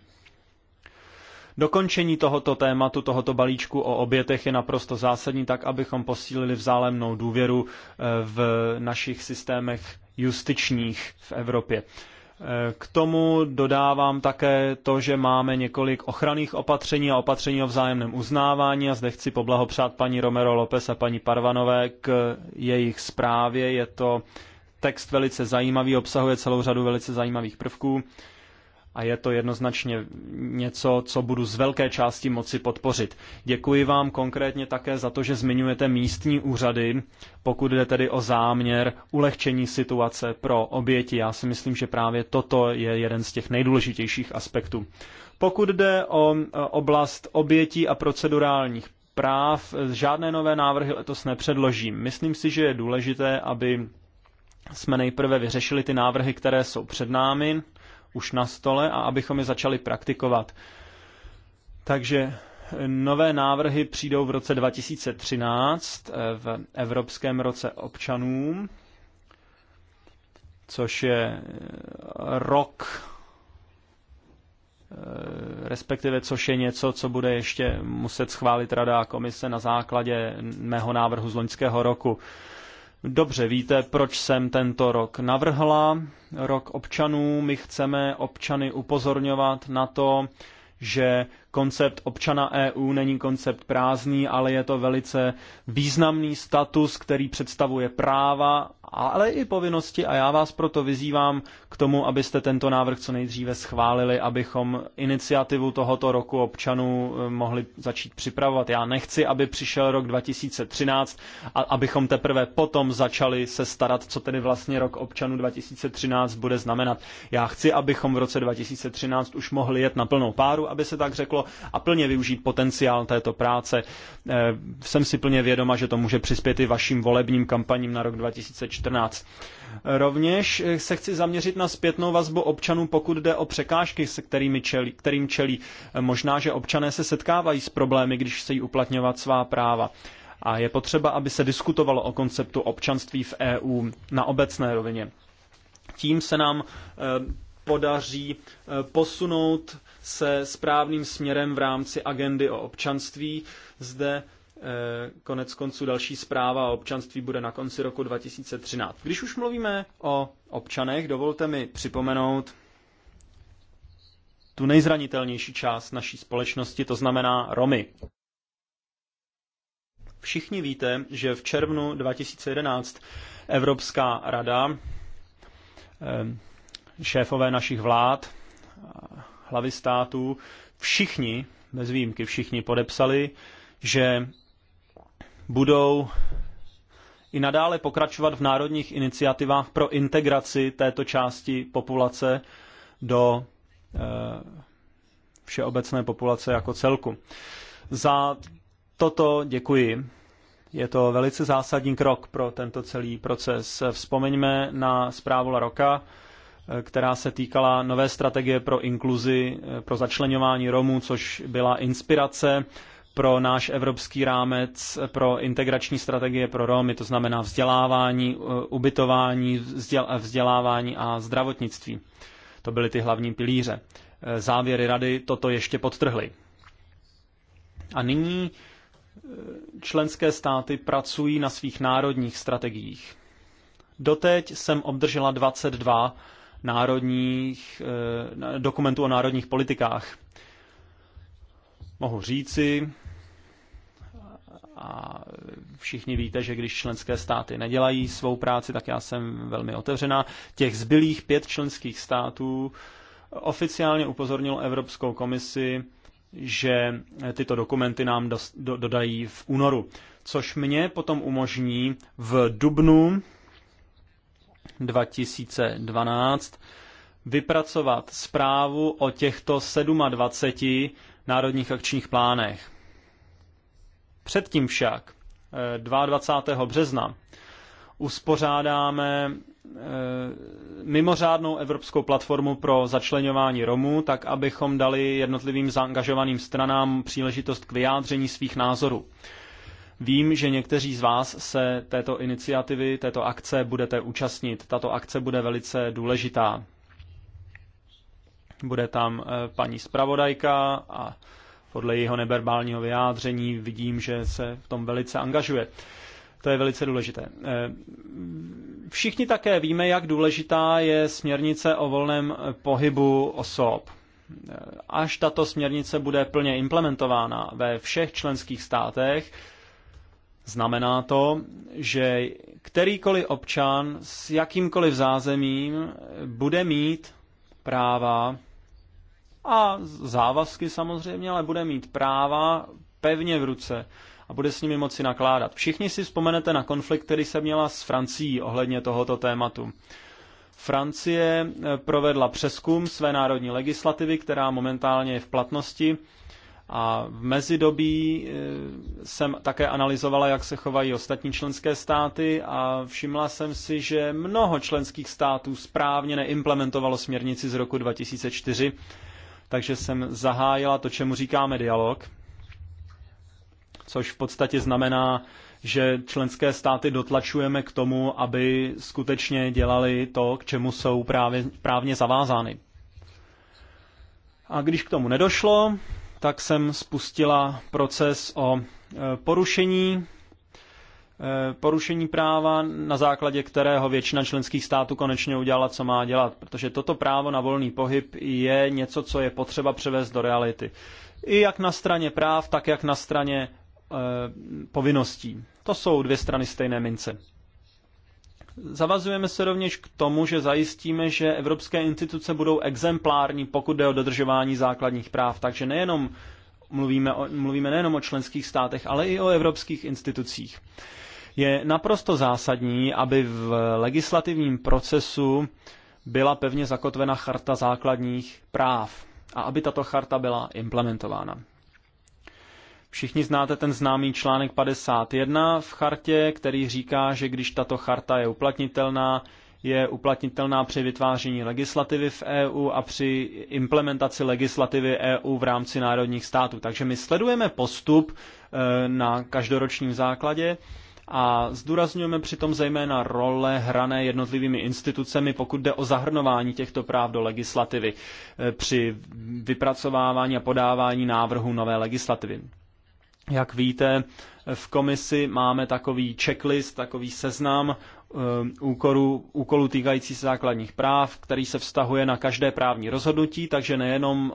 Dokončení tohoto tématu, tohoto balíčku o obětech je naprosto zásadní, tak abychom posílili vzájemnou důvěru eh, v našich systémech justičních v Evropě. K tomu dodávám také to, že máme několik ochranných opatření a opatření o vzájemném uznávání a zde chci poblahopřát paní Romero López a paní Parvanové k jejich zprávě. Je to text velice zajímavý, obsahuje celou řadu velice zajímavých prvků a je to jednoznačně něco, co budu z velké části moci podpořit. Děkuji vám konkrétně také za to, že zmiňujete místní úřady, pokud jde tedy o záměr ulehčení situace pro oběti. Já si myslím, že právě toto je jeden z těch nejdůležitějších aspektů. Pokud jde o oblast obětí a procedurálních práv, žádné nové návrhy letos nepředložím. Myslím si, že je důležité, aby jsme nejprve vyřešili ty návrhy, které jsou před námi, už na stole a abychom je začali praktikovat. Takže nové návrhy přijdou v roce 2013 eh, v Evropském roce občanům, což je eh, rok eh, respektive což je něco, co bude ještě muset schválit Rada a komise na základě mého návrhu z loňského roku. Dobře víte, proč jsem tento rok navrhla. Rok občanů. My chceme občany upozorňovat na to, že koncept občana EU není koncept prázdný, ale je to velice významný status, který představuje práva, ale i povinnosti a já vás proto vyzývám k tomu, abyste tento návrh co nejdříve schválili, abychom iniciativu tohoto roku občanů eh, mohli začít připravovat. Já nechci, aby přišel rok 2013 a abychom teprve potom začali se starat, co tedy vlastně rok občanů 2013 bude znamenat. Já chci, abychom v roce 2013 už mohli jet na plnou páru, aby se tak řeklo, narychlo a plně využít potenciál této práce. Eh, jsem si plně vědoma, že to může přispět i vašim volebním kampaním na rok 2014. Rovněž eh, se chci zaměřit na zpětnou vazbu občanů, pokud jde o překážky, se kterými čelí, kterým čelí. Eh, možná, že občané se setkávají s problémy, když chcejí uplatňovat svá práva. A je potřeba, aby se diskutovalo o konceptu občanství v EU na obecné rovině. Tím se nám podaří posunout se správným směrem v rámci agendy o občanství. Zde eh, konec konců další zpráva o občanství bude na konci roku 2013. Když už mluvíme o občanech, dovolte mi připomenout tu nejzranitelnější část naší společnosti, to znamená Romy. Všichni víte, že v červnu 2011 Evropská rada, eh, šéfové našich vlád, hlavy států, všichni, bez výjimky všichni podepsali, že budou i nadále pokračovat v národních iniciativách pro integraci této části populace do eh, všeobecné populace jako celku. Za toto děkuji. Je to velice zásadní krok pro tento celý proces. Vzpomeňme na zprávu La Roca, Eh, která se týkala nové strategie pro inkluzi, eh, pro začlenování Romů, což byla inspirace pro náš evropský rámec eh, pro integrační strategie pro Romy, to znamená vzdělávání, ubytování, vzdělávání a zdravotnictví. To byly ty hlavní pilíře. Závěry rady toto ještě podtrhly. A nyní členské státy pracují na svých národních strategiích. Doteď jsem obdržela 22 národních, eh, dokumentu o národních politikách. Mohu říci, a všichni víte, že když členské státy nedělají svou práci, tak já jsem velmi otevřená. Těch zbylých pět členských států oficiálně upozornil Evropskou komisi, že tyto dokumenty nám dodají v únoru, což mě potom umožní v dubnu 2012 vypracovat zprávu o těchto 27 národních akčních plánech. Předtím však 22. Eh, března uspořádáme eh, mimořádnou evropskou platformu pro začlenování Romů, tak abychom dali jednotlivým zaangažovaným stranám příležitost k vyjádření svých názorů. Vím, že někteří z vás se této iniciativy, této akce budete účastnit. Tato akce bude velice důležitá. Bude tam eh, paní zpravodajka a podle jeho neverbálního vyjádření vidím, že se v tom velice angažuje. To je velice důležité. Eh, všichni také víme, jak důležitá je směrnice o volném eh, pohybu osob. Až tato směrnice bude plně implementována ve všech členských státech, Znamená to, že kterýkoliv občan s jakýmkoliv zázemím bude mít práva a závazky samozřejmě, ale bude mít práva pevně v ruce a bude s nimi moci nakládat. Všichni si vzpomenete na konflikt, který se měla s Francií ohledně tohoto tématu. Francie provedla přeskum své národní legislativy, která momentálně je v platnosti a v mezidobí eh, jsem také analyzovala, jak se chovají ostatní členské státy a všimla jsem si, že mnoho členských států správně neimplementovalo směrnici z roku 2004, takže jsem zahájila to, čemu říkáme dialog, což v podstatě znamená, že členské státy dotlačujeme k tomu, aby skutečně dělali to, k čemu jsou právě, právně zavázány. A když k tomu nedošlo, tak jsem spustila proces o e, porušení e, porušení práva, na základě kterého většina členských států konečně udělala, co má dělat, protože toto právo na volný pohyb je něco, co je potřeba převést do reality. I jak na straně práv, tak jak na straně e, povinností. To jsou dvě strany stejné mince. Zavazujeme se rovněž k tomu, že zajistíme, že evropské instituce budou exemplární, pokud jde o dodržování základních práv. Takže nejenom mluvíme, o, mluvíme nejenom o členských státech, ale i o evropských institucích. Je naprosto zásadní, aby v legislativním procesu byla pevně zakotvena charta základních práv a aby tato charta byla implementována. Všichni znáte ten známý článek 51 v chartě, který říká, že když tato charta je uplatnitelná, je uplatnitelná při vytváření legislativy v EU a při implementaci legislativy EU v rámci národních států. Takže my sledujeme postup e, na každoročním základě a zdůrazňujeme přitom zejména role hrané jednotlivými institucemi, pokud jde o zahrnování těchto práv do legislativy e, při vypracovávání a podávání návrhu nové legislativy. Jak víte, v komisi máme takový checklist, takový seznam eh, úkolů, úkolů týkající se základních práv, který se vztahuje na každé právní rozhodnutí, takže nejenom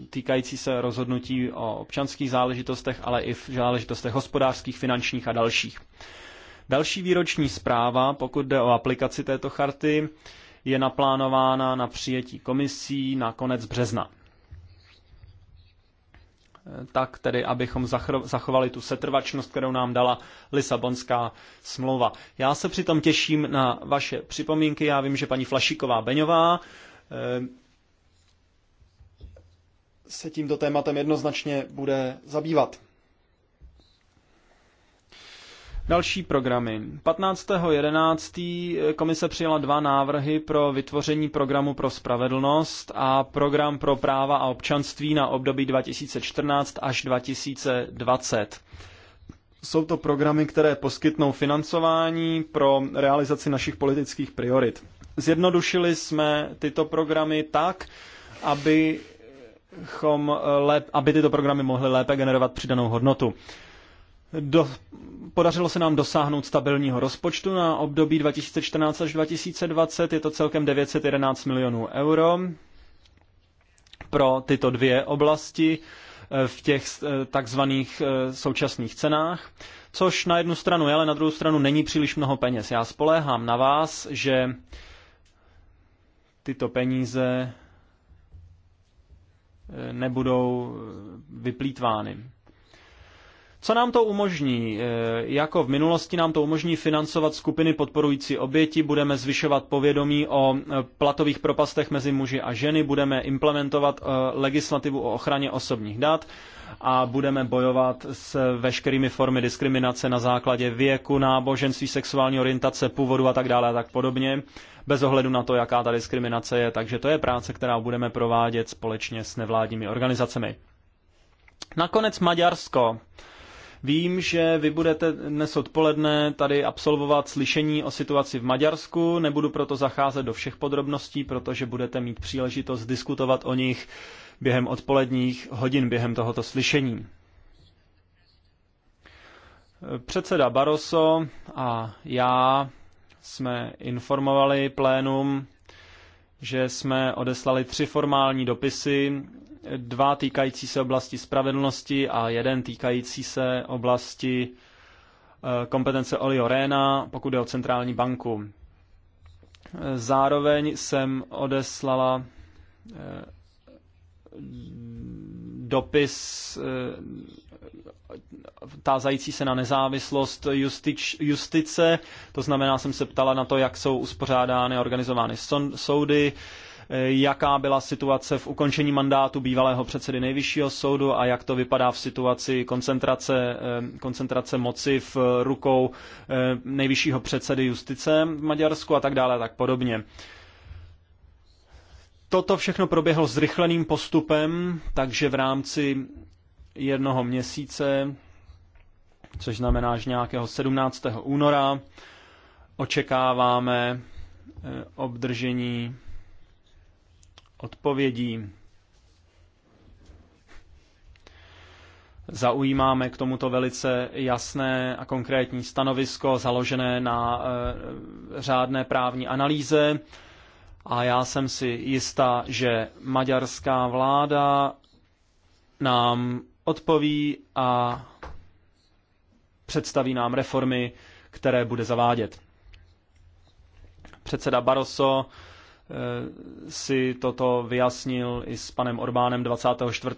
eh, týkající se rozhodnutí o občanských záležitostech, ale i v záležitostech hospodářských, finančních a dalších. Další výroční zpráva, pokud jde o aplikaci této charty, je naplánována na přijetí komisí na konec března tak tedy, abychom zachovali tu setrvačnost, kterou nám dala Lisabonská smlouva. Já se přitom těším na vaše připomínky. Já vím, že paní Flašiková Beňová eh, se tímto tématem jednoznačně bude zabývat. Další programy. 15.11. Eh, komise přijala dva návrhy pro vytvoření programu pro spravedlnost a program pro práva a občanství na období 2014 až 2020. Jsou to programy, které poskytnou financování pro realizaci našich politických priorit. Zjednodušili jsme tyto programy tak, aby aby tyto programy mohly lépe generovat přidanou hodnotu. Do, podařilo se nám dosáhnout stabilního rozpočtu na období 2014 až 2020. Je to celkem 911 milionů euro pro tyto dvě oblasti eh, v těch eh, takzvaných eh, současných cenách, což na jednu stranu je, ale na druhou stranu není příliš mnoho peněz. Já spoléhám na vás, že tyto peníze nebudou vyplýtvány. Co nám to umožní? Eh, jako v minulosti nám to umožní financovat skupiny podporující oběti, budeme zvyšovat povědomí o eh, platových propastech mezi muži a ženy, budeme implementovat eh, legislativu o ochraně osobních dat a budeme bojovat s veškerými formy diskriminace na základě věku, náboženství, sexuální orientace, původu a tak dále a tak podobně, bez ohledu na to, jaká ta diskriminace je. Takže to je práce, která budeme provádět společně s nevládními organizacemi. Nakonec Maďarsko. Vím, že vy budete dnes odpoledne tady absolvovat slyšení o situaci v Maďarsku. Nebudu proto zacházet do všech podrobností, protože budete mít příležitost diskutovat o nich během odpoledních hodin během tohoto slyšení. Předseda Baroso a já jsme informovali plénum, že jsme odeslali tři formální dopisy dva týkající se oblasti spravedlnosti a jeden týkající se oblasti eh, kompetence Olio Rena, pokud je o centrální banku. Zároveň jsem odeslala eh, dopis eh, tázající se na nezávislost justič, justice, to znamená, jsem se ptala na to, jak jsou uspořádány, organizovány soudy, jaká byla situace v ukončení mandátu bývalého předsedy nejvyššího soudu a jak to vypadá v situaci koncentrace, eh, koncentrace moci v rukou eh, nejvyššího předsedy justice v Maďarsku a tak dále a tak podobně. Toto všechno proběhlo zrychleným postupem, takže v rámci jednoho měsíce, což znamená, že nějakého 17. února, očekáváme eh, obdržení odpovědí zaujímáme k tomuto velice jasné a konkrétní stanovisko založené na eh, řádné právní analýze. A já jsem si jistá, že maďarská vláda nám odpoví a představí nám reformy, které bude zavádět. Předseda Barroso Eh, si toto vyjasnil i s panem Orbánem 24.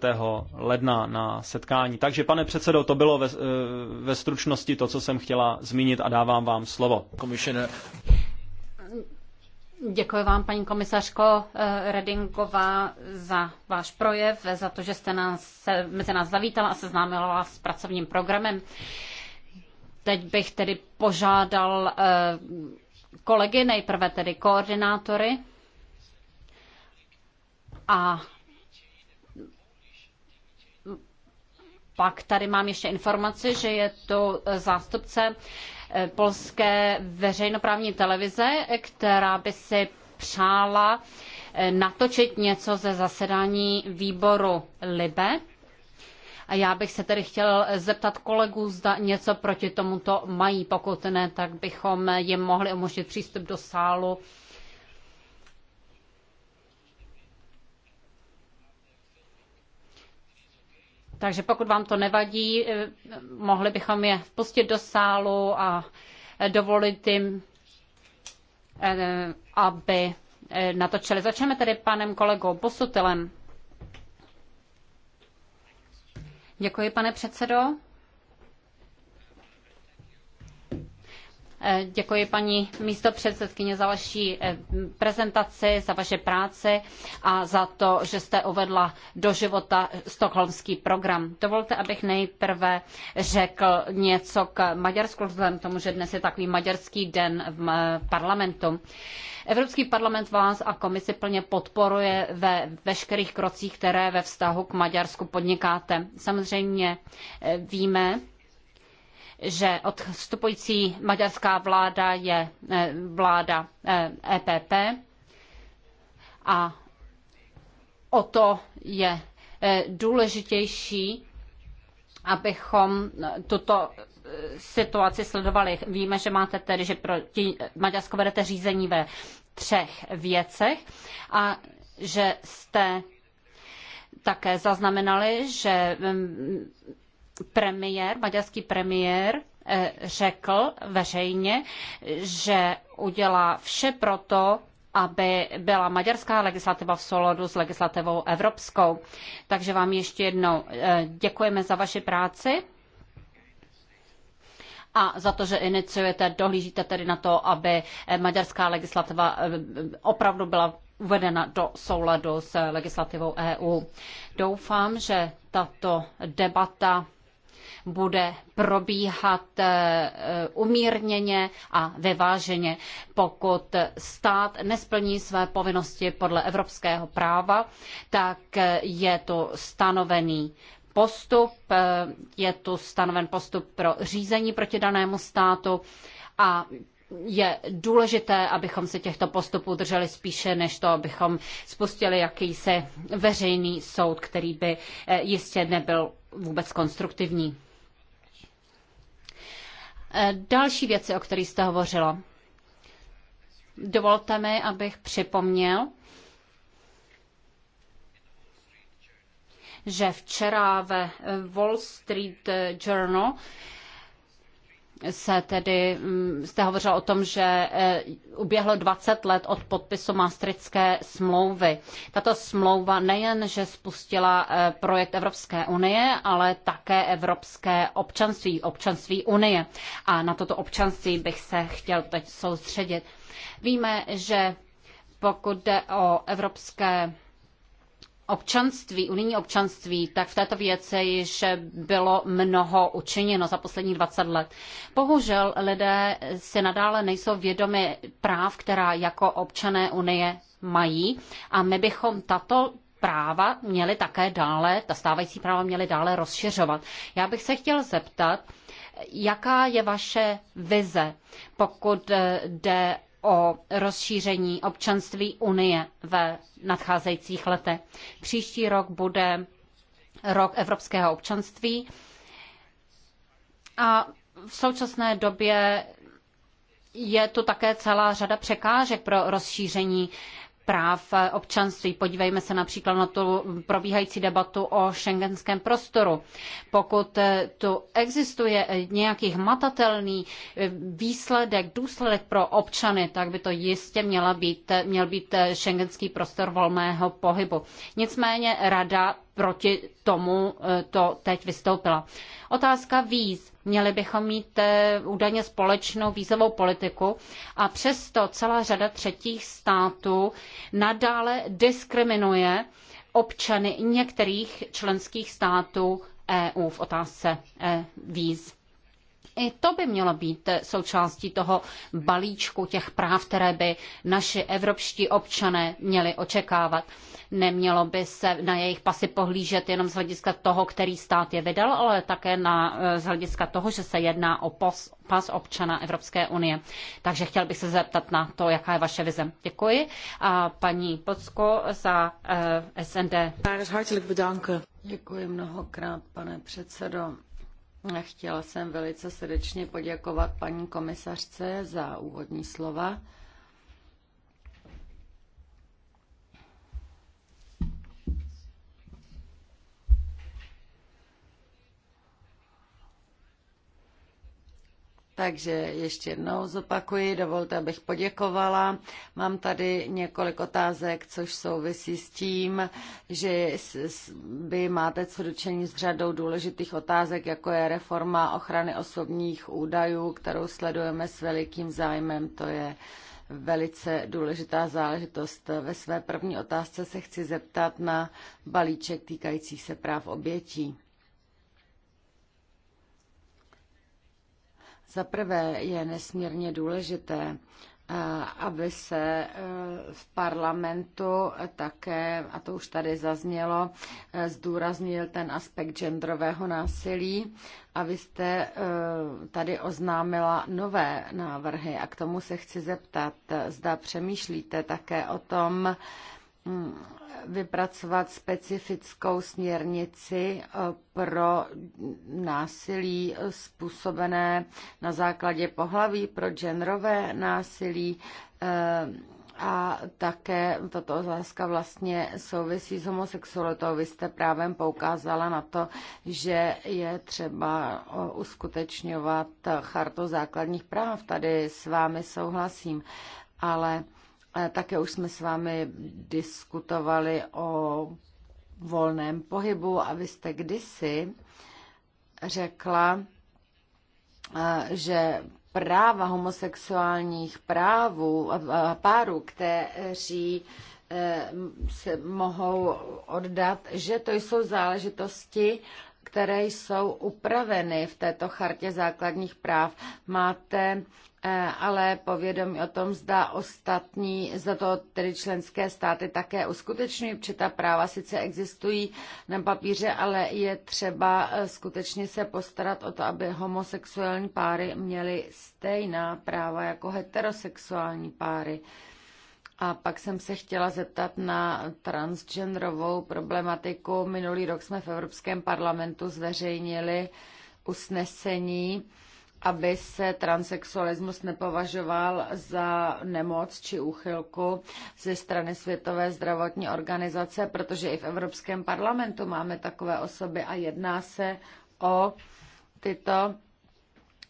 ledna na setkání. Takže, pane předsedo, to bylo ve, eh, ve stručnosti to, co jsem chtěla zmínit a dávám vám slovo. Komisioner. Děkuji vám, paní komisařko eh, Redingová, za váš projev, za to, že jste nás, mezi nás zavítala a seznámila vás s pracovním programem. Teď bych tedy požádal kolegy, nejprve tedy koordinátory a pak tady mám ještě informaci, že je to zástupce eh, polské veřejnoprávní televize, která by si přála eh, natočit něco ze zasedání výboru LIBE. A já bych se tedy chtěl zeptat kolegů, zda něco proti tomuto mají. Pokud ne, tak bychom jim mohli umožnit přístup do sálu Takže pokud vám to nevadí, eh, mohli bychom je pustit do sálu a dovolit jim, eh, aby eh, natočili. Začneme tedy panem kolegou Posutilem. Děkuji, pane předsedo. Eh, děkuji paní místo předsedkyně za vaši eh, prezentaci, za vaše práci a za to, že jste uvedla do života stokholmský program. Dovolte, abych nejprve řekl něco k Maďarsku, vzhledem k tomu, že dnes je takový maďarský den v eh, parlamentu. Evropský parlament vás a komisi plně podporuje ve veškerých krocích, které ve vztahu k Maďarsku podnikáte. Samozřejmě víme, že odstupující maďarská vláda je eh, vláda EPP eh, e a o to je eh, důležitější, abychom tuto situaci sledovali. Víme, že máte tedy, že proti Maďarsko vedete řízení ve třech věcech a že jste také zaznamenali, že mm, premiér, maďarský premiér eh, řekl veřejně, že udělá vše proto, aby byla maďarská legislativa v souladu s legislativou evropskou. Takže vám ještě jednou eh, děkujeme za vaši práci a za to, že iniciujete, dohlížíte tedy na to, aby eh, maďarská legislativa opravdu byla uvedena do souladu s legislativou EU. Doufám, že tato debata bude probíhat eh, eh, umírněně a vyváženě, pokud stát nesplní své povinnosti podle evropského práva, tak eh, je to stanovený postup, je tu stanoven postup pro řízení proti danému státu a je důležité, abychom se těchto postupů drželi spíše, než to, abychom spustili jakýsi veřejný soud, který by jistě nebyl vůbec konstruktivní. Eh, další věci, o kterých jste hovořilo. Dovolte mi, abych připomněl, že včera ve Wall Street Journal se tedy, mm, jste hovořil o tom, že e, uběhlo 20 let od podpisu Maastrichtské smlouvy. Tato smlouva nejen, že spustila e, projekt Evropské unie, ale také Evropské občanství, občanství unie. A na toto občanství bych se chtěl teď soustředit. Víme, že pokud jde o evropské občanství, unijní občanství, tak v této věci již bylo mnoho učiněno za poslední 20 let. Bohužel lidé si nadále nejsou vědomi práv, která jako občané Unie mají a my bychom tato práva měli také dále, ta stávající práva měli dále rozšiřovat. Já bych se chtěl zeptat, jaká je vaše vize, pokud jde o rozšíření občanství Unie ve nadcházejících letech. Příští rok bude rok evropského občanství a v současné době je tu také celá řada překážek pro rozšíření práv občanství. Podívejme se například na tu probíhající debatu o šengenském prostoru. Pokud tu existuje nějaký hmatatelný výsledek, důsledek pro občany, tak by to jistě měla být, měl být šengenský prostor volného pohybu. Nicméně rada proti tomu e, to teď vystoupila. Otázka víz. Měli bychom mít e, údajně společnou vízovou politiku a přesto celá řada třetích států nadále diskriminuje občany některých členských států EU v otázce e, víz. I to by mělo být součástí toho balíčku těch práv, které by naši evropští občané měli očekávat. Nemělo by se na jejich pasy pohlížet jenom z hlediska toho, který stát je vydal, ale také na, eh, z hlediska toho, že se jedná o pos, pas občana Evropské unie. Takže chtěl bych se zeptat na to, jaká je vaše vize. Děkuji. A paní Pocko za eh, SND. Děkuji mnohokrát, pane předsedo. Chtěla jsem velice srdečně poděkovat paní komisařce za úvodní slova. Takže ještě jednou zopakuji, dovolte, abych poděkovala. Mám tady několik otázek, což souvisí s tím, že vy máte co dočení s řadou důležitých otázek, jako je reforma ochrany osobních údajů, kterou sledujeme s velikým zájmem. To je velice důležitá záležitost. Ve své první otázce se chci zeptat na balíček týkajících se práv obětí. Za prvé je nesmírně důležité, eh, aby se eh, v parlamentu také, a to už tady zaznělo, eh, zdůraznil ten aspekt genderového násilí. A vy jste tady oznámila nové návrhy a k tomu se chci zeptat, zda přemýšlíte také o tom, hm, vypracovat specifickou směrnici eh, pro násilí eh, způsobené na základě pohlaví, pro genderové násilí eh, a také tato otázka vlastně souvisí s homosexualitou. Vy jste právě poukázala na to, že je třeba uskutečňovat chartu základních práv. Tady s vámi souhlasím, ale také už jsme s vámi diskutovali o volném pohybu a vy jste kdysi řekla, že práva homosexuálních právů, párů, kteří e, se mohou oddat, že to jsou záležitosti které jsou upraveny v této chartě základních práv. Máte eh, ale povědomí o tom, zda ostatní, za to tedy členské státy také uskutečňují, protože ta práva sice existují na papíře, ale je třeba eh, skutečně se postarat o to, aby homosexuální páry měly stejná práva jako heterosexuální páry. A pak jsem se chtěla zeptat na transgenderovou problematiku. Minulý rok jsme v Evropském parlamentu zveřejnili usnesení, aby se transexualismus nepovažoval za nemoc či úchylku ze strany Světové zdravotní organizace, protože i v Evropském parlamentu máme takové osoby a jedná se o tyto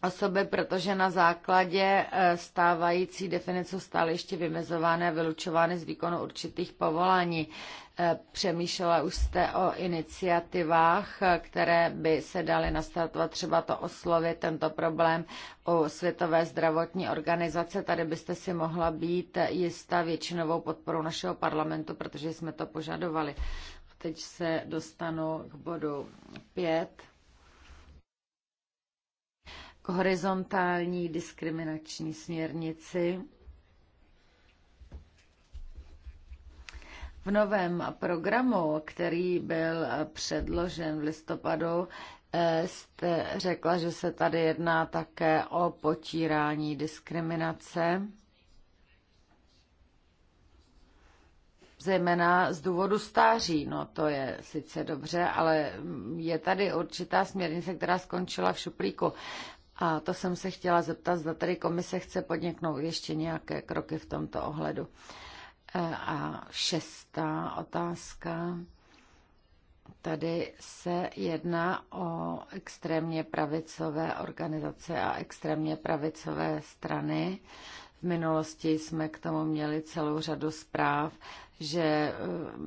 osoby, protože na základě eh, stávající definice stále ještě vymezovány a vylučovány z výkonu určitých povolání. Eh, přemýšlela už jste o iniciativách, eh, které by se daly nastartovat, třeba to oslovit, tento problém u Světové zdravotní organizace. Tady byste si mohla být jistá většinovou podporou našeho parlamentu, protože jsme to požadovali. Teď se dostanu k bodu 5 horizontální diskriminační směrnici. V novém programu, který byl předložen v listopadu, eh, jste řekla, že se tady jedná také o potírání diskriminace, zejména z důvodu stáří. No to je sice dobře, ale je tady určitá směrnice, která skončila v šuplíku. A to jsem se chtěla zeptat, zda tady komise chce podniknout ještě nějaké kroky v tomto ohledu. E, a šestá otázka. Tady se jedná o extrémně pravicové organizace a extrémně pravicové strany. V minulosti jsme k tomu měli celou řadu zpráv že eh,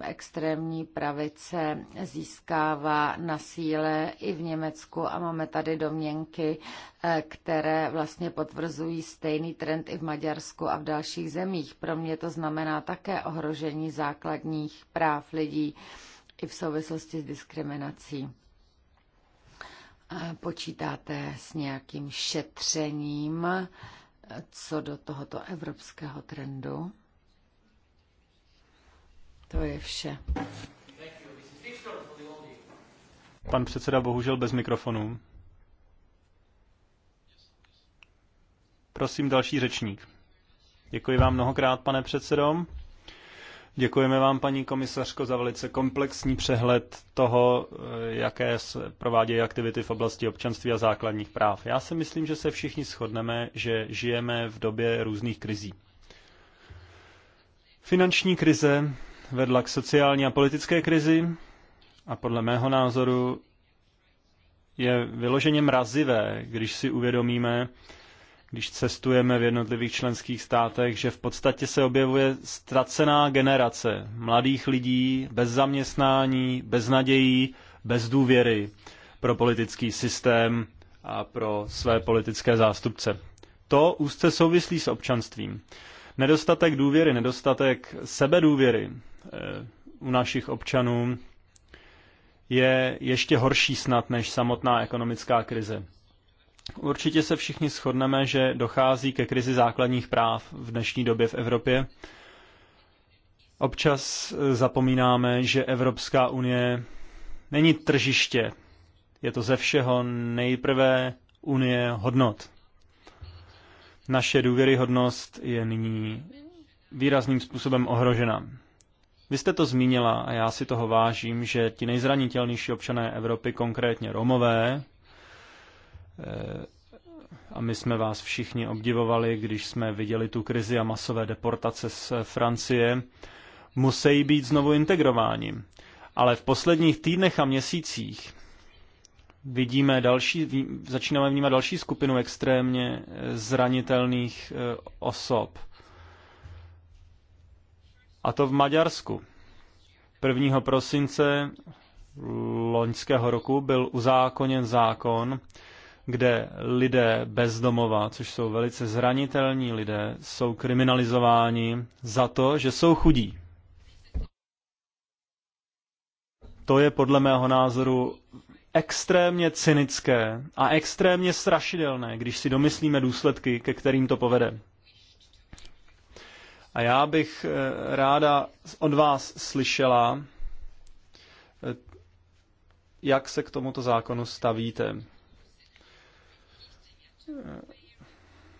extrémní pravice získává na síle i v Německu a máme tady domněnky, eh, které vlastně potvrzují stejný trend i v Maďarsku a v dalších zemích. Pro mě to znamená také ohrožení základních práv lidí i v souvislosti s diskriminací. Počítáte s nějakým šetřením eh, co do tohoto evropského trendu? To je vše. Pan předseda bohužel bez mikrofonu. Prosím další řečník. Děkuji vám mnohokrát, pane předsedo. Děkujeme vám, paní komisařko, za velice komplexní přehled toho, eh, jaké se provádějí aktivity v oblasti občanství a základních práv. Já si myslím, že se všichni shodneme, že žijeme v době různých krizí. Finanční krize, vedla k sociální a politické krizi a podle mého názoru je vyloženě mrazivé, když si uvědomíme, když cestujeme v jednotlivých členských státech, že v podstatě se objevuje ztracená generace mladých lidí bez zaměstnání, bez nadějí, bez důvěry pro politický systém a pro své politické zástupce. To úzce souvislí s občanstvím. Nedostatek důvěry, nedostatek sebedůvěry eh, u našich občanů je ještě horší snad než samotná ekonomická krize. Určitě se všichni shodneme, že dochází ke krizi základních práv v dnešní době v Evropě. Občas eh, zapomínáme, že Evropská unie není tržiště. Je to ze všeho nejprve unie hodnot. Naše důvěryhodnost je nyní výrazným způsobem ohrožena. Vy jste to zmínila a já si toho vážím, že ti nejzranitelnější občané Evropy, konkrétně Romové, eh, a my jsme vás všichni obdivovali, když jsme viděli tu krizi a masové deportace z Francie, musí být znovu integrováni. Ale v posledních týdnech a měsících vidíme další, začínáme vnímat další skupinu extrémně eh, zranitelných eh, osob. A to v Maďarsku. 1. prosince loňského roku byl uzákoněn zákon, kde lidé bezdomova, což jsou velice zranitelní lidé, jsou kriminalizováni za to, že jsou chudí. To je podle mého názoru extrémně cynické a extrémně strašidelné, když si domyslíme důsledky, ke kterým to povede. A já bych eh, ráda od vás slyšela, eh, jak se k tomuto zákonu stavíte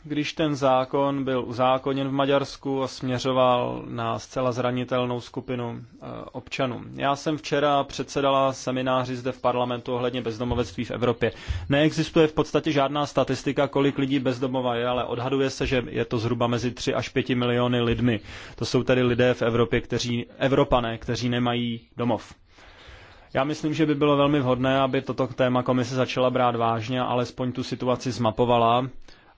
když ten zákon byl uzákoněn v Maďarsku a směřoval na zcela zranitelnou skupinu eh, občanů. Já jsem včera předsedala semináři zde v parlamentu ohledně bezdomovectví v Evropě. Neexistuje v podstatě žádná statistika, kolik lidí bezdomova je, ale odhaduje se, že je to zhruba mezi 3 až 5 miliony lidmi. To jsou tedy lidé v Evropě, kteří, Evropané, kteří nemají domov. Já myslím, že by bylo velmi vhodné, aby toto téma komise začala brát vážně, alespoň tu situaci zmapovala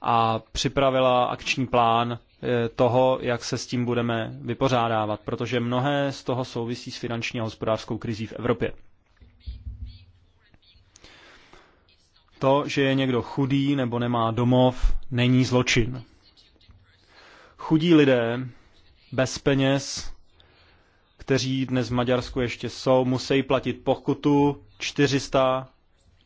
a připravila akční plán eh, toho, jak se s tím budeme vypořádávat, protože mnohé z toho souvisí s finanční a hospodářskou krizí v Evropě. To, že je někdo chudý nebo nemá domov, není zločin. Chudí lidé bez peněz, kteří dnes v Maďarsku ještě jsou, musí platit pokutu 400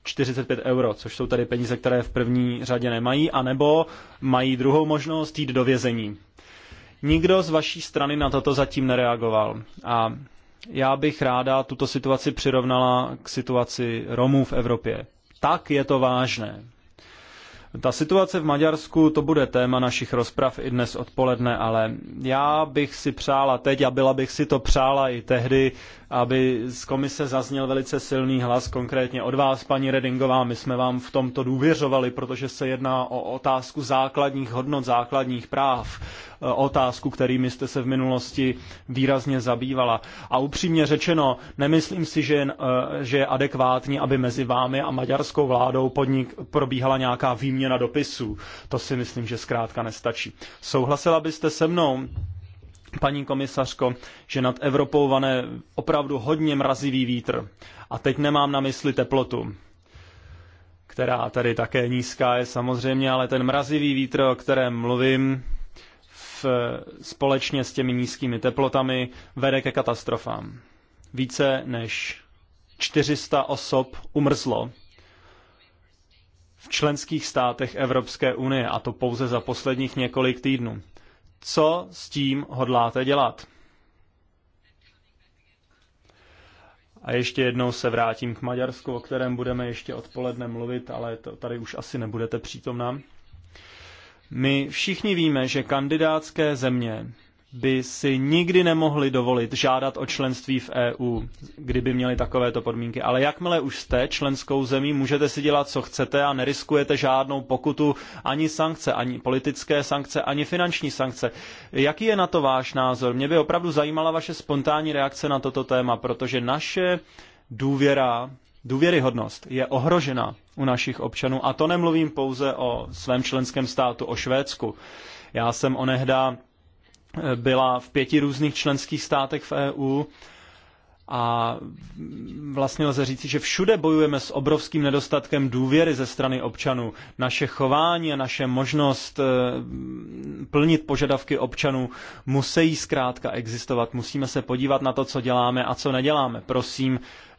45 euro, což jsou tady peníze, které v první řadě nemají, anebo mají druhou možnost jít do vězení. Nikdo z vaší strany na toto zatím nereagoval. A já bych ráda tuto situaci přirovnala k situaci Romů v Evropě. Tak je to vážné. Ta situace v Maďarsku, to bude téma našich rozprav i dnes odpoledne, ale já bych si přála teď a byla bych si to přála i tehdy, aby z komise zazněl velice silný hlas, konkrétně od vás, paní Redingová. My jsme vám v tomto důvěřovali, protože se jedná o otázku základních hodnot, základních práv, e, otázku, kterými jste se v minulosti výrazně zabývala. A upřímně řečeno, nemyslím si, že, e, že je adekvátní, aby mezi vámi a maďarskou vládou podnik probíhala nějaká výměna výměna dopisů. To si myslím, že zkrátka nestačí. Souhlasila byste se mnou, paní komisařko, že nad Evropou vane opravdu hodně mrazivý vítr. A teď nemám na mysli teplotu, která tady také nízká je samozřejmě, ale ten mrazivý vítr, o kterém mluvím, v, společně s těmi nízkými teplotami vede ke katastrofám. Více než 400 osob umrzlo v členských státech Evropské unie, a to pouze za posledních několik týdnů. Co s tím hodláte dělat? A ještě jednou se vrátím k Maďarsku, o kterém budeme ještě odpoledne mluvit, ale to, tady už asi nebudete přítomná. My všichni víme, že kandidátské země by si nikdy nemohli dovolit žádat o členství v EU, kdyby měli takovéto podmínky. Ale jakmile už jste členskou zemí, můžete si dělat, co chcete a neriskujete žádnou pokutu, ani sankce, ani politické sankce, ani finanční sankce. Jaký je na to váš názor? Mě by opravdu zajímala vaše spontánní reakce na toto téma, protože naše důvěra důvěryhodnost je ohrožena u našich občanů. A to nemluvím pouze o svém členském státu, o Švédsku. Já jsem onehda byla v pěti různých členských státech v EU a vlastně lze říci, že všude bojujeme s obrovským nedostatkem důvěry ze strany občanů. Naše chování a naše možnost eh, plnit požadavky občanů musí zkrátka existovat. Musíme se podívat na to, co děláme a co neděláme. Prosím, eh,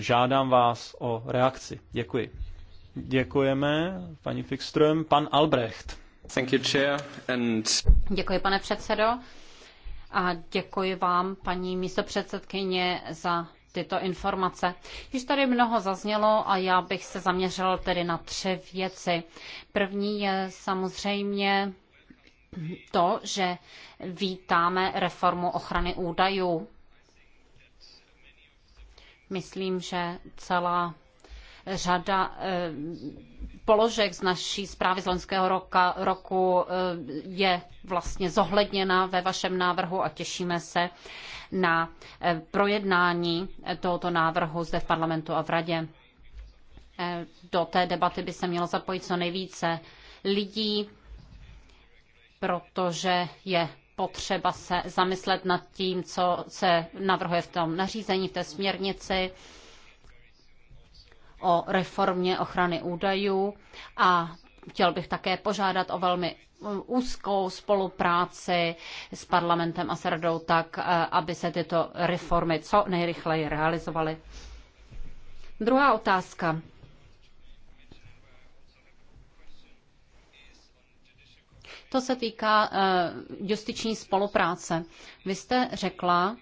žádám vás o reakci. Děkuji. Děkujeme, paní Fixström. Pan Albrecht. Děkuji, pane předsedo. A děkuji vám, paní místopředsedkyně, za tyto informace. Již tady mnoho zaznělo a já bych se zaměřil tedy na tři věci. První je samozřejmě to, že vítáme reformu ochrany údajů. Myslím, že celá řada eh, položek z naší zprávy z loňského roka, roku eh, je vlastně zohledněna ve vašem návrhu a těšíme se na eh, projednání tohoto návrhu zde v parlamentu a v radě. Eh, do té debaty by se mělo zapojit co nejvíce lidí, protože je potřeba se zamyslet nad tím, co se navrhuje v tom nařízení, v té směrnici o reformě ochrany údajů a chtěl bych také požádat o velmi úzkou spolupráci s parlamentem a s radou tak, eh, aby se tyto reformy co nejrychleji realizovaly. Druhá otázka. To se týká eh, justiční spolupráce. Vy jste řekla,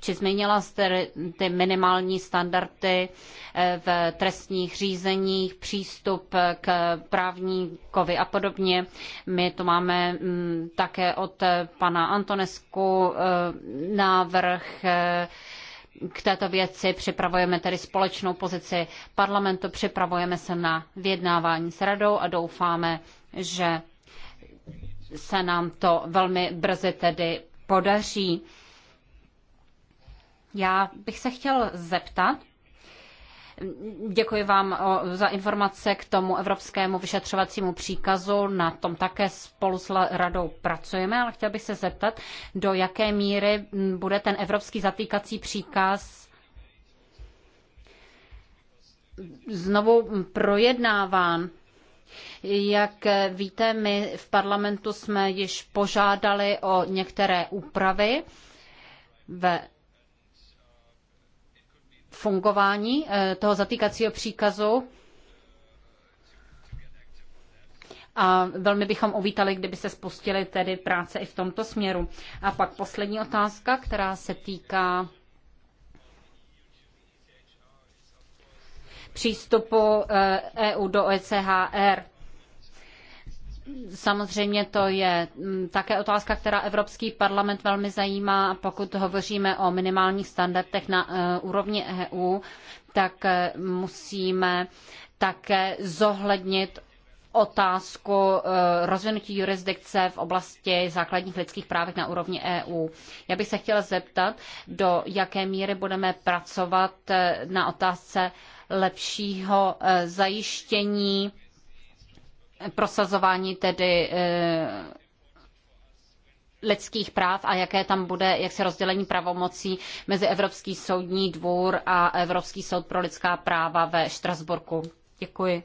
či zmínila jste ty minimální standardy eh, v trestních řízeních, přístup k právníkovi a podobně. My to máme mm, také od pana Antonesku eh, návrh eh, k této věci, připravujeme tedy společnou pozici parlamentu, připravujeme se na vyjednávání s radou a doufáme, že se nám to velmi brzy tedy podaří. Já bych se chtěl zeptat, Děkuji vám za informace k tomu evropskému vyšetřovacímu příkazu. Na tom také spolu s radou pracujeme, ale chtěl bych se zeptat, do jaké míry bude ten evropský zatýkací příkaz znovu projednáván. Jak víte, my v parlamentu jsme již požádali o některé úpravy ve fungování eh, toho zatýkacího příkazu. A velmi bychom uvítali, kdyby se spustily tedy práce i v tomto směru. A pak poslední otázka, která se týká přístupu EU eh, e do OECHR. E Samozřejmě to je mm, také otázka, která Evropský parlament velmi zajímá. Pokud hovoříme o minimálních standardech na eh, úrovni EU, tak eh, musíme také zohlednit otázku eh, rozvinutí jurisdikce v oblasti základních lidských práv na úrovni EU. Já bych se chtěla zeptat, do jaké míry budeme pracovat na otázce lepšího zajištění prosazování tedy eh, lidských práv a jaké tam bude, jak se rozdělení pravomocí mezi Evropský soudní dvůr a Evropský soud pro lidská práva ve Štrasburku. Děkuji.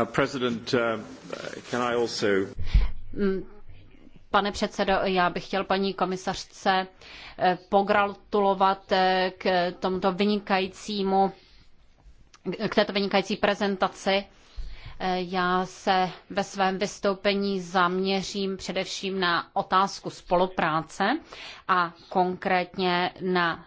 Uh, president, uh, can I also... Mm, pane předsedo, já bych chtěl paní komisařce eh, pogratulovat eh, k tomuto vynikajícímu k této vynikající prezentaci. Eh, já se ve svém vystoupení zaměřím především na otázku spolupráce a konkrétně na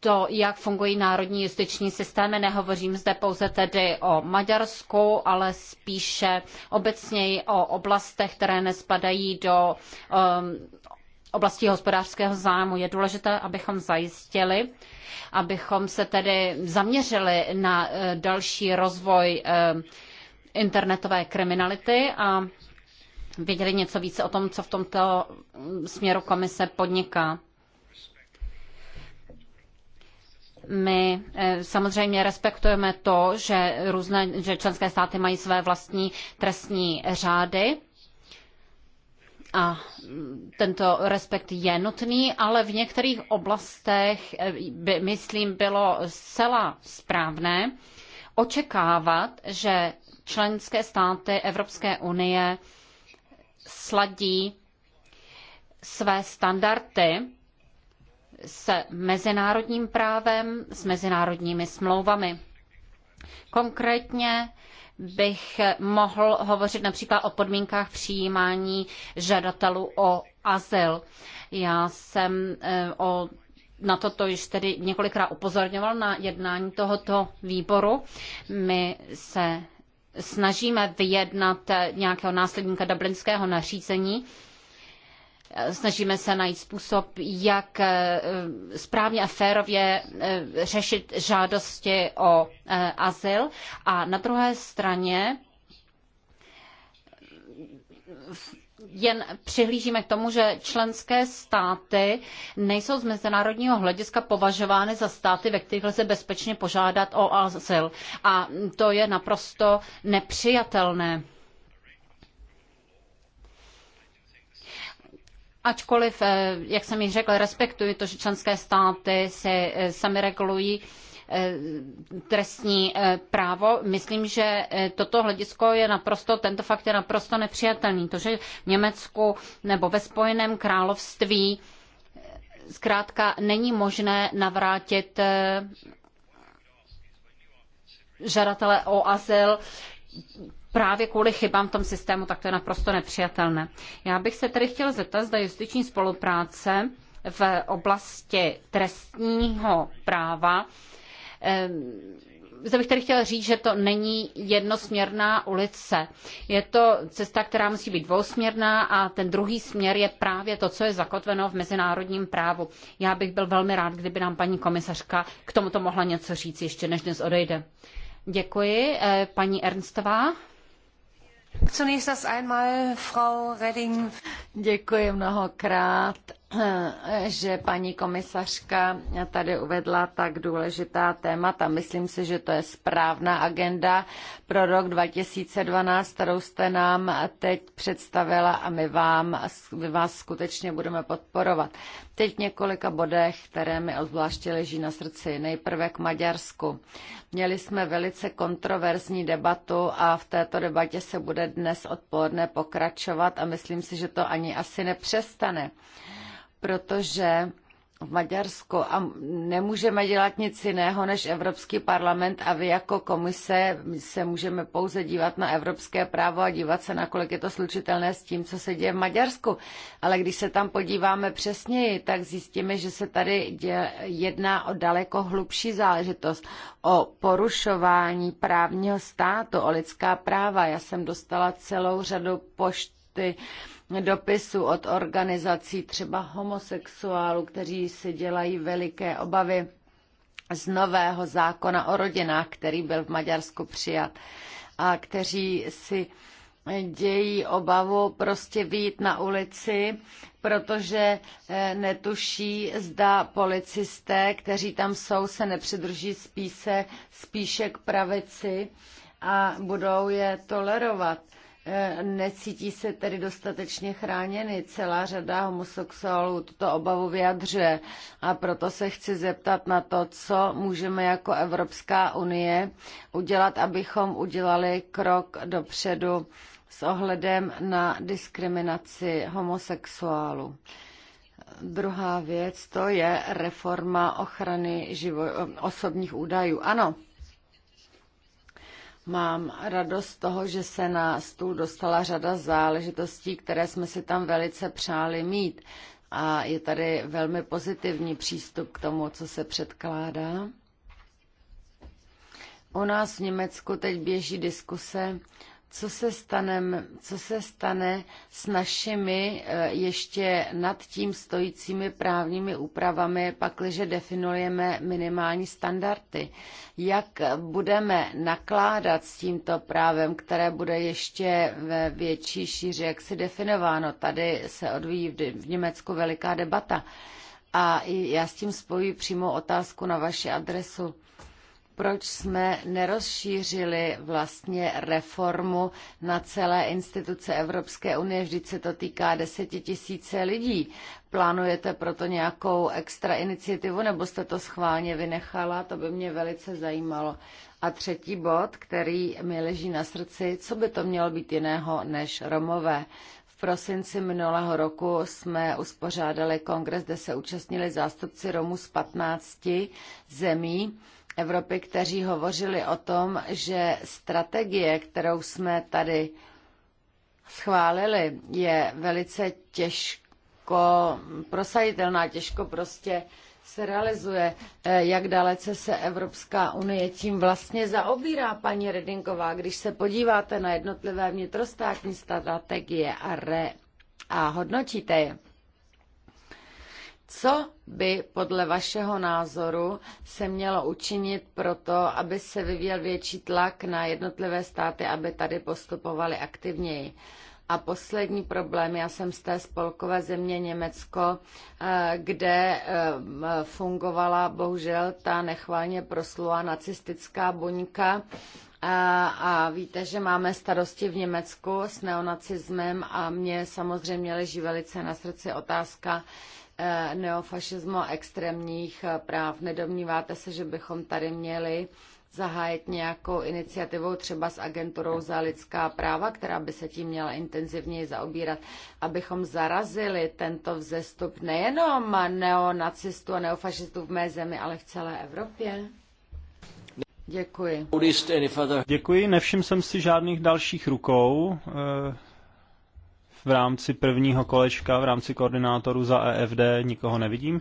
to, jak fungují národní justiční systémy. Nehovořím zde pouze tedy o Maďarsku, ale spíše obecněji o oblastech, které nespadají do um, oblastí hospodářského zájmu. Je důležité, abychom zajistili, abychom se tedy zaměřili na eh, další rozvoj eh, internetové kriminality a věděli něco více o tom, co v tomto směru komise podniká. My eh, samozřejmě respektujeme to, že, různé, že členské státy mají své vlastní trestní řády a mm, tento respekt je nutný, ale v některých oblastech eh, by, myslím, bylo zcela správné očekávat, že členské státy Evropské unie sladí své standardy s mezinárodním právem, s mezinárodními smlouvami. Konkrétně bych mohl hovořit například o podmínkách přijímání žadatelů o azyl. Já jsem eh, o na toto již tedy několikrát upozorňoval na jednání tohoto výboru. My se snažíme vyjednat eh, nějakého následníka dublinského nařízení, Snažíme se najít způsob, jak eh, správně a férově eh, řešit žádosti o eh, azyl. A na druhé straně jen přihlížíme k tomu, že členské státy nejsou z mezinárodního hlediska považovány za státy, ve kterých lze bezpečně požádat o azyl. A to je naprosto nepřijatelné. ačkoliv, eh, jak jsem již řekl, respektuji to, že členské státy se eh, sami regulují eh, trestní právo. Myslím, že toto hledisko je naprosto, tento fakt je naprosto nepřijatelný. To, že v Německu nebo ve Spojeném království zkrátka není možné navrátit žadatele o azyl právě kvůli chybám v tom systému, tak to je naprosto nepřijatelné. Já bych se tedy chtěla zeptat, zda justiční spolupráce v oblasti trestního práva ehm, zde bych tedy chtěla říct, že to není jednosměrná ulice. Je to cesta, která musí být dvousměrná a ten druhý směr je právě to, co je zakotveno v mezinárodním právu. Já bych byl velmi rád, kdyby nám paní komisařka k tomuto mohla něco říct, ještě než dnes odejde. Děkuji. Eh, paní Ernstová. Zunächst das einmal, Frau Redding. Děkuji mnohokrát že paní komisařka tady uvedla tak důležitá témata. Myslím si, že to je správná agenda pro rok 2012, kterou jste nám teď představila a my, vám, my vás skutečně budeme podporovat. Teď několika bodech, které mi obzvláště leží na srdci. Nejprve k Maďarsku. Měli jsme velice kontroverzní debatu a v této debatě se bude dnes odpoledne pokračovat a myslím si, že to ani asi nepřestane protože v Maďarsku a nemůžeme dělat nic jiného než Evropský parlament a vy jako komise se můžeme pouze dívat na evropské právo a dívat se, nakolik je to slučitelné s tím, co se děje v Maďarsku. Ale když se tam podíváme přesněji, tak zjistíme, že se tady jedná o daleko hlubší záležitost, o porušování právního státu, o lidská práva. Já jsem dostala celou řadu pošty dopisů od organizací třeba homosexuálů, kteří si dělají veliké obavy z nového zákona o rodinách, který byl v Maďarsku přijat a kteří si dějí obavu prostě výjít na ulici, protože eh, netuší, zda policisté, kteří tam jsou, se nepřidrží spíše, spíše k pravici a budou je tolerovat. E, necítí se tedy dostatečně chráněny. Celá řada homosexuálů tuto obavu vyjadřuje a proto se chci zeptat na to, co můžeme jako Evropská unie udělat, abychom udělali krok dopředu s ohledem na diskriminaci homosexuálů. Druhá věc, to je reforma ochrany živo- osobních údajů. Ano, Mám radost z toho, že se na stůl dostala řada záležitostí, které jsme si tam velice přáli mít. A je tady velmi pozitivní přístup k tomu, co se předkládá. U nás v Německu teď běží diskuse co se, stanem, co se stane s našimi eh, ještě nad tím stojícími právními úpravami, pakliže definujeme minimální standardy. Jak budeme nakládat s tímto právem, které bude ještě ve větší šíři, jak si definováno? Tady se odvíjí v Německu veliká debata. A já s tím spojuji přímo otázku na vaši adresu proč jsme nerozšířili vlastně reformu na celé instituce Evropské unie. Vždyť se to týká tisíce lidí. Plánujete proto nějakou extra iniciativu nebo jste to schválně vynechala? To by mě velice zajímalo. A třetí bod, který mi leží na srdci, co by to mělo být jiného než Romové? V prosinci minulého roku jsme uspořádali kongres, kde se účastnili zástupci Romů z 15 zemí Evropy, kteří hovořili o tom, že strategie, kterou jsme tady schválili, je velice těžko prosaditelná, těžko prostě se realizuje, eh, jak dalece se Evropská unie tím vlastně zaobírá, paní Redinková. Když se podíváte na jednotlivé vnitrostátní strategie a, re, a hodnotíte je, co by podle vašeho názoru se mělo učinit pro to, aby se vyvíjel větší tlak na jednotlivé státy, aby tady postupovali aktivněji? A poslední problém, já jsem z té spolkové země Německo, eh, kde eh, fungovala bohužel ta nechválně proslula nacistická buňka. A, eh, a víte, že máme starosti v Německu s neonacismem a mě samozřejmě leží velice na srdci otázka, Eh, neofašismu a extrémních eh, práv. Nedomníváte se, že bychom tady měli zahájit nějakou iniciativou třeba s agenturou za lidská práva, která by se tím měla intenzivněji zaobírat, abychom zarazili tento vzestup nejenom neonacistů a neofašistů v mé zemi, ale v celé Evropě? Děkuji. Děkuji, nevšiml jsem si žádných dalších rukou. Eh, v rámci prvního kolečka, v rámci koordinátoru za EFD, nikoho nevidím.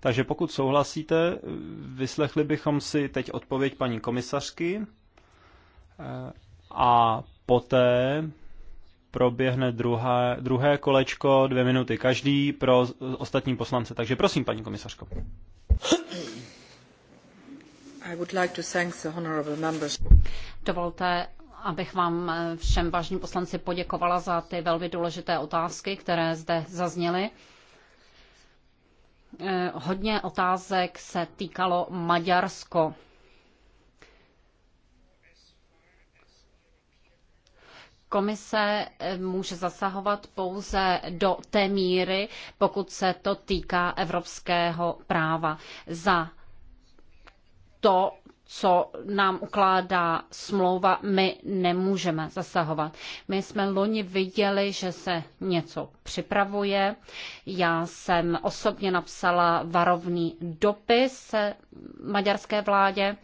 Takže pokud souhlasíte, vyslechli bychom si teď odpověď paní komisařky eh, a poté proběhne druhé, druhé kolečko, dvě minuty každý pro ostatní poslance. Takže prosím, paní komisařko. Like Dovolte, abych vám eh, všem vážní poslanci poděkovala za ty velmi důležité otázky, které zde zazněly. Eh, hodně otázek se týkalo Maďarsko. Komise eh, může zasahovat pouze do té míry, pokud se to týká evropského práva. Za to co nám ukládá smlouva, my nemůžeme zasahovat. My jsme loni viděli, že se něco připravuje. Já jsem osobně napsala varovný dopis maďarské vládě,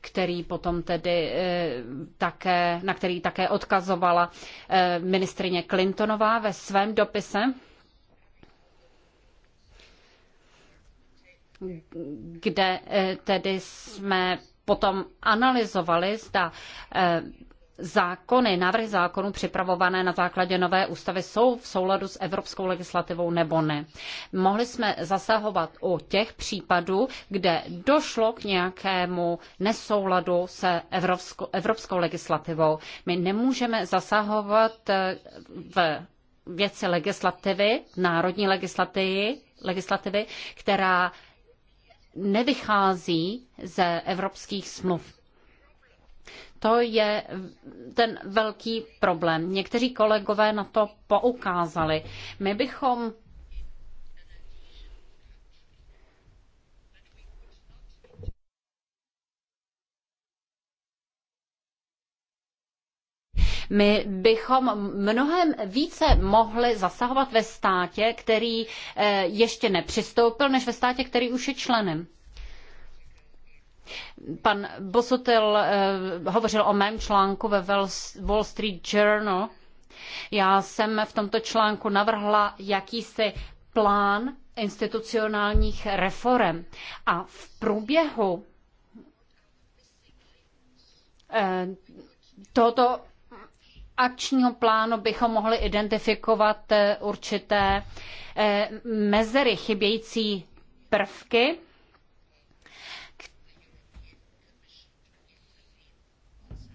který potom tedy eh, také, na který také odkazovala eh, ministrině Clintonová ve svém dopise. kde eh, tedy jsme potom analyzovali, zda eh, zákony, návrhy zákonů připravované na základě nové ústavy jsou v souladu s evropskou legislativou nebo ne. Mohli jsme zasahovat u těch případů, kde došlo k nějakému nesouladu se evropskou, evropskou legislativou. My nemůžeme zasahovat eh, v věci legislativy, národní legislativy, legislativy která nevychází ze evropských smluv. To je ten velký problém. Někteří kolegové na to poukázali. My bychom My bychom mnohem více mohli zasahovat ve státě, který eh, ještě nepřistoupil, než ve státě, který už je členem. Pan Bosotel eh, hovořil o mém článku ve Wall Street Journal. Já jsem v tomto článku navrhla jakýsi plán institucionálních reform. A v průběhu eh, tohoto akčního plánu bychom mohli identifikovat eh, určité eh, mezery, chybějící prvky,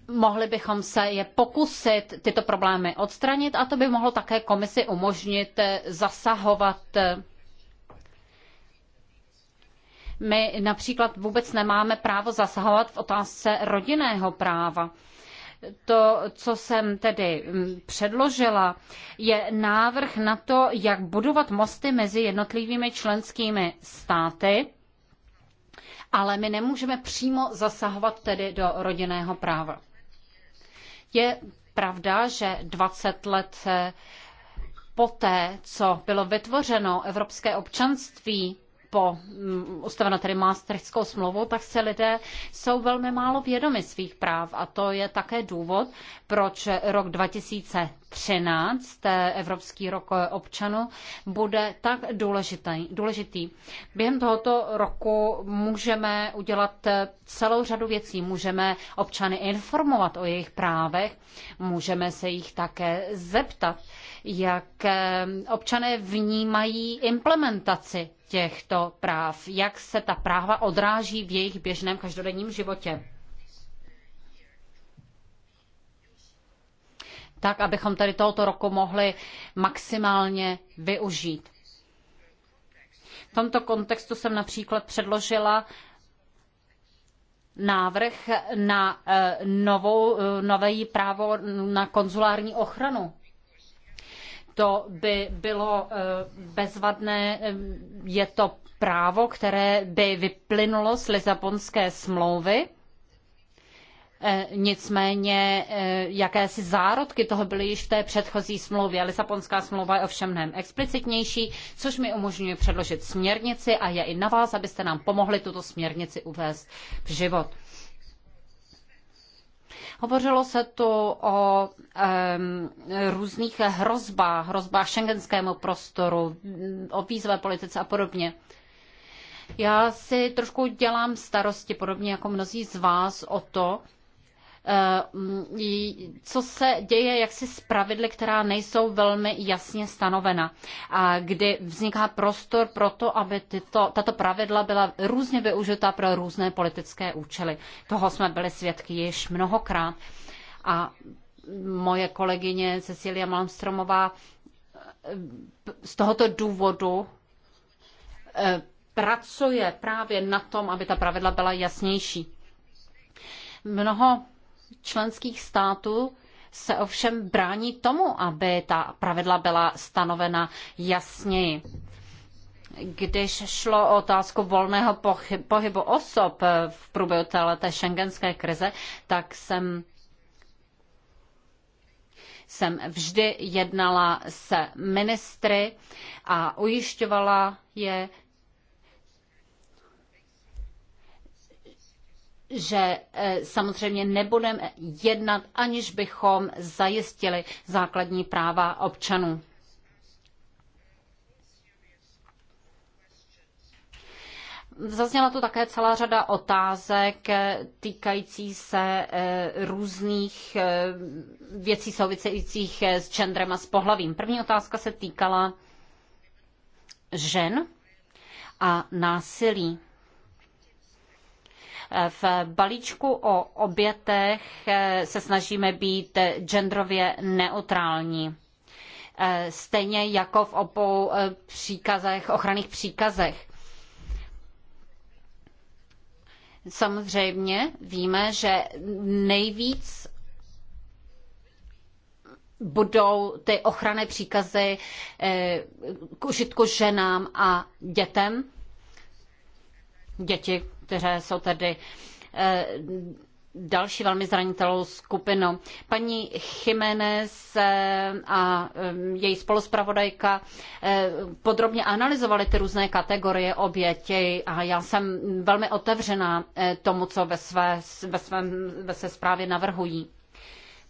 mohli bychom se je pokusit tyto problémy odstranit a to by mohlo také komisi umožnit eh, zasahovat. My například vůbec nemáme právo zasahovat v otázce rodinného práva to, co jsem tedy mm, předložila, je návrh na to, jak budovat mosty mezi jednotlivými členskými státy, ale my nemůžeme přímo zasahovat tedy do rodinného práva. Je pravda, že 20 let eh, poté, co bylo vytvořeno evropské občanství, po mm, ustaveno tedy Maastrichtskou smlouvu, tak se lidé jsou velmi málo vědomi svých práv a to je také důvod, proč rok 2013, Evropský rok občanů, bude tak důležitý. důležitý. Během tohoto roku můžeme udělat celou řadu věcí. Můžeme občany informovat o jejich právech, můžeme se jich také zeptat jak eh, občané vnímají implementaci těchto práv, jak se ta práva odráží v jejich běžném každodenním životě. Tak, abychom tady tohoto roku mohli maximálně využít. V tomto kontextu jsem například předložila návrh na eh, novou, eh, nové právo na konzulární ochranu to by bylo eh, bezvadné. Je to právo, které by vyplynulo z Lisabonské smlouvy. Eh, nicméně eh, jakési zárodky toho byly již v té předchozí smlouvě. Lisabonská smlouva je ovšem mnohem explicitnější, což mi umožňuje předložit směrnici a je i na vás, abyste nám pomohli tuto směrnici uvést v život. Hovořilo se tu o um, různých hrozbách, hrozbách šengenskému prostoru, o vízové politice a podobně. Já si trošku dělám starosti, podobně jako mnozí z vás, o to, Eh, mm, co se děje jaksi s pravidly, která nejsou velmi jasně stanovena, a kdy vzniká prostor pro to, aby tyto, tato pravidla byla různě využita pro různé politické účely. Toho jsme byli svědky již mnohokrát. A moje kolegyně Cecilia Malmstromová eh, z tohoto důvodu eh, pracuje právě na tom, aby ta pravidla byla jasnější. Mnoho členských států se ovšem brání tomu, aby ta pravidla byla stanovena jasněji. Když šlo o otázku volného pohybu osob v průběhu té šengenské krize, tak jsem jsem vždy jednala se ministry a ujišťovala je, že e, samozřejmě nebudeme jednat, aniž bychom zajistili základní práva občanů. Zazněla tu také celá řada otázek e, týkající se e, různých věcí souvisejících s genderem a s pohlavím. První otázka se týkala žen a násilí. V balíčku o obětech eh, se snažíme být genderově neutrální. Eh, stejně jako v obou eh, příkazech, ochranných příkazech. Samozřejmě víme, že nejvíc budou ty ochranné příkazy k užitku ženám a dětem. Děti které jsou tedy eh, další velmi zranitelnou skupinou. Paní Jiménez eh, a eh, její spoluspravodajka podrobně analyzovaly ty různé kategorie oběti a já jsem velmi otevřená tomu, co ve své, ve svém, ve své zprávě navrhují.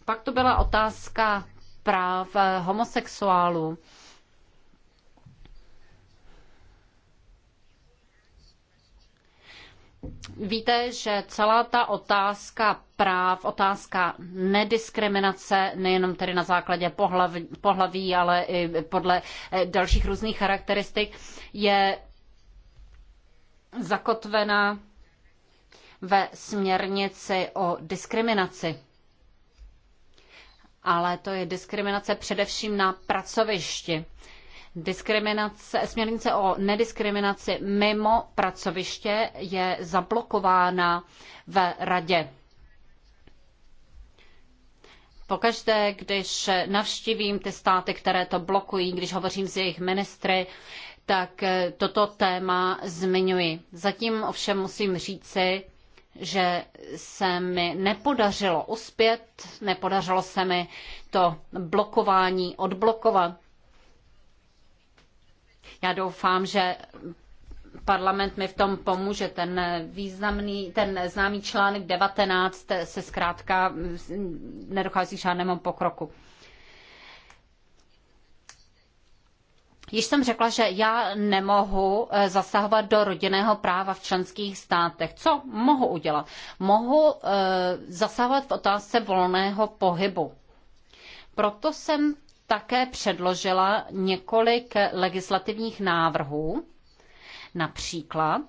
Pak to byla otázka práv homosexuálů. Víte, že celá ta otázka práv, otázka nediskriminace, nejenom tedy na základě pohlaví, pohlaví ale i podle eh, dalších různých charakteristik, je zakotvena ve směrnici o diskriminaci. Ale to je diskriminace především na pracovišti diskriminace, směrnice o nediskriminaci mimo pracoviště je zablokována v radě. Pokaždé, když navštívím ty státy, které to blokují, když hovořím s jejich ministry, tak eh, toto téma zmiňuji. Zatím ovšem musím říci, že se mi nepodařilo uspět, nepodařilo se mi to blokování odblokovat. Já doufám, že parlament mi v tom pomůže. Ten významný, ten známý článek 19 se zkrátka nedochází k žádnému pokroku. Již jsem řekla, že já nemohu eh, zasahovat do rodinného práva v členských státech. Co mohu udělat? Mohu eh, zasahovat v otázce volného pohybu. Proto jsem také předložila několik legislativních návrhů, například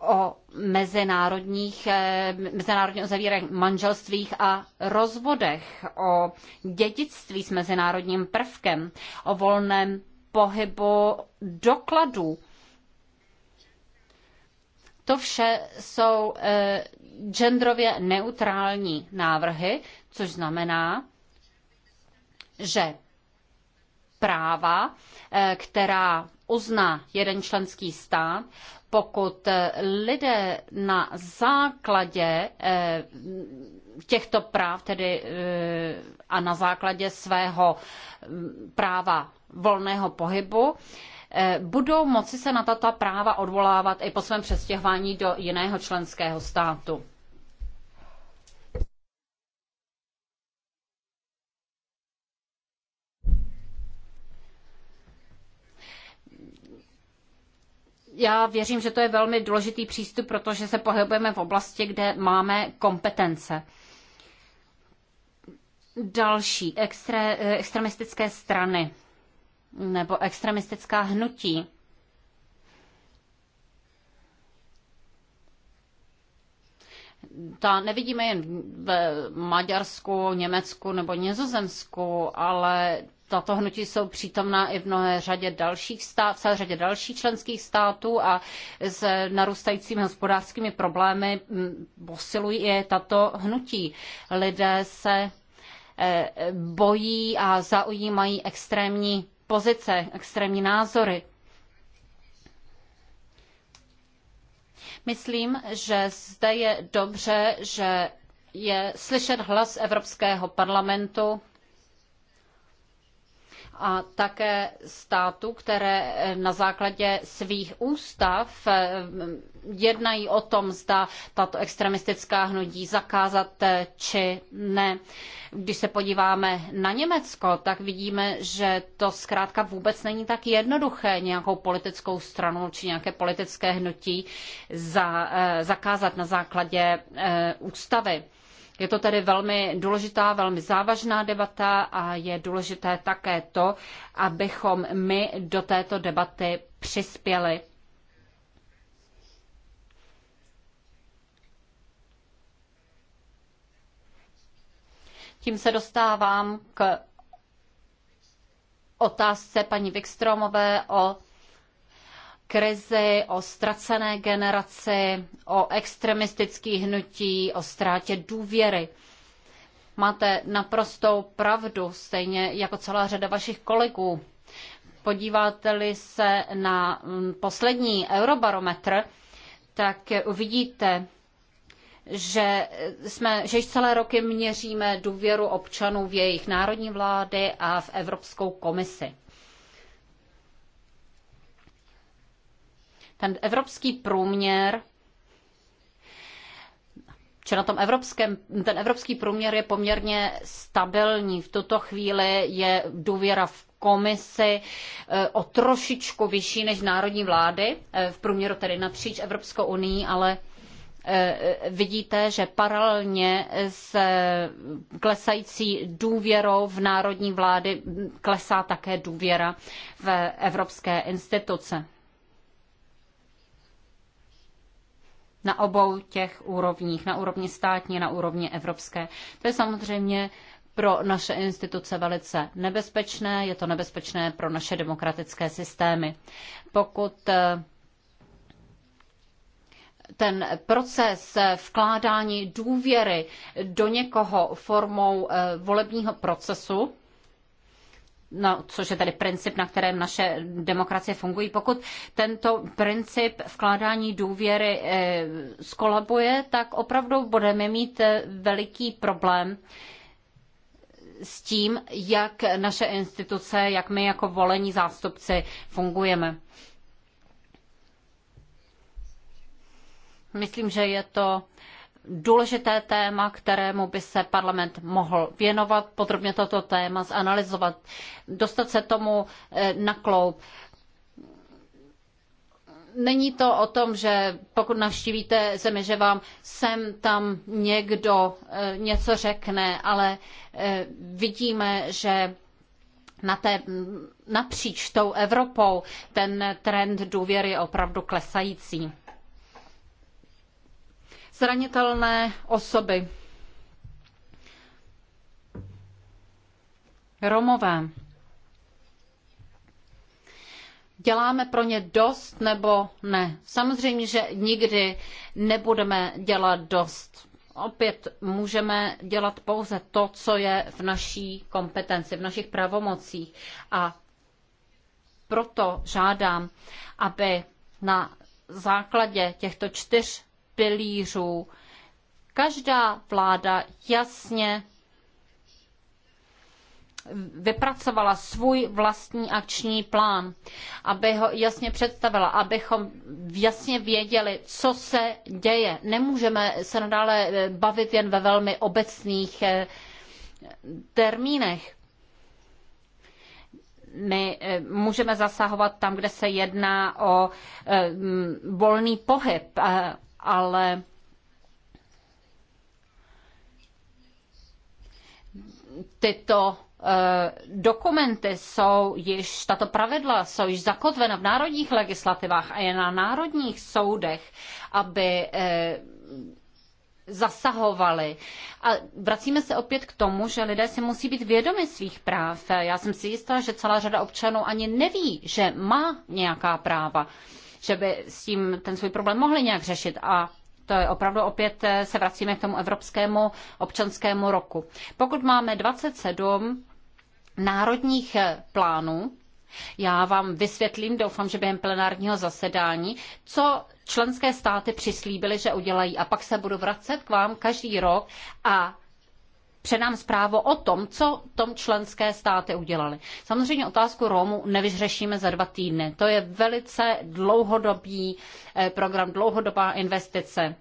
o mezinárodních, eh, mezinárodně uzavírek manželstvích a rozvodech, o dědictví s mezinárodním prvkem, o volném pohybu dokladů to vše jsou eh, genderově neutrální návrhy, což znamená, že práva, eh, která uzná jeden členský stát, pokud eh, lidé na základě těchto práv tedy a na základě svého práva volného pohybu Eh, budou moci se na tato práva odvolávat i po svém přestěhování do jiného členského státu. já věřím, že to je velmi důležitý přístup, protože se pohybujeme v oblasti, kde máme kompetence. Další extre, eh, extremistické strany nebo extremistická hnutí. ta nevidíme jen v Maďarsku, Německu nebo Nizozemsku, ale tato hnutí jsou přítomná i v mnohé řadě dalších stát, v celé řadě dalších členských států a s narůstajícími hospodářskými problémy mm, posilují i tato hnutí. Lidé se eh, bojí a zaujímají extrémní pozice, extrémní názory. Myslím, že zde je dobře, že je slyšet hlas Evropského parlamentu a také států, které eh, na základě svých ústav eh, jednají o tom, zda tato extremistická hnutí zakázat eh, či ne. Když se podíváme na Německo, tak vidíme, že to zkrátka vůbec není tak jednoduché nějakou politickou stranu či nějaké politické hnutí za, zakázat na základě ústavy. Je to tedy velmi důležitá, velmi závažná debata a je důležité také to, abychom my do této debaty přispěli. Tím se dostávám k otázce paní Vikstromové o krizi, o ztracené generaci, o extremistických hnutí, o ztrátě důvěry. Máte naprostou pravdu, stejně jako celá řada vašich kolegů. Podíváte-li se na mm, poslední eurobarometr, tak uvidíte, že, jsme, že celé roky měříme důvěru občanů v jejich národní vlády a v Evropskou komisi. ten evropský průměr či na tom evropském, ten evropský průměr je poměrně stabilní. V tuto chvíli je důvěra v komisi eh, o trošičku vyšší než národní vlády, eh, v průměru tedy napříč Evropskou unii, ale eh, vidíte, že paralelně s klesající důvěrou v národní vlády klesá také důvěra v evropské instituce. na obou těch úrovních, na úrovni státní, na úrovni evropské. To je samozřejmě pro naše instituce velice nebezpečné, je to nebezpečné pro naše demokratické systémy. Pokud eh, ten proces vkládání důvěry do někoho formou eh, volebního procesu no, což je tedy princip, na kterém naše demokracie fungují, pokud tento princip vkládání důvěry eh, skolabuje, tak opravdu budeme mít eh, veliký problém s tím, jak naše instituce, jak my jako volení zástupci fungujeme. Myslím, že je to důležité téma, kterému by se parlament mohl věnovat, podrobně toto téma zanalizovat, dostat se tomu eh, na kloub. Není to o tom, že pokud navštívíte zemi, že vám sem tam někdo eh, něco řekne, ale eh, vidíme, že na té, napříč tou Evropou ten trend důvěry je opravdu klesající zranitelné osoby. Romové. Děláme pro ně dost nebo ne? Samozřejmě, že nikdy nebudeme dělat dost. Opět můžeme dělat pouze to, co je v naší kompetenci, v našich pravomocích. A proto žádám, aby na základě těchto čtyř pilířů. Každá vláda jasně vypracovala svůj vlastní akční plán, aby ho jasně představila, abychom jasně věděli, co se děje. Nemůžeme se nadále eh, bavit jen ve velmi obecných eh, termínech. My eh, můžeme zasahovat tam, kde se jedná o volný pohyb ale tyto eh, dokumenty jsou již, tato pravidla jsou již zakotvena v národních legislativách a je na národních soudech, aby eh, zasahovali. A vracíme se opět k tomu, že lidé si musí být vědomi svých práv. Já jsem si jistá, že celá řada občanů ani neví, že má nějaká práva. Uh, že by s tím ten svůj problém mohli nějak řešit a to je opravdu opět, eh, se vracíme k tomu evropskému občanskému roku. Pokud máme 27 národních eh, plánů, já vám vysvětlím, doufám, že během plenárního zasedání, co členské státy přislíbily, že udělají. A pak se budu vracet k vám každý rok a předám zprávu o tom, co tom členské státy udělali. Samozřejmě otázku Romu nevyřešíme za dva týdny. To je velice dlouhodobý eh, program, dlouhodobá investice.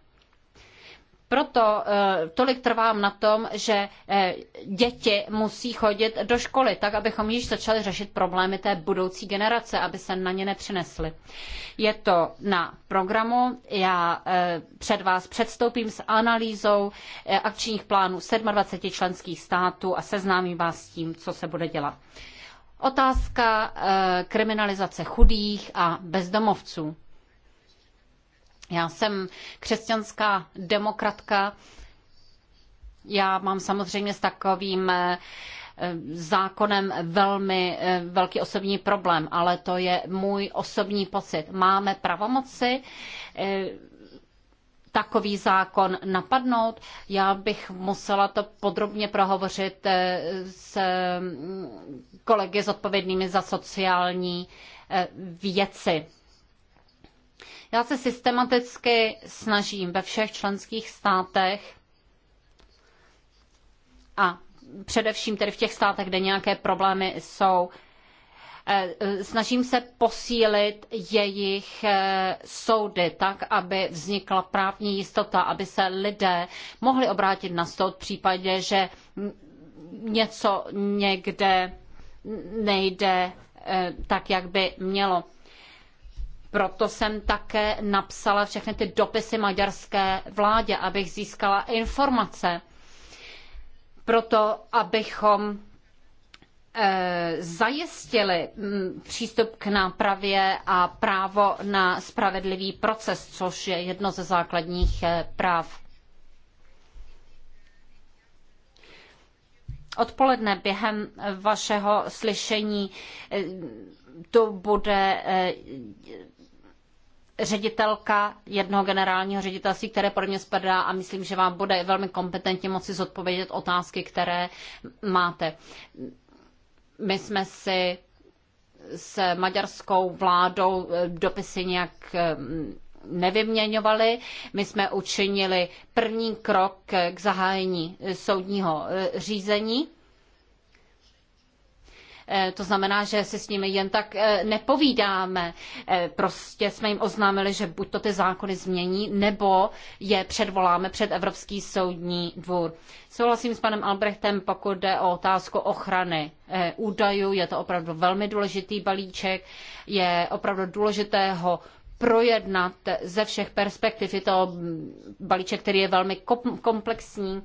Proto eh, tolik trvám na tom, že eh, děti musí chodit do školy, tak abychom již začali řešit problémy té budoucí generace, aby se na ně nepřinesly. Je to na programu, já eh, před vás předstoupím s analýzou akčních plánů 27 členských států a seznámím vás s tím, co se bude dělat. Otázka kriminalizace chudých a bezdomovců. Já jsem křesťanská demokratka. Já mám samozřejmě s takovým eh, zákonem velmi eh, velký osobní problém, ale to je můj osobní pocit. Máme pravomoci eh, takový zákon napadnout. Já bych musela to podrobně prohovořit s mm, kolegy zodpovědnými za sociální věci. Já se systematicky snažím ve všech členských státech a především tedy v těch státech, kde nějaké problémy jsou, eh, eh, snažím se posílit jejich eh, soudy tak, aby vznikla právní jistota, aby se lidé mohli obrátit na soud v případě, že něco někde nejde tak, jak by mělo. Proto jsem také napsala všechny ty dopisy maďarské vládě, abych získala informace. Proto, abychom eh, zajistili mm, přístup k nápravě a právo na spravedlivý proces, což je jedno ze základních eh, práv. Odpoledne během eh, vašeho slyšení to bude ředitelka jednoho generálního ředitelství, které pro mě spadá a myslím, že vám bude velmi kompetentně moci zodpovědět otázky, které máte. My jsme si s maďarskou vládou eh, dopisy nějak eh, nevyměňovali. My jsme učinili první krok k zahájení eh, soudního řízení Eh, to znamená, že si s nimi jen tak eh, nepovídáme. Eh, prostě jsme jim oznámili, že buď to ty zákony změní, nebo je předvoláme před Evropský soudní dvůr. Souhlasím s panem Albrechtem, pokud jde o otázku ochrany údajů. Je to opravdu velmi důležitý balíček. Je opravdu důležité ho projednat ze všech perspektiv. Je to mm, balíček, který je velmi komplexní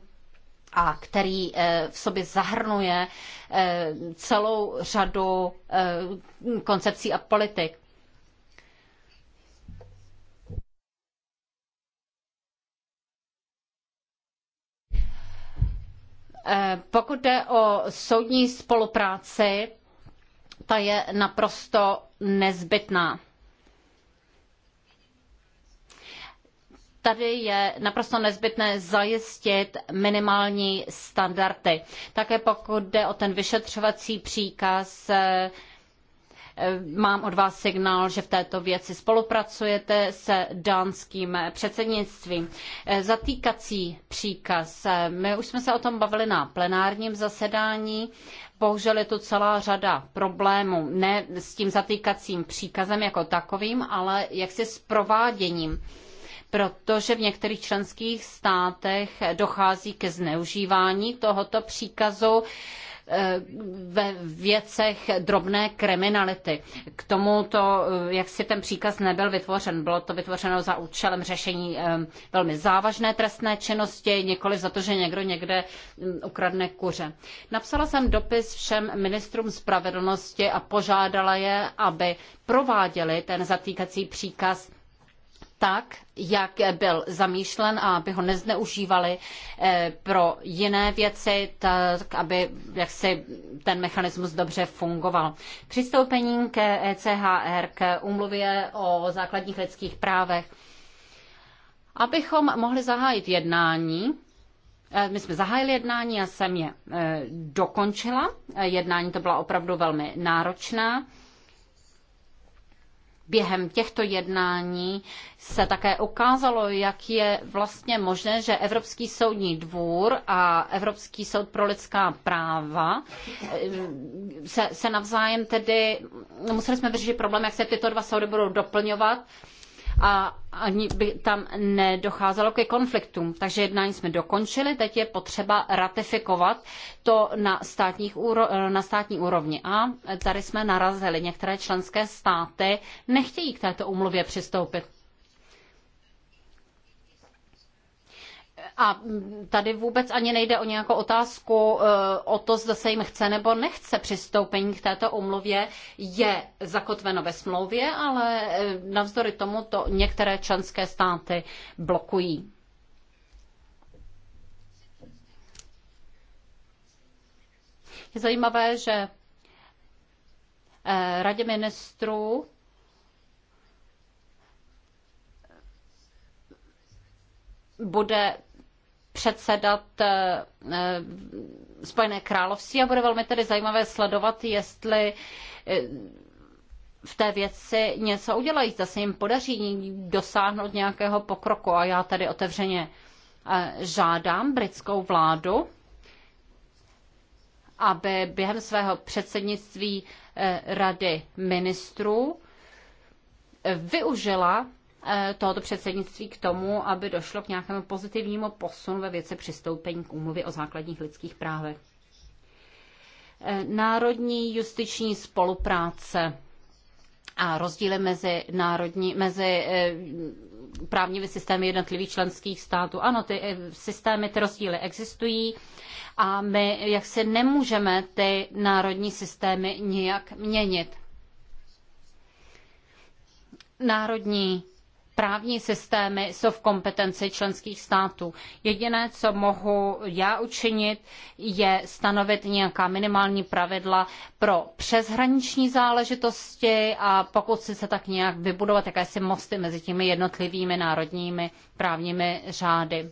a který eh, v sobě zahrnuje eh, celou řadu eh, koncepcí a politik. Pokud jde o soudní spolupráci, ta je naprosto nezbytná. Tady je naprosto nezbytné zajistit minimální standardy. Také pokud jde o ten vyšetřovací příkaz, eh, mám od vás signál, že v této věci spolupracujete se dánským předsednictvím. Eh, zatýkací příkaz. Eh, my už jsme se o tom bavili na plenárním zasedání. Bohužel je tu celá řada problémů, ne s tím zatýkacím příkazem jako takovým, ale jak si s prováděním protože v některých členských státech dochází ke zneužívání tohoto příkazu eh, ve věcech drobné kriminality. K tomu to, eh, jak si ten příkaz nebyl vytvořen, bylo to vytvořeno za účelem řešení eh, velmi závažné trestné činnosti, nikoli za to, že někdo někde mm, ukradne kuře. Napsala jsem dopis všem ministrům spravedlnosti a požádala je, aby prováděli ten zatýkací příkaz tak, jak byl zamýšlen a aby ho nezneužívali eh, pro jiné věci, tak aby jaksi ten mechanismus dobře fungoval. Přistoupení k ECHR, k úmluvě o základních lidských právech. Abychom mohli zahájit jednání, eh, my jsme zahájili jednání, já jsem je eh, dokončila. Jednání to byla opravdu velmi náročná během těchto jednání se také ukázalo, jak je vlastně možné, že Evropský soudní dvůr a Evropský soud pro lidská práva eh, se, se navzájem tedy, museli jsme vyřešit problém, jak se tyto dva soudy budou doplňovat a ani by tam nedocházelo ke konfliktům. Takže jednání jsme dokončili, teď je potřeba ratifikovat to na, státních úro, na státní úrovni. A tady jsme narazili. Některé členské státy nechtějí k této umluvě přistoupit. A tady vůbec ani nejde o nějakou otázku eh, o to, zda se jim chce nebo nechce přistoupení k této umluvě. Je zakotveno ve smlouvě, ale eh, navzdory tomu to některé členské státy blokují. Je zajímavé, že eh, Radě ministrů bude předsedat eh, eh, Spojené království a bude velmi tedy zajímavé sledovat, jestli eh, v té věci něco udělají, zda se jim podaří dosáhnout nějakého pokroku. A já tady otevřeně žádám britskou vládu, aby během svého předsednictví Rady ministrů využila Eh, tohoto předsednictví k tomu, aby došlo k nějakému pozitivnímu posunu ve věci přistoupení k úmluvě o základních lidských právech. Eh, národní justiční spolupráce a rozdíly mezi, národní, mezi eh, právními systémy jednotlivých členských států. Ano, ty systémy, ty rozdíly existují a my jak se nemůžeme ty národní systémy nijak měnit. Národní právní systémy jsou v kompetenci členských států. Jediné, co mohu já učinit, je stanovit nějaká minimální pravidla pro přeshraniční záležitosti a pokud si se tak nějak vybudovat jakési mosty mezi těmi jednotlivými národními právními řády.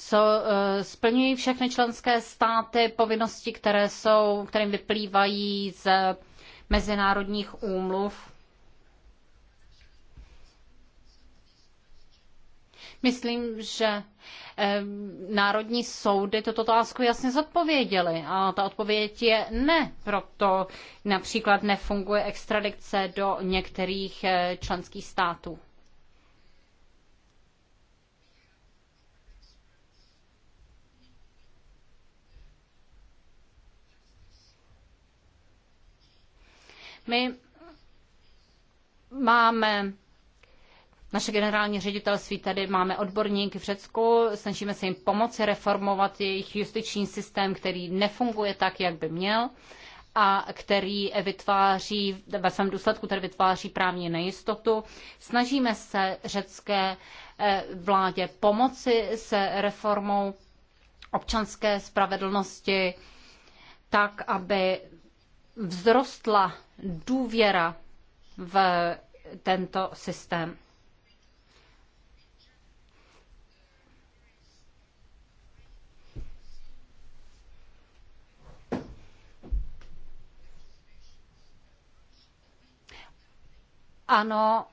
So, eh, splňují všechny členské státy povinnosti, které jsou, kterým vyplývají z mezinárodních úmluv Myslím, že národní soudy toto otázku jasně zodpověděly a ta odpověď je ne, proto například nefunguje extradikce do některých eh, členských států. My máme naše generální ředitelství, tady máme odborníky v Řecku, snažíme se jim pomoci reformovat jejich justiční systém, který nefunguje tak, jak by měl a který vytváří, ve svém důsledku tedy vytváří právní nejistotu. Snažíme se řecké eh, vládě pomoci se reformou občanské spravedlnosti tak, aby vzrostla důvěra v tento systém. Ano,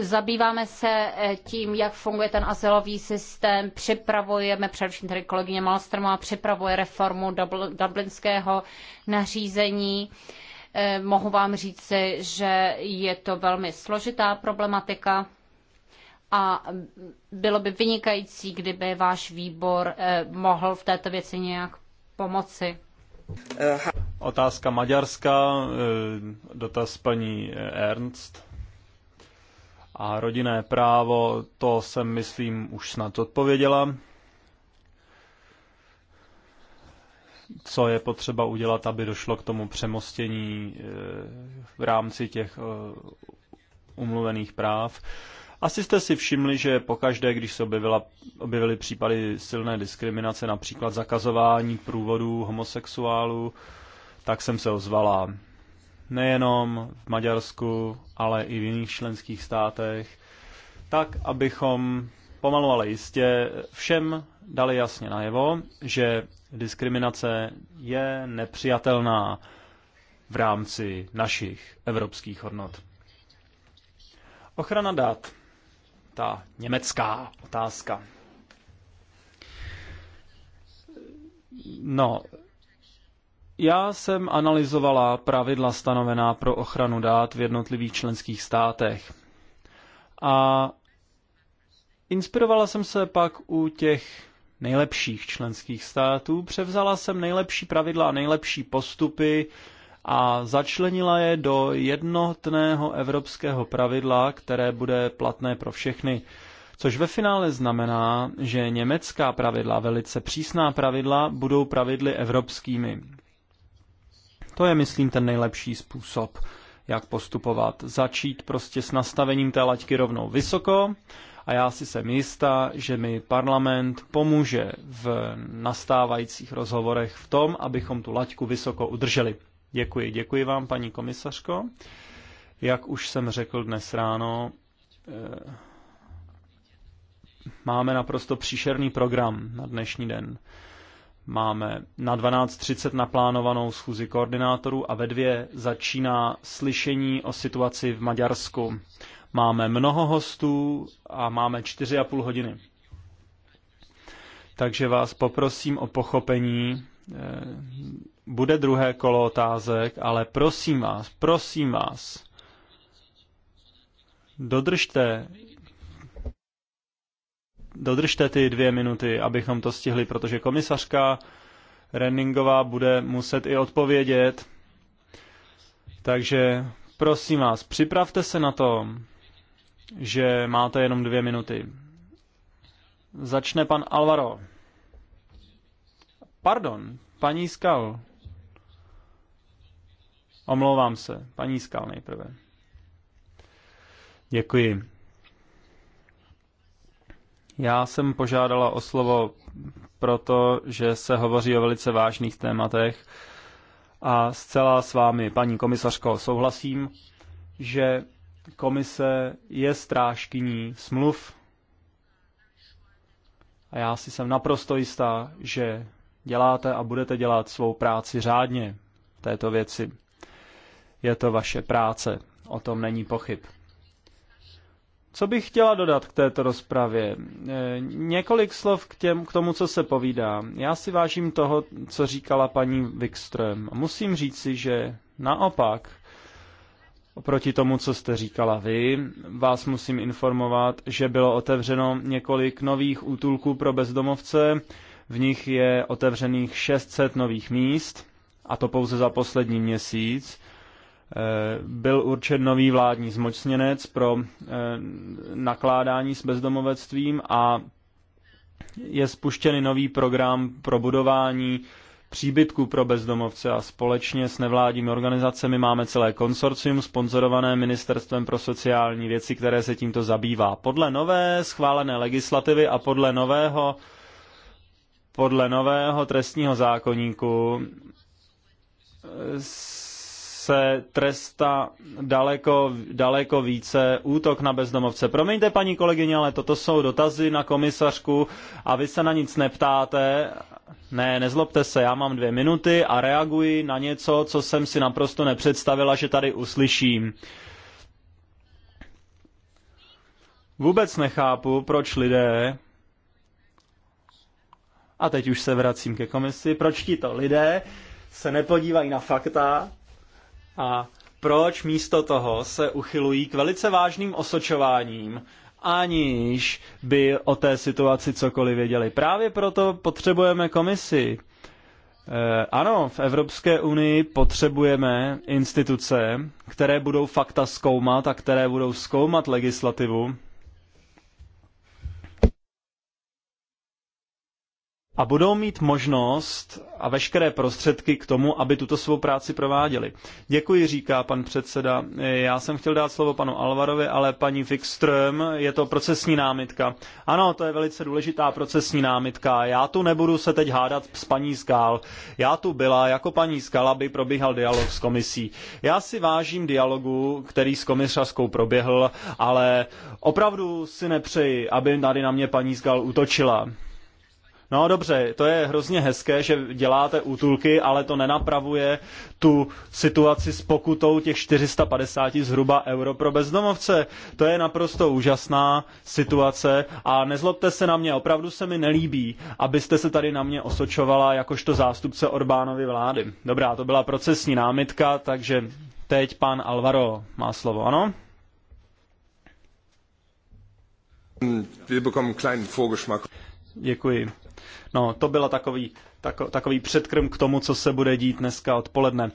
Zabýváme se eh, tím, jak funguje ten asilový systém, připravujeme, především tady kolegyně Malstromová připravuje reformu dublinského nařízení. Eh, mohu vám říci, že je to velmi složitá problematika a bylo by vynikající, kdyby váš výbor eh, mohl v této věci nějak pomoci. Otázka Maďarska, eh, dotaz paní Ernst. A rodinné právo, to jsem, myslím, už snad odpověděla. Co je potřeba udělat, aby došlo k tomu přemostění eh, v rámci těch eh, umluvených práv. Asi jste si všimli, že pokaždé, když se objevila, objevily případy silné diskriminace, například zakazování průvodů homosexuálů, tak jsem se ozvala. Nejenom v Maďarsku, ale i v jiných členských státech, tak, abychom pomalu ale jistě všem dali jasně najevo, že diskriminace je nepřijatelná v rámci našich evropských hodnot. Ochrana dat ta německá otázka. No, já jsem analyzovala pravidla stanovená pro ochranu dát v jednotlivých členských státech. A inspirovala jsem se pak u těch nejlepších členských států, převzala jsem nejlepší pravidla a nejlepší postupy a začlenila je do jednotného evropského pravidla, které bude platné pro všechny. Což ve finále znamená, že německá pravidla, velice přísná pravidla, budou pravidly evropskými. To je, myslím, ten nejlepší způsob, jak postupovat. Začít prostě s nastavením té laťky rovnou vysoko a já si jsem jistá, že mi parlament pomůže v nastávajících rozhovorech v tom, abychom tu laťku vysoko udrželi. Děkuji, děkuji vám, paní komisařko. Jak už jsem řekl dnes ráno, eh, máme naprosto příšerný program na dnešní den. Máme na 12.30 naplánovanou schůzi koordinátorů a ve dvě začíná slyšení o situaci v Maďarsku. Máme mnoho hostů a máme čtyři a půl hodiny. Takže vás poprosím o pochopení, Eh, bude druhé kolo otázek, ale prosím vás, prosím vás, dodržte dodržte ty dvě minuty, abychom to stihli, protože komisařka Renningová bude muset i odpovědět. Takže prosím vás, připravte se na to, že máte jenom dvě minuty. Začne pan Alvaro. Pardon, paní Skal. Omlouvám se, paní Skal nejprve. Děkuji. Já jsem požádala o slovo proto, že se hovoří o velice vážných tématech a zcela s vámi, paní komisařko, souhlasím, že komise je strážkyní smluv a já si jsem naprosto jistá, že děláte a budete dělat svou práci řádně této věci. Je to vaše práce, o tom není pochyb. Co bych chtěla dodat k této rozpravě? E, několik slov k, těm, k tomu, co se povídá. Já si vážím toho, co říkala paní Wikström. Musím říci, že naopak, oproti tomu, co jste říkala vy, vás musím informovat, že bylo otevřeno několik nových útulků pro bezdomovce, v nich je otevřených 600 nových míst, a to pouze za poslední měsíc. Eh, byl určen nový vládní zmocněnec pro eh, nakládání s bezdomovectvím a je spuštěný nový program pro budování příbytku pro bezdomovce a společně s nevládními organizacemi máme celé konsorcium sponzorované Ministerstvem pro sociální věci, které se tímto zabývá. Podle nové schválené legislativy a podle nového podle nového trestního zákoníku se tresta daleko, daleko více útok na bezdomovce. Promiňte, paní kolegyně, ale toto jsou dotazy na komisařku a vy se na nic neptáte. Ne, nezlobte se, já mám dvě minuty a reaguji na něco, co jsem si naprosto nepředstavila, že tady uslyším. Vůbec nechápu, proč lidé, a teď už se vracím ke komisi. Proč ti to lidé se nepodívají na fakta a proč místo toho se uchylují k velice vážným osočováním, aniž by o té situaci cokoliv věděli. Právě proto potřebujeme komisi. E, ano, v Evropské unii potřebujeme instituce, které budou fakta zkoumat a které budou zkoumat legislativu a budou mít možnost a veškeré prostředky k tomu, aby tuto svou práci prováděli. Děkuji, říká pan předseda. Já jsem chtěl dát slovo panu Alvarovi, ale paní Fixström, je to procesní námitka. Ano, to je velice důležitá procesní námitka. Já tu nebudu se teď hádat s paní Skál. Já tu byla jako paní Skál, aby probíhal dialog s komisí. Já si vážím dialogu, který s komisařskou proběhl, ale opravdu si nepřeji, aby tady na mě paní Skál útočila. No dobře, to je hrozně hezké, že děláte útulky, ale to nenapravuje tu situaci s pokutou těch 450 zhruba euro pro bezdomovce. To je naprosto úžasná situace a nezlobte se na mě, opravdu se mi nelíbí, abyste se tady na mě osočovala jakožto zástupce Orbánovy vlády. Dobrá, to byla procesní námitka, takže teď pan Alvaro má slovo, ano? Děkuji. No, to byla takový, tako, takový předkrm k tomu, co se bude dít dneska odpoledne.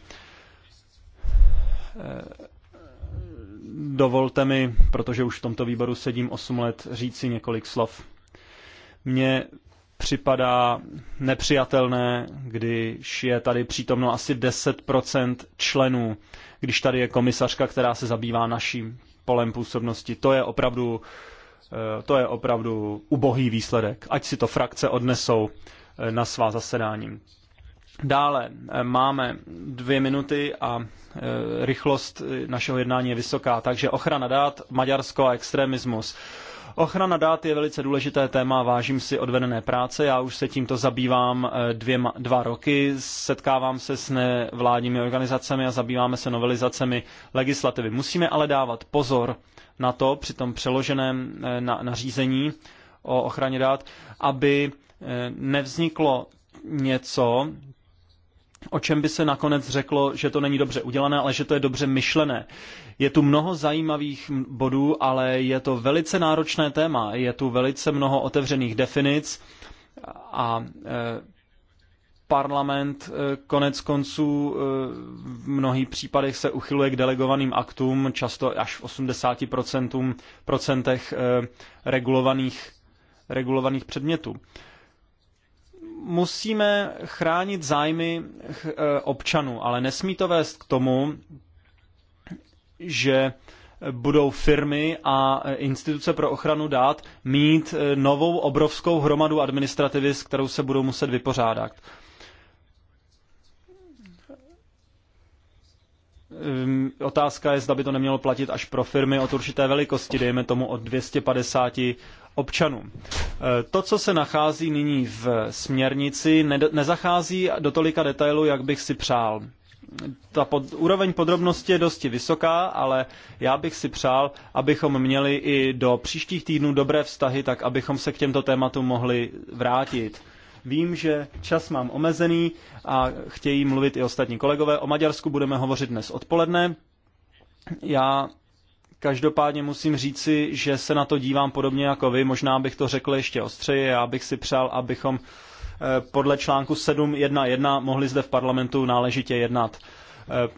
Eh, dovolte mi, protože už v tomto výboru sedím 8 let, říci několik slov. Mně připadá nepřijatelné, když je tady přítomno asi 10% členů, když tady je komisařka, která se zabývá naším polem působnosti. To je opravdu uh, Eh, to je opravdu ubohý výsledek. Ať si to frakce odnesou eh, na svá zasedání. Dále eh, máme dvě minuty a rychlost našeho jednání je vysoká, takže ochrana dát, Maďarsko a extremismus. Ochrana dát je velice důležité téma, vážím si odvedené práce, já už se tímto zabývám dvě, dva roky, setkávám se s nevládními organizacemi a zabýváme se novelizacemi legislativy. Musíme ale dávat pozor, na to při tom přeloženém eh, nařízení o ochraně dát, aby eh, nevzniklo něco, o čem by se nakonec řeklo, že to není dobře udělané, ale že to je dobře myšlené. Je tu mnoho zajímavých bodů, ale je to velice náročné téma. Je tu velice mnoho otevřených definic a eh, parlament eh, konec konců eh, v mnohých případech se uchyluje k delegovaným aktům, často až v 80% procentech eh, regulovaných, regulovaných předmětů. Musíme chránit zájmy občanů, ale nesmí to vést k tomu, že budou firmy a instituce pro ochranu dát mít novou obrovskou hromadu administrativy, s kterou se budou muset vypořádat. Ehm, otázka je, zda by to nemělo platit až pro firmy od určité velikosti, dejme tomu od 250 občanů. Ehm, to, co se nachází nyní v směrnici, nezachází do tolika detailů, jak bych si přál. Ta pod, úroveň podrobnosti je dosti vysoká, ale já bych si přál, abychom měli i do příštích týdnů dobré vztahy, tak abychom se k těmto tématům mohli vrátit. Vím, že čas mám omezený a chtějí mluvit i ostatní kolegové. O Maďarsku budeme hovořit dnes odpoledne. Já Každopádně musím říci, že se na to dívám podobně jako vy, možná bych to řekl ještě ostřeji, já bych si přál, abychom eh, podle článku 7.1.1 mohli zde v parlamentu náležitě jednat. Eh,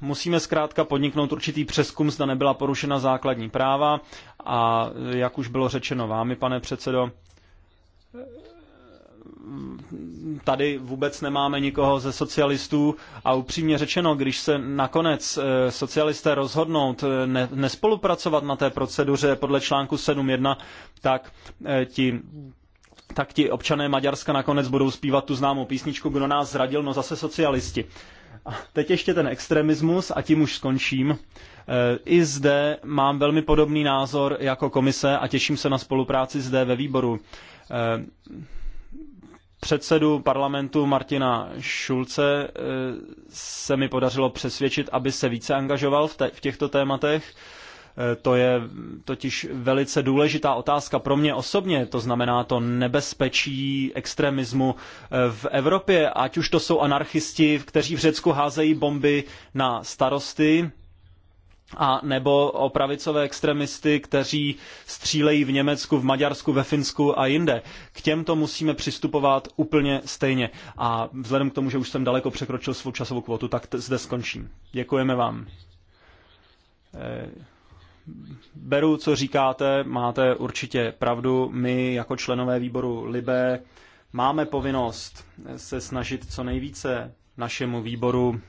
musíme zkrátka podniknout určitý přeskum, zda nebyla porušena základní práva a jak už bylo řečeno vámi, pane předsedo, tady vůbec nemáme nikoho ze socialistů a upřímně řečeno, když se nakonec eh, socialisté rozhodnou ne, nespolupracovat na té proceduře podle článku 7.1, tak eh, ti tak ti občané Maďarska nakonec budou zpívat tu známou písničku Kdo nás zradil, no zase socialisti. A teď ještě ten extremismus a tím už skončím. Eh, I zde mám velmi podobný názor jako komise a těším se na spolupráci zde ve výboru předsedu parlamentu Martina Šulce eh, se mi podařilo přesvědčit, aby se více angažoval v, těchto tématech. Eh, to je totiž velice důležitá otázka pro mě osobně, to znamená to nebezpečí extremismu eh, v Evropě, ať už to jsou anarchisti, kteří v Řecku házejí bomby na starosty, a nebo o pravicové extremisty, kteří střílejí v Německu, v Maďarsku, ve Finsku a jinde. K těmto musíme přistupovat úplně stejně. A vzhledem k tomu, že už jsem daleko překročil svou časovou kvotu, tak zde skončím. Děkujeme vám. Eh, beru, co říkáte, máte určitě pravdu. My jako členové výboru Libe máme povinnost se snažit co nejvíce našemu výboru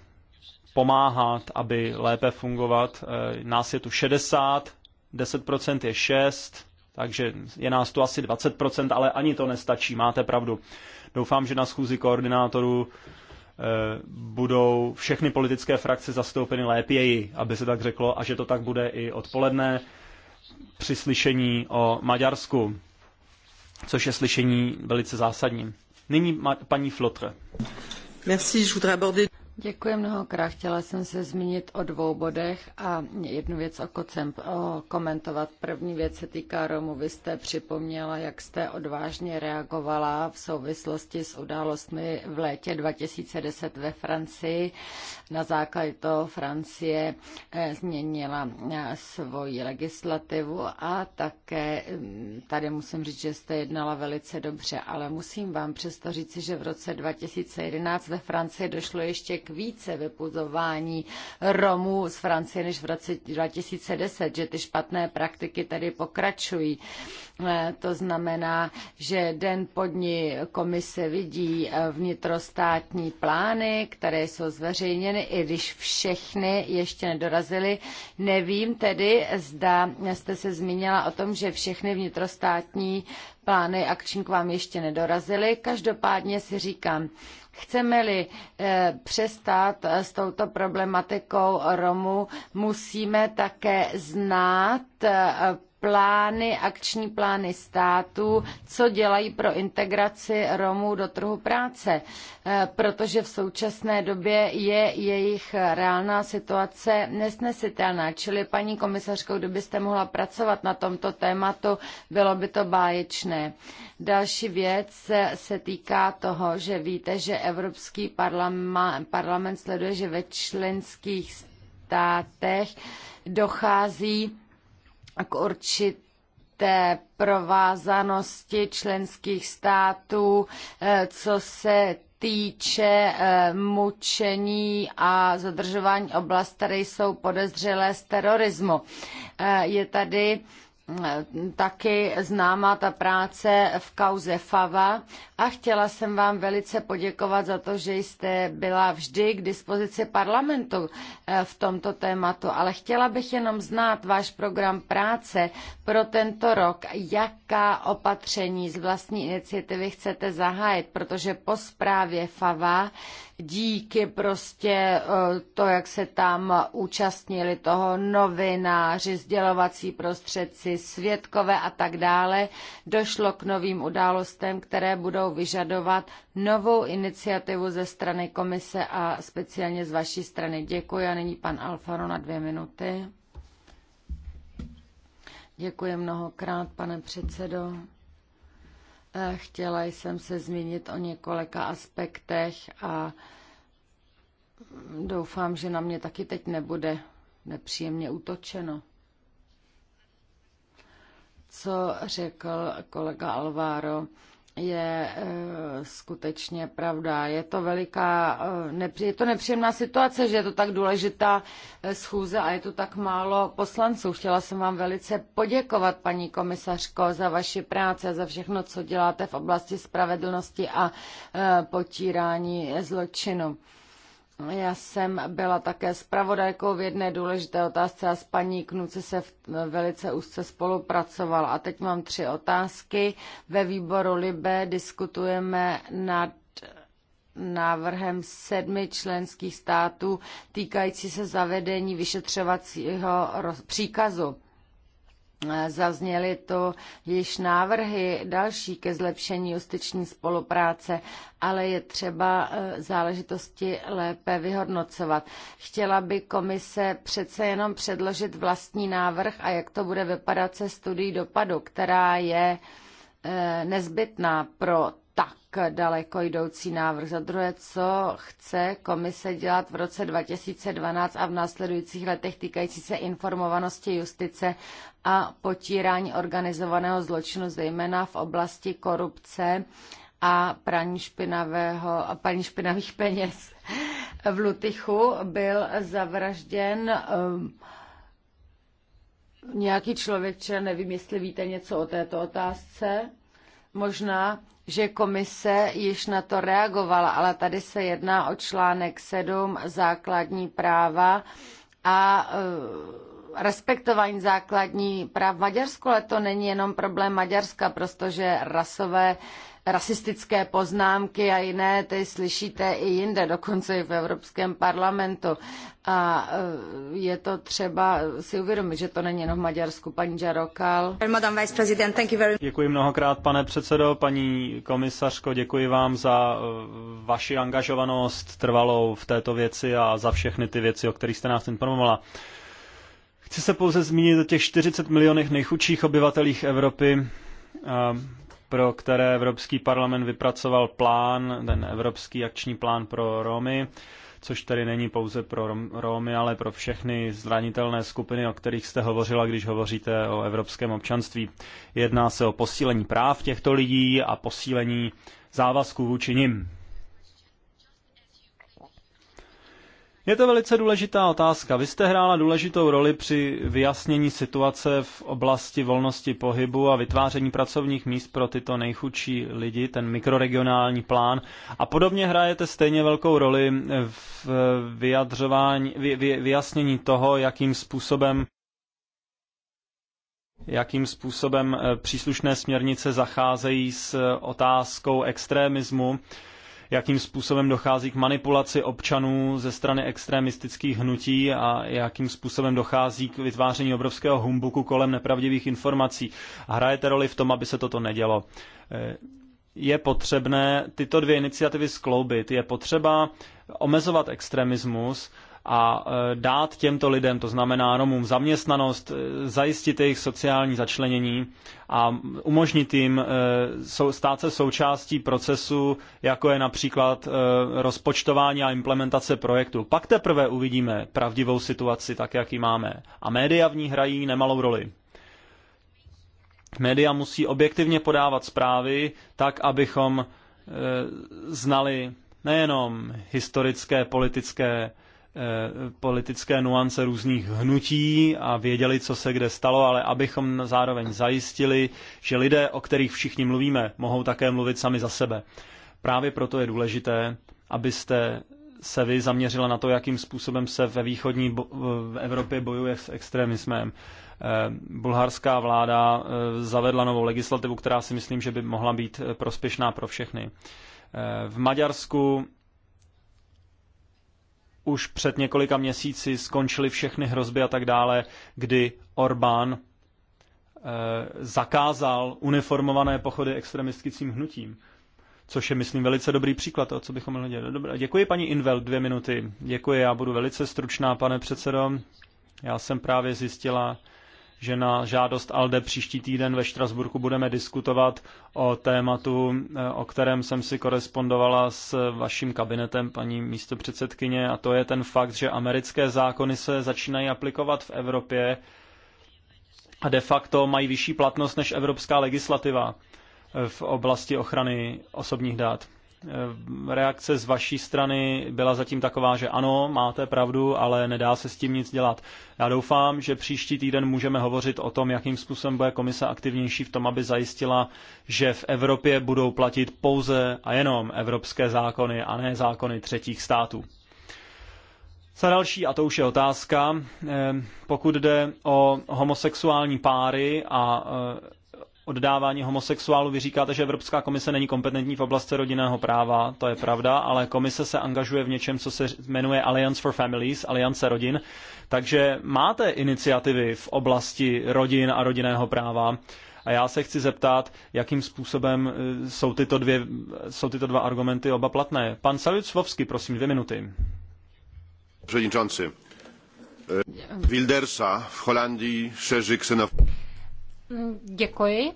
pomáhat, aby lépe fungovat. Eh, nás je tu 60, 10% je 6, takže je nás tu asi 20%, ale ani to nestačí, máte pravdu. Doufám, že na schůzi koordinátorů eh, budou všechny politické frakce zastoupeny lépěji, aby se tak řeklo, a že to tak bude i odpoledne při slyšení o Maďarsku, což je slyšení velice zásadní. Nyní paní Flotre. Merci, je voudrais aborder... Děkuji mnohokrát. Chtěla jsem se zmínit o dvou bodech a jednu věc o kocem komentovat. První věc se týká Romu. Vy jste připomněla, jak jste odvážně reagovala v souvislosti s událostmi v létě 2010 ve Francii. Na základě toho Francie eh, změnila eh, svoji legislativu a také mm, tady musím říct, že jste jednala velice dobře, ale musím vám přesto říci, že v roce 2011 ve Francii došlo ještě k více vypuzování Romů z Francie než v roce 2010, že ty špatné praktiky tady pokračují. Eh, to znamená, že den po dní komise vidí eh, vnitrostátní plány, které jsou zveřejněny, i když všechny ještě nedorazily. Nevím tedy, zda jste se zmínila o tom, že všechny vnitrostátní plány akční k vám ještě nedorazily. Každopádně si říkám, Chceme-li eh, přestat s touto problematikou Romů, musíme také znát eh, plány, akční plány států, co dělají pro integraci Romů do trhu práce, e, protože v současné době je jejich reálná situace nesnesitelná. Čili paní komisařko, kdybyste mohla pracovat na tomto tématu, bylo by to báječné. Další věc se týká toho, že víte, že Evropský parlament, parlament sleduje, že ve členských státech dochází k určité provázanosti členských států, eh, co se týče eh, mučení a zadržování oblast, které jsou podezřelé z terorismu. Eh, je tady taky známá ta práce v kauze FAVA a chtěla jsem vám velice poděkovat za to, že jste byla vždy k dispozici parlamentu eh, v tomto tématu, ale chtěla bych jenom znát váš program práce pro tento rok, jaká opatření z vlastní iniciativy chcete zahájit, protože po zprávě FAVA díky prostě eh, to, jak se tam účastnili toho novináři, sdělovací prostředci, svědkové a tak dále, došlo k novým událostem, které budou vyžadovat novou iniciativu ze strany komise a speciálně z vaší strany. Děkuji a nyní pan Alfaro na dvě minuty. Děkuji mnohokrát, pane předsedo. Eh, chtěla jsem se zmínit o několika aspektech a doufám, že na mě taky teď nebude nepříjemně útočeno co řekl kolega Alvaro, je e, skutečně pravda. Je to veliká, e, nepří, je to nepříjemná situace, že je to tak důležitá e, schůze a je tu tak málo poslanců. Chtěla jsem vám velice poděkovat, paní komisařko, za vaši práci a za všechno, co děláte v oblasti spravedlnosti a e, potírání zločinu. Já jsem byla také zpravodajkou v jedné důležité otázce a s paní Knuci se v, velice úzce spolupracovala. A teď mám tři otázky. Ve výboru Libe diskutujeme nad návrhem sedmi členských států týkající se zavedení vyšetřovacího příkazu. Eh, zazněly to již návrhy další ke zlepšení justiční spolupráce, ale je třeba eh, záležitosti lépe vyhodnocovat. Chtěla by komise přece jenom předložit vlastní návrh a jak to bude vypadat se studií dopadu, která je eh, nezbytná pro tak daleko jdoucí návrh. Za druhé, co chce komise dělat v roce 2012 a v následujících letech týkající se informovanosti justice a potírání organizovaného zločinu, zejména v oblasti korupce a praní, špinavého, praní špinavých peněz. V Lutychu byl zavražděn um, nějaký člověk, nevím, jestli víte něco o této otázce. Možná že komise již na to reagovala, ale tady se jedná o článek 7 základní práva a eh, respektování základní práv v Maďarsku, ale to není jenom problém Maďarska, protože rasové rasistické poznámky a jiné, ty slyšíte i jinde, dokonce i v Evropském parlamentu. A e, je to třeba si uvědomit, že to není jenom v Maďarsku. Paní Jarokal. Děkuji mnohokrát, pane předsedo, paní komisařko, děkuji vám za e, vaši angažovanost trvalou v této věci a za všechny ty věci, o kterých jste nás informovala. Chci se pouze zmínit o těch 40 milionech nejchudších obyvatelích Evropy, ehm, pro které Evropský parlament vypracoval plán, ten Evropský akční plán pro Romy, což tedy není pouze pro Romy, ale pro všechny zranitelné skupiny, o kterých jste hovořila, když hovoříte o evropském občanství. Jedná se o posílení práv těchto lidí a posílení závazků vůči nim. Je to velice důležitá otázka. Vy jste hrála důležitou roli při vyjasnění situace v oblasti volnosti pohybu a vytváření pracovních míst pro tyto nejchudší lidi, ten mikroregionální plán. A podobně hrajete stejně velkou roli v vyjadřování, vy, vy, vyjasnění toho, jakým způsobem jakým způsobem eh, příslušné směrnice zacházejí s otázkou extremismu jakým způsobem dochází k manipulaci občanů ze strany extremistických hnutí a jakým způsobem dochází k vytváření obrovského humbuku kolem nepravdivých informací. A hrajete roli v tom, aby se toto nedělo eh, je potřebné tyto dvě iniciativy skloubit. Je potřeba omezovat extremismus a e, dát těmto lidem, to znamená Romům, zaměstnanost, e, zajistit jejich sociální začlenění a umožnit jim e, stát se součástí procesu, jako je například rozpočtování a implementace projektu. Pak teprve uvidíme pravdivou situaci, tak jak ji máme. A média v ní hrají nemalou roli. Média musí objektivně podávat zprávy tak, abychom znali nejenom historické, politické Eh, politické nuance různých hnutí a věděli, co se kde stalo, ale abychom zároveň zajistili, že lidé, o kterých všichni mluvíme, mohou také mluvit sami za sebe. Právě proto je důležité, abyste se vy zaměřila na to, jakým způsobem se ve východní v Evropě bojuje s extremismem. Eh, bulharská vláda eh, zavedla novou legislativu, která si myslím, že by mohla být prospěšná pro všechny. V Maďarsku už před několika měsíci skončily všechny hrozby a tak dále, kdy Orbán eh, zakázal uniformované pochody extremistickým hnutím. Což je, myslím, velice dobrý příklad toho, co bychom mohli dělat. Dobrá. Děkuji, paní Invel, dvě minuty. Děkuji, já budu velice stručná, pane předsedo. Já jsem právě zjistila, že na žádost ALDE příští týden ve Štrasburku budeme diskutovat o tématu, eh, o kterém jsem si korespondovala s vaším kabinetem, paní místopředsedkyně, a to je ten fakt, že americké zákony se začínají aplikovat v Evropě a de facto mají vyšší platnost než evropská legislativa eh, v oblasti ochrany osobních dát. Eh, reakce z vaší strany byla zatím taková, že ano, máte pravdu, ale nedá se s tím nic dělat. Já doufám, že příští týden můžeme hovořit o tom, jakým způsobem bude komise aktivnější v tom, aby zajistila, že v Evropě budou platit pouze a jenom evropské zákony a ne zákony třetích států. Za další, a to už je otázka, eh, pokud jde o homosexuální páry a eh, oddávání homosexuálů. Vy říkáte, že Evropská komise není kompetentní v oblasti rodinného práva, to je pravda, ale komise se angažuje v něčem, co se jmenuje Alliance for Families, Aliance rodin, takže máte iniciativy v oblasti rodin a rodinného práva. A já se chci zeptat, jakým způsobem eh, jsou tyto, dvě, jsou tyto dva argumenty oba platné. Pan Salucvovský, prosím, dvě minuty. Předničanci, eh, Wildersa v Holandii šeří ksenofobii. Děkuji.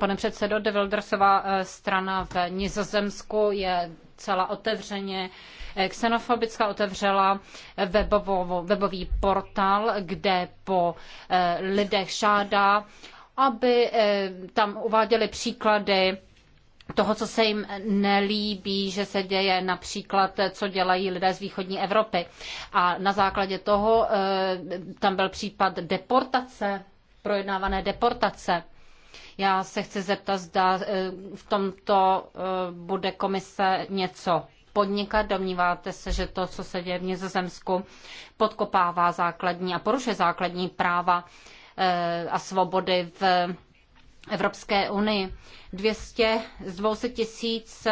Pane předsedo, De Wildersová eh, strana v Nizozemsku je celá otevřeně xenofobická, eh, otevřela webovou, webový portál, kde po eh, lidech žádá, aby tam uváděli příklady toho, co se jim nelíbí, že se děje například, co dělají lidé z východní Evropy. A na základě toho tam byl případ deportace projednávané deportace. Já se chci zeptat, zda eh, v tomto eh, bude komise něco podnikat. Domníváte se, že to, co se děje v Nizozemsku, podkopává základní a porušuje základní práva eh, a svobody v Evropské unii. 200 z 200 tisíc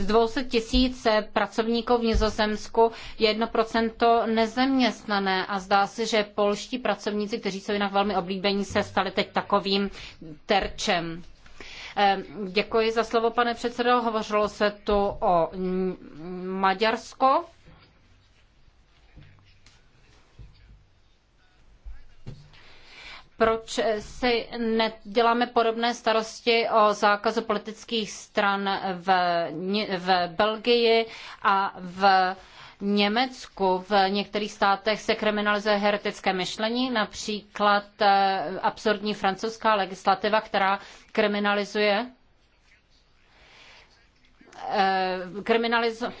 Z 200 tisíc pracovníků v Nizozemsku je 1% nezaměstnané a zdá se, že polští pracovníci, kteří jsou jinak velmi oblíbení, se stali teď takovým terčem. Eh, děkuji za slovo, pane předsedo. Hovořilo se tu o Maďarsko. proč si neděláme podobné starosti o zákazu politických stran v, v Belgii a v Německu v některých státech se kriminalizuje heretické myšlení, například eh, absurdní francouzská legislativa, která kriminalizuje eh, kriminalizuje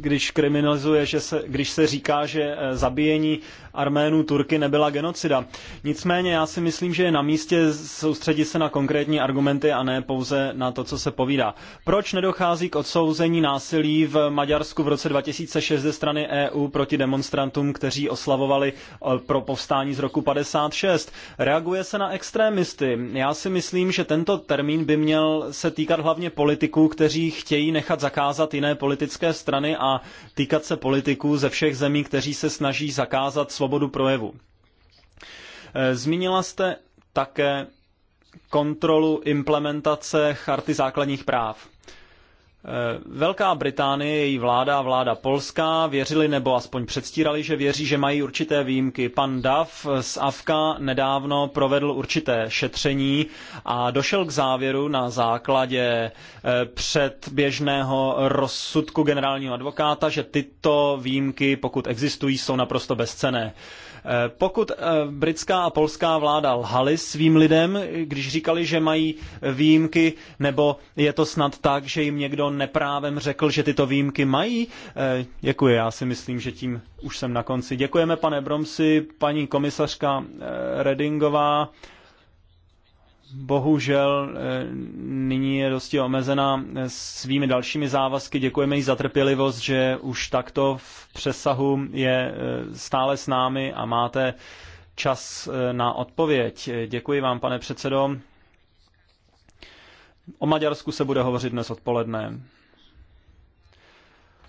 když kriminalizuje, že se, když se říká, že eh, zabíjení Arménů Turky nebyla genocida. Nicméně já si myslím, že je na místě soustředit se na konkrétní argumenty a ne pouze na to, co se povídá. Proč nedochází k odsouzení násilí v Maďarsku v roce 2006 ze strany EU proti demonstrantům, kteří oslavovali eh, pro povstání z roku 56? Reaguje se na extrémisty. Já si myslím, že tento termín by měl se týkat hlavně politiků, kteří chtějí nechat zakázat jiné politické strany a a týkat se politiků ze všech zemí, kteří se snaží zakázat svobodu projevu. Eh, zmínila jste také kontrolu implementace Charty základních práv. Eh, Velká Británie, její vláda a vláda polská věřili nebo aspoň předstírali, že věří, že mají určité výjimky. Pan Duff z Avka nedávno provedl určité šetření a došel k závěru na základě eh, předběžného rozsudku generálního advokáta, že tyto výjimky, pokud existují, jsou naprosto bezcené. Eh, pokud eh, britská a polská vláda lhaly svým lidem, když říkali, že mají výjimky, nebo je to snad tak, že jim někdo neprávem řekl, že tyto výjimky mají? Eh, děkuji, já si myslím, že tím už jsem na konci. Děkujeme, pane Bromsi, paní komisařka Redingová bohužel eh, nyní je dosti omezená eh, svými dalšími závazky. Děkujeme jí za trpělivost, že už takto v přesahu je eh, stále s námi a máte čas na odpověď. Děkuji vám, pane předsedo. O Maďarsku se bude hovořit dnes odpoledne.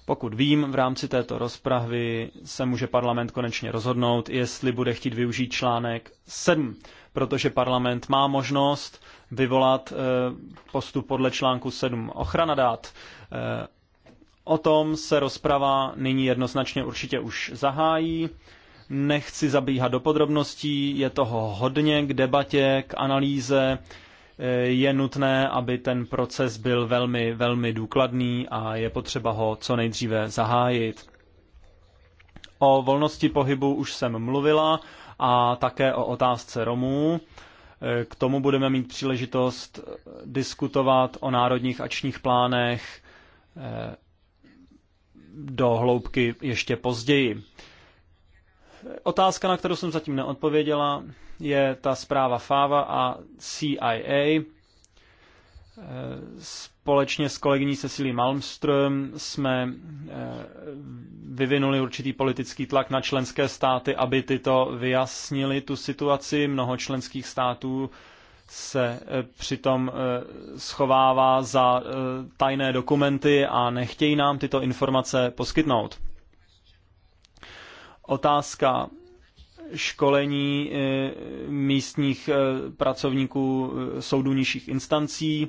Pokud vím, v rámci této rozpravy se může parlament konečně rozhodnout, jestli bude chtít využít článek 7 protože parlament má možnost vyvolat eh, postup podle článku 7. Ochrana dát. Eh, o tom se rozprava nyní jednoznačně určitě už zahájí. Nechci zabíhat do podrobností, je toho hodně k debatě, k analýze. Eh, je nutné, aby ten proces byl velmi, velmi důkladný a je potřeba ho co nejdříve zahájit. O volnosti pohybu už jsem mluvila a také o otázce Romů. K tomu budeme mít příležitost diskutovat o národních ačních plánech eh, do hloubky ještě později. Otázka, na kterou jsem zatím neodpověděla, je ta zpráva FAVA a CIA Společně s kolegyní Cecilí Malmström jsme eh, vyvinuli určitý politický tlak na členské státy, aby tyto vyjasnili tu situaci. Mnoho členských států se eh, přitom eh, schovává za tajné dokumenty a nechtějí nám tyto informace poskytnout. Otázka školení eh, místních eh, pracovníků eh, soudů nižších instancí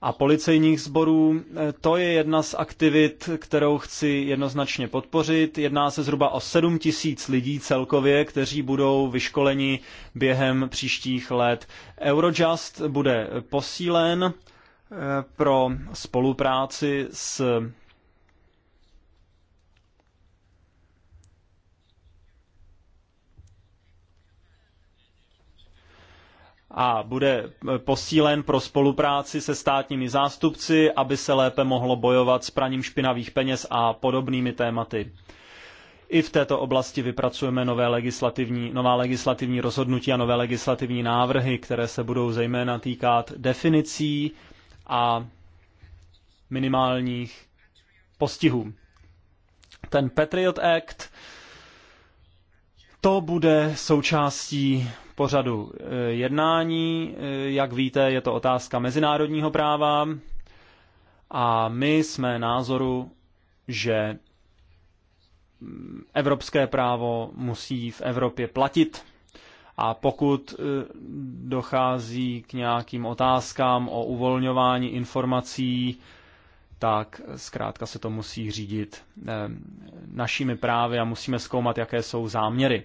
a policejních sborů. To je jedna z aktivit, kterou chci jednoznačně podpořit. Jedná se zhruba o 7 tisíc lidí celkově, kteří budou vyškoleni během příštích let. Eurojust bude posílen pro spolupráci s a bude eh, posílen pro spolupráci se státními zástupci, aby se lépe mohlo bojovat s praním špinavých peněz a podobnými tématy. I v této oblasti vypracujeme nové legislativní, nová legislativní rozhodnutí a nové legislativní návrhy, které se budou zejména týkat definicí a minimálních postihů. Ten Patriot Act, to bude součástí pořadu eh, jednání. Eh, jak víte, je to otázka mezinárodního práva a my jsme názoru, že mm, evropské právo musí v Evropě platit. A pokud eh, dochází k nějakým otázkám o uvolňování informací, tak zkrátka se to musí řídit našimi právy a musíme zkoumat, jaké jsou záměry.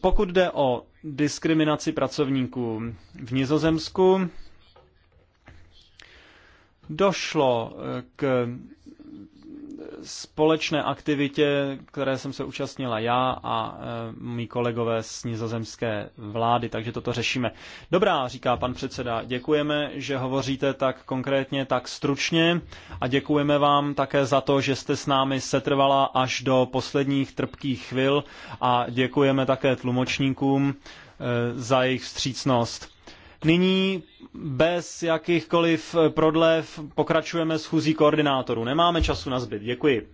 Pokud jde o diskriminaci pracovníků v Nizozemsku, došlo k společné aktivitě, které jsem se účastnila já a e, mý kolegové z nizozemské vlády, takže toto řešíme. Dobrá, říká pan předseda, děkujeme, že hovoříte tak konkrétně, tak stručně a děkujeme vám také za to, že jste s námi setrvala až do posledních trpkých chvil a děkujeme také tlumočníkům e, za jejich vstřícnost. Nyní bez jakýchkoliv prodlev pokračujeme schůzí koordinátorů. Nemáme času na zbyt. Děkuji.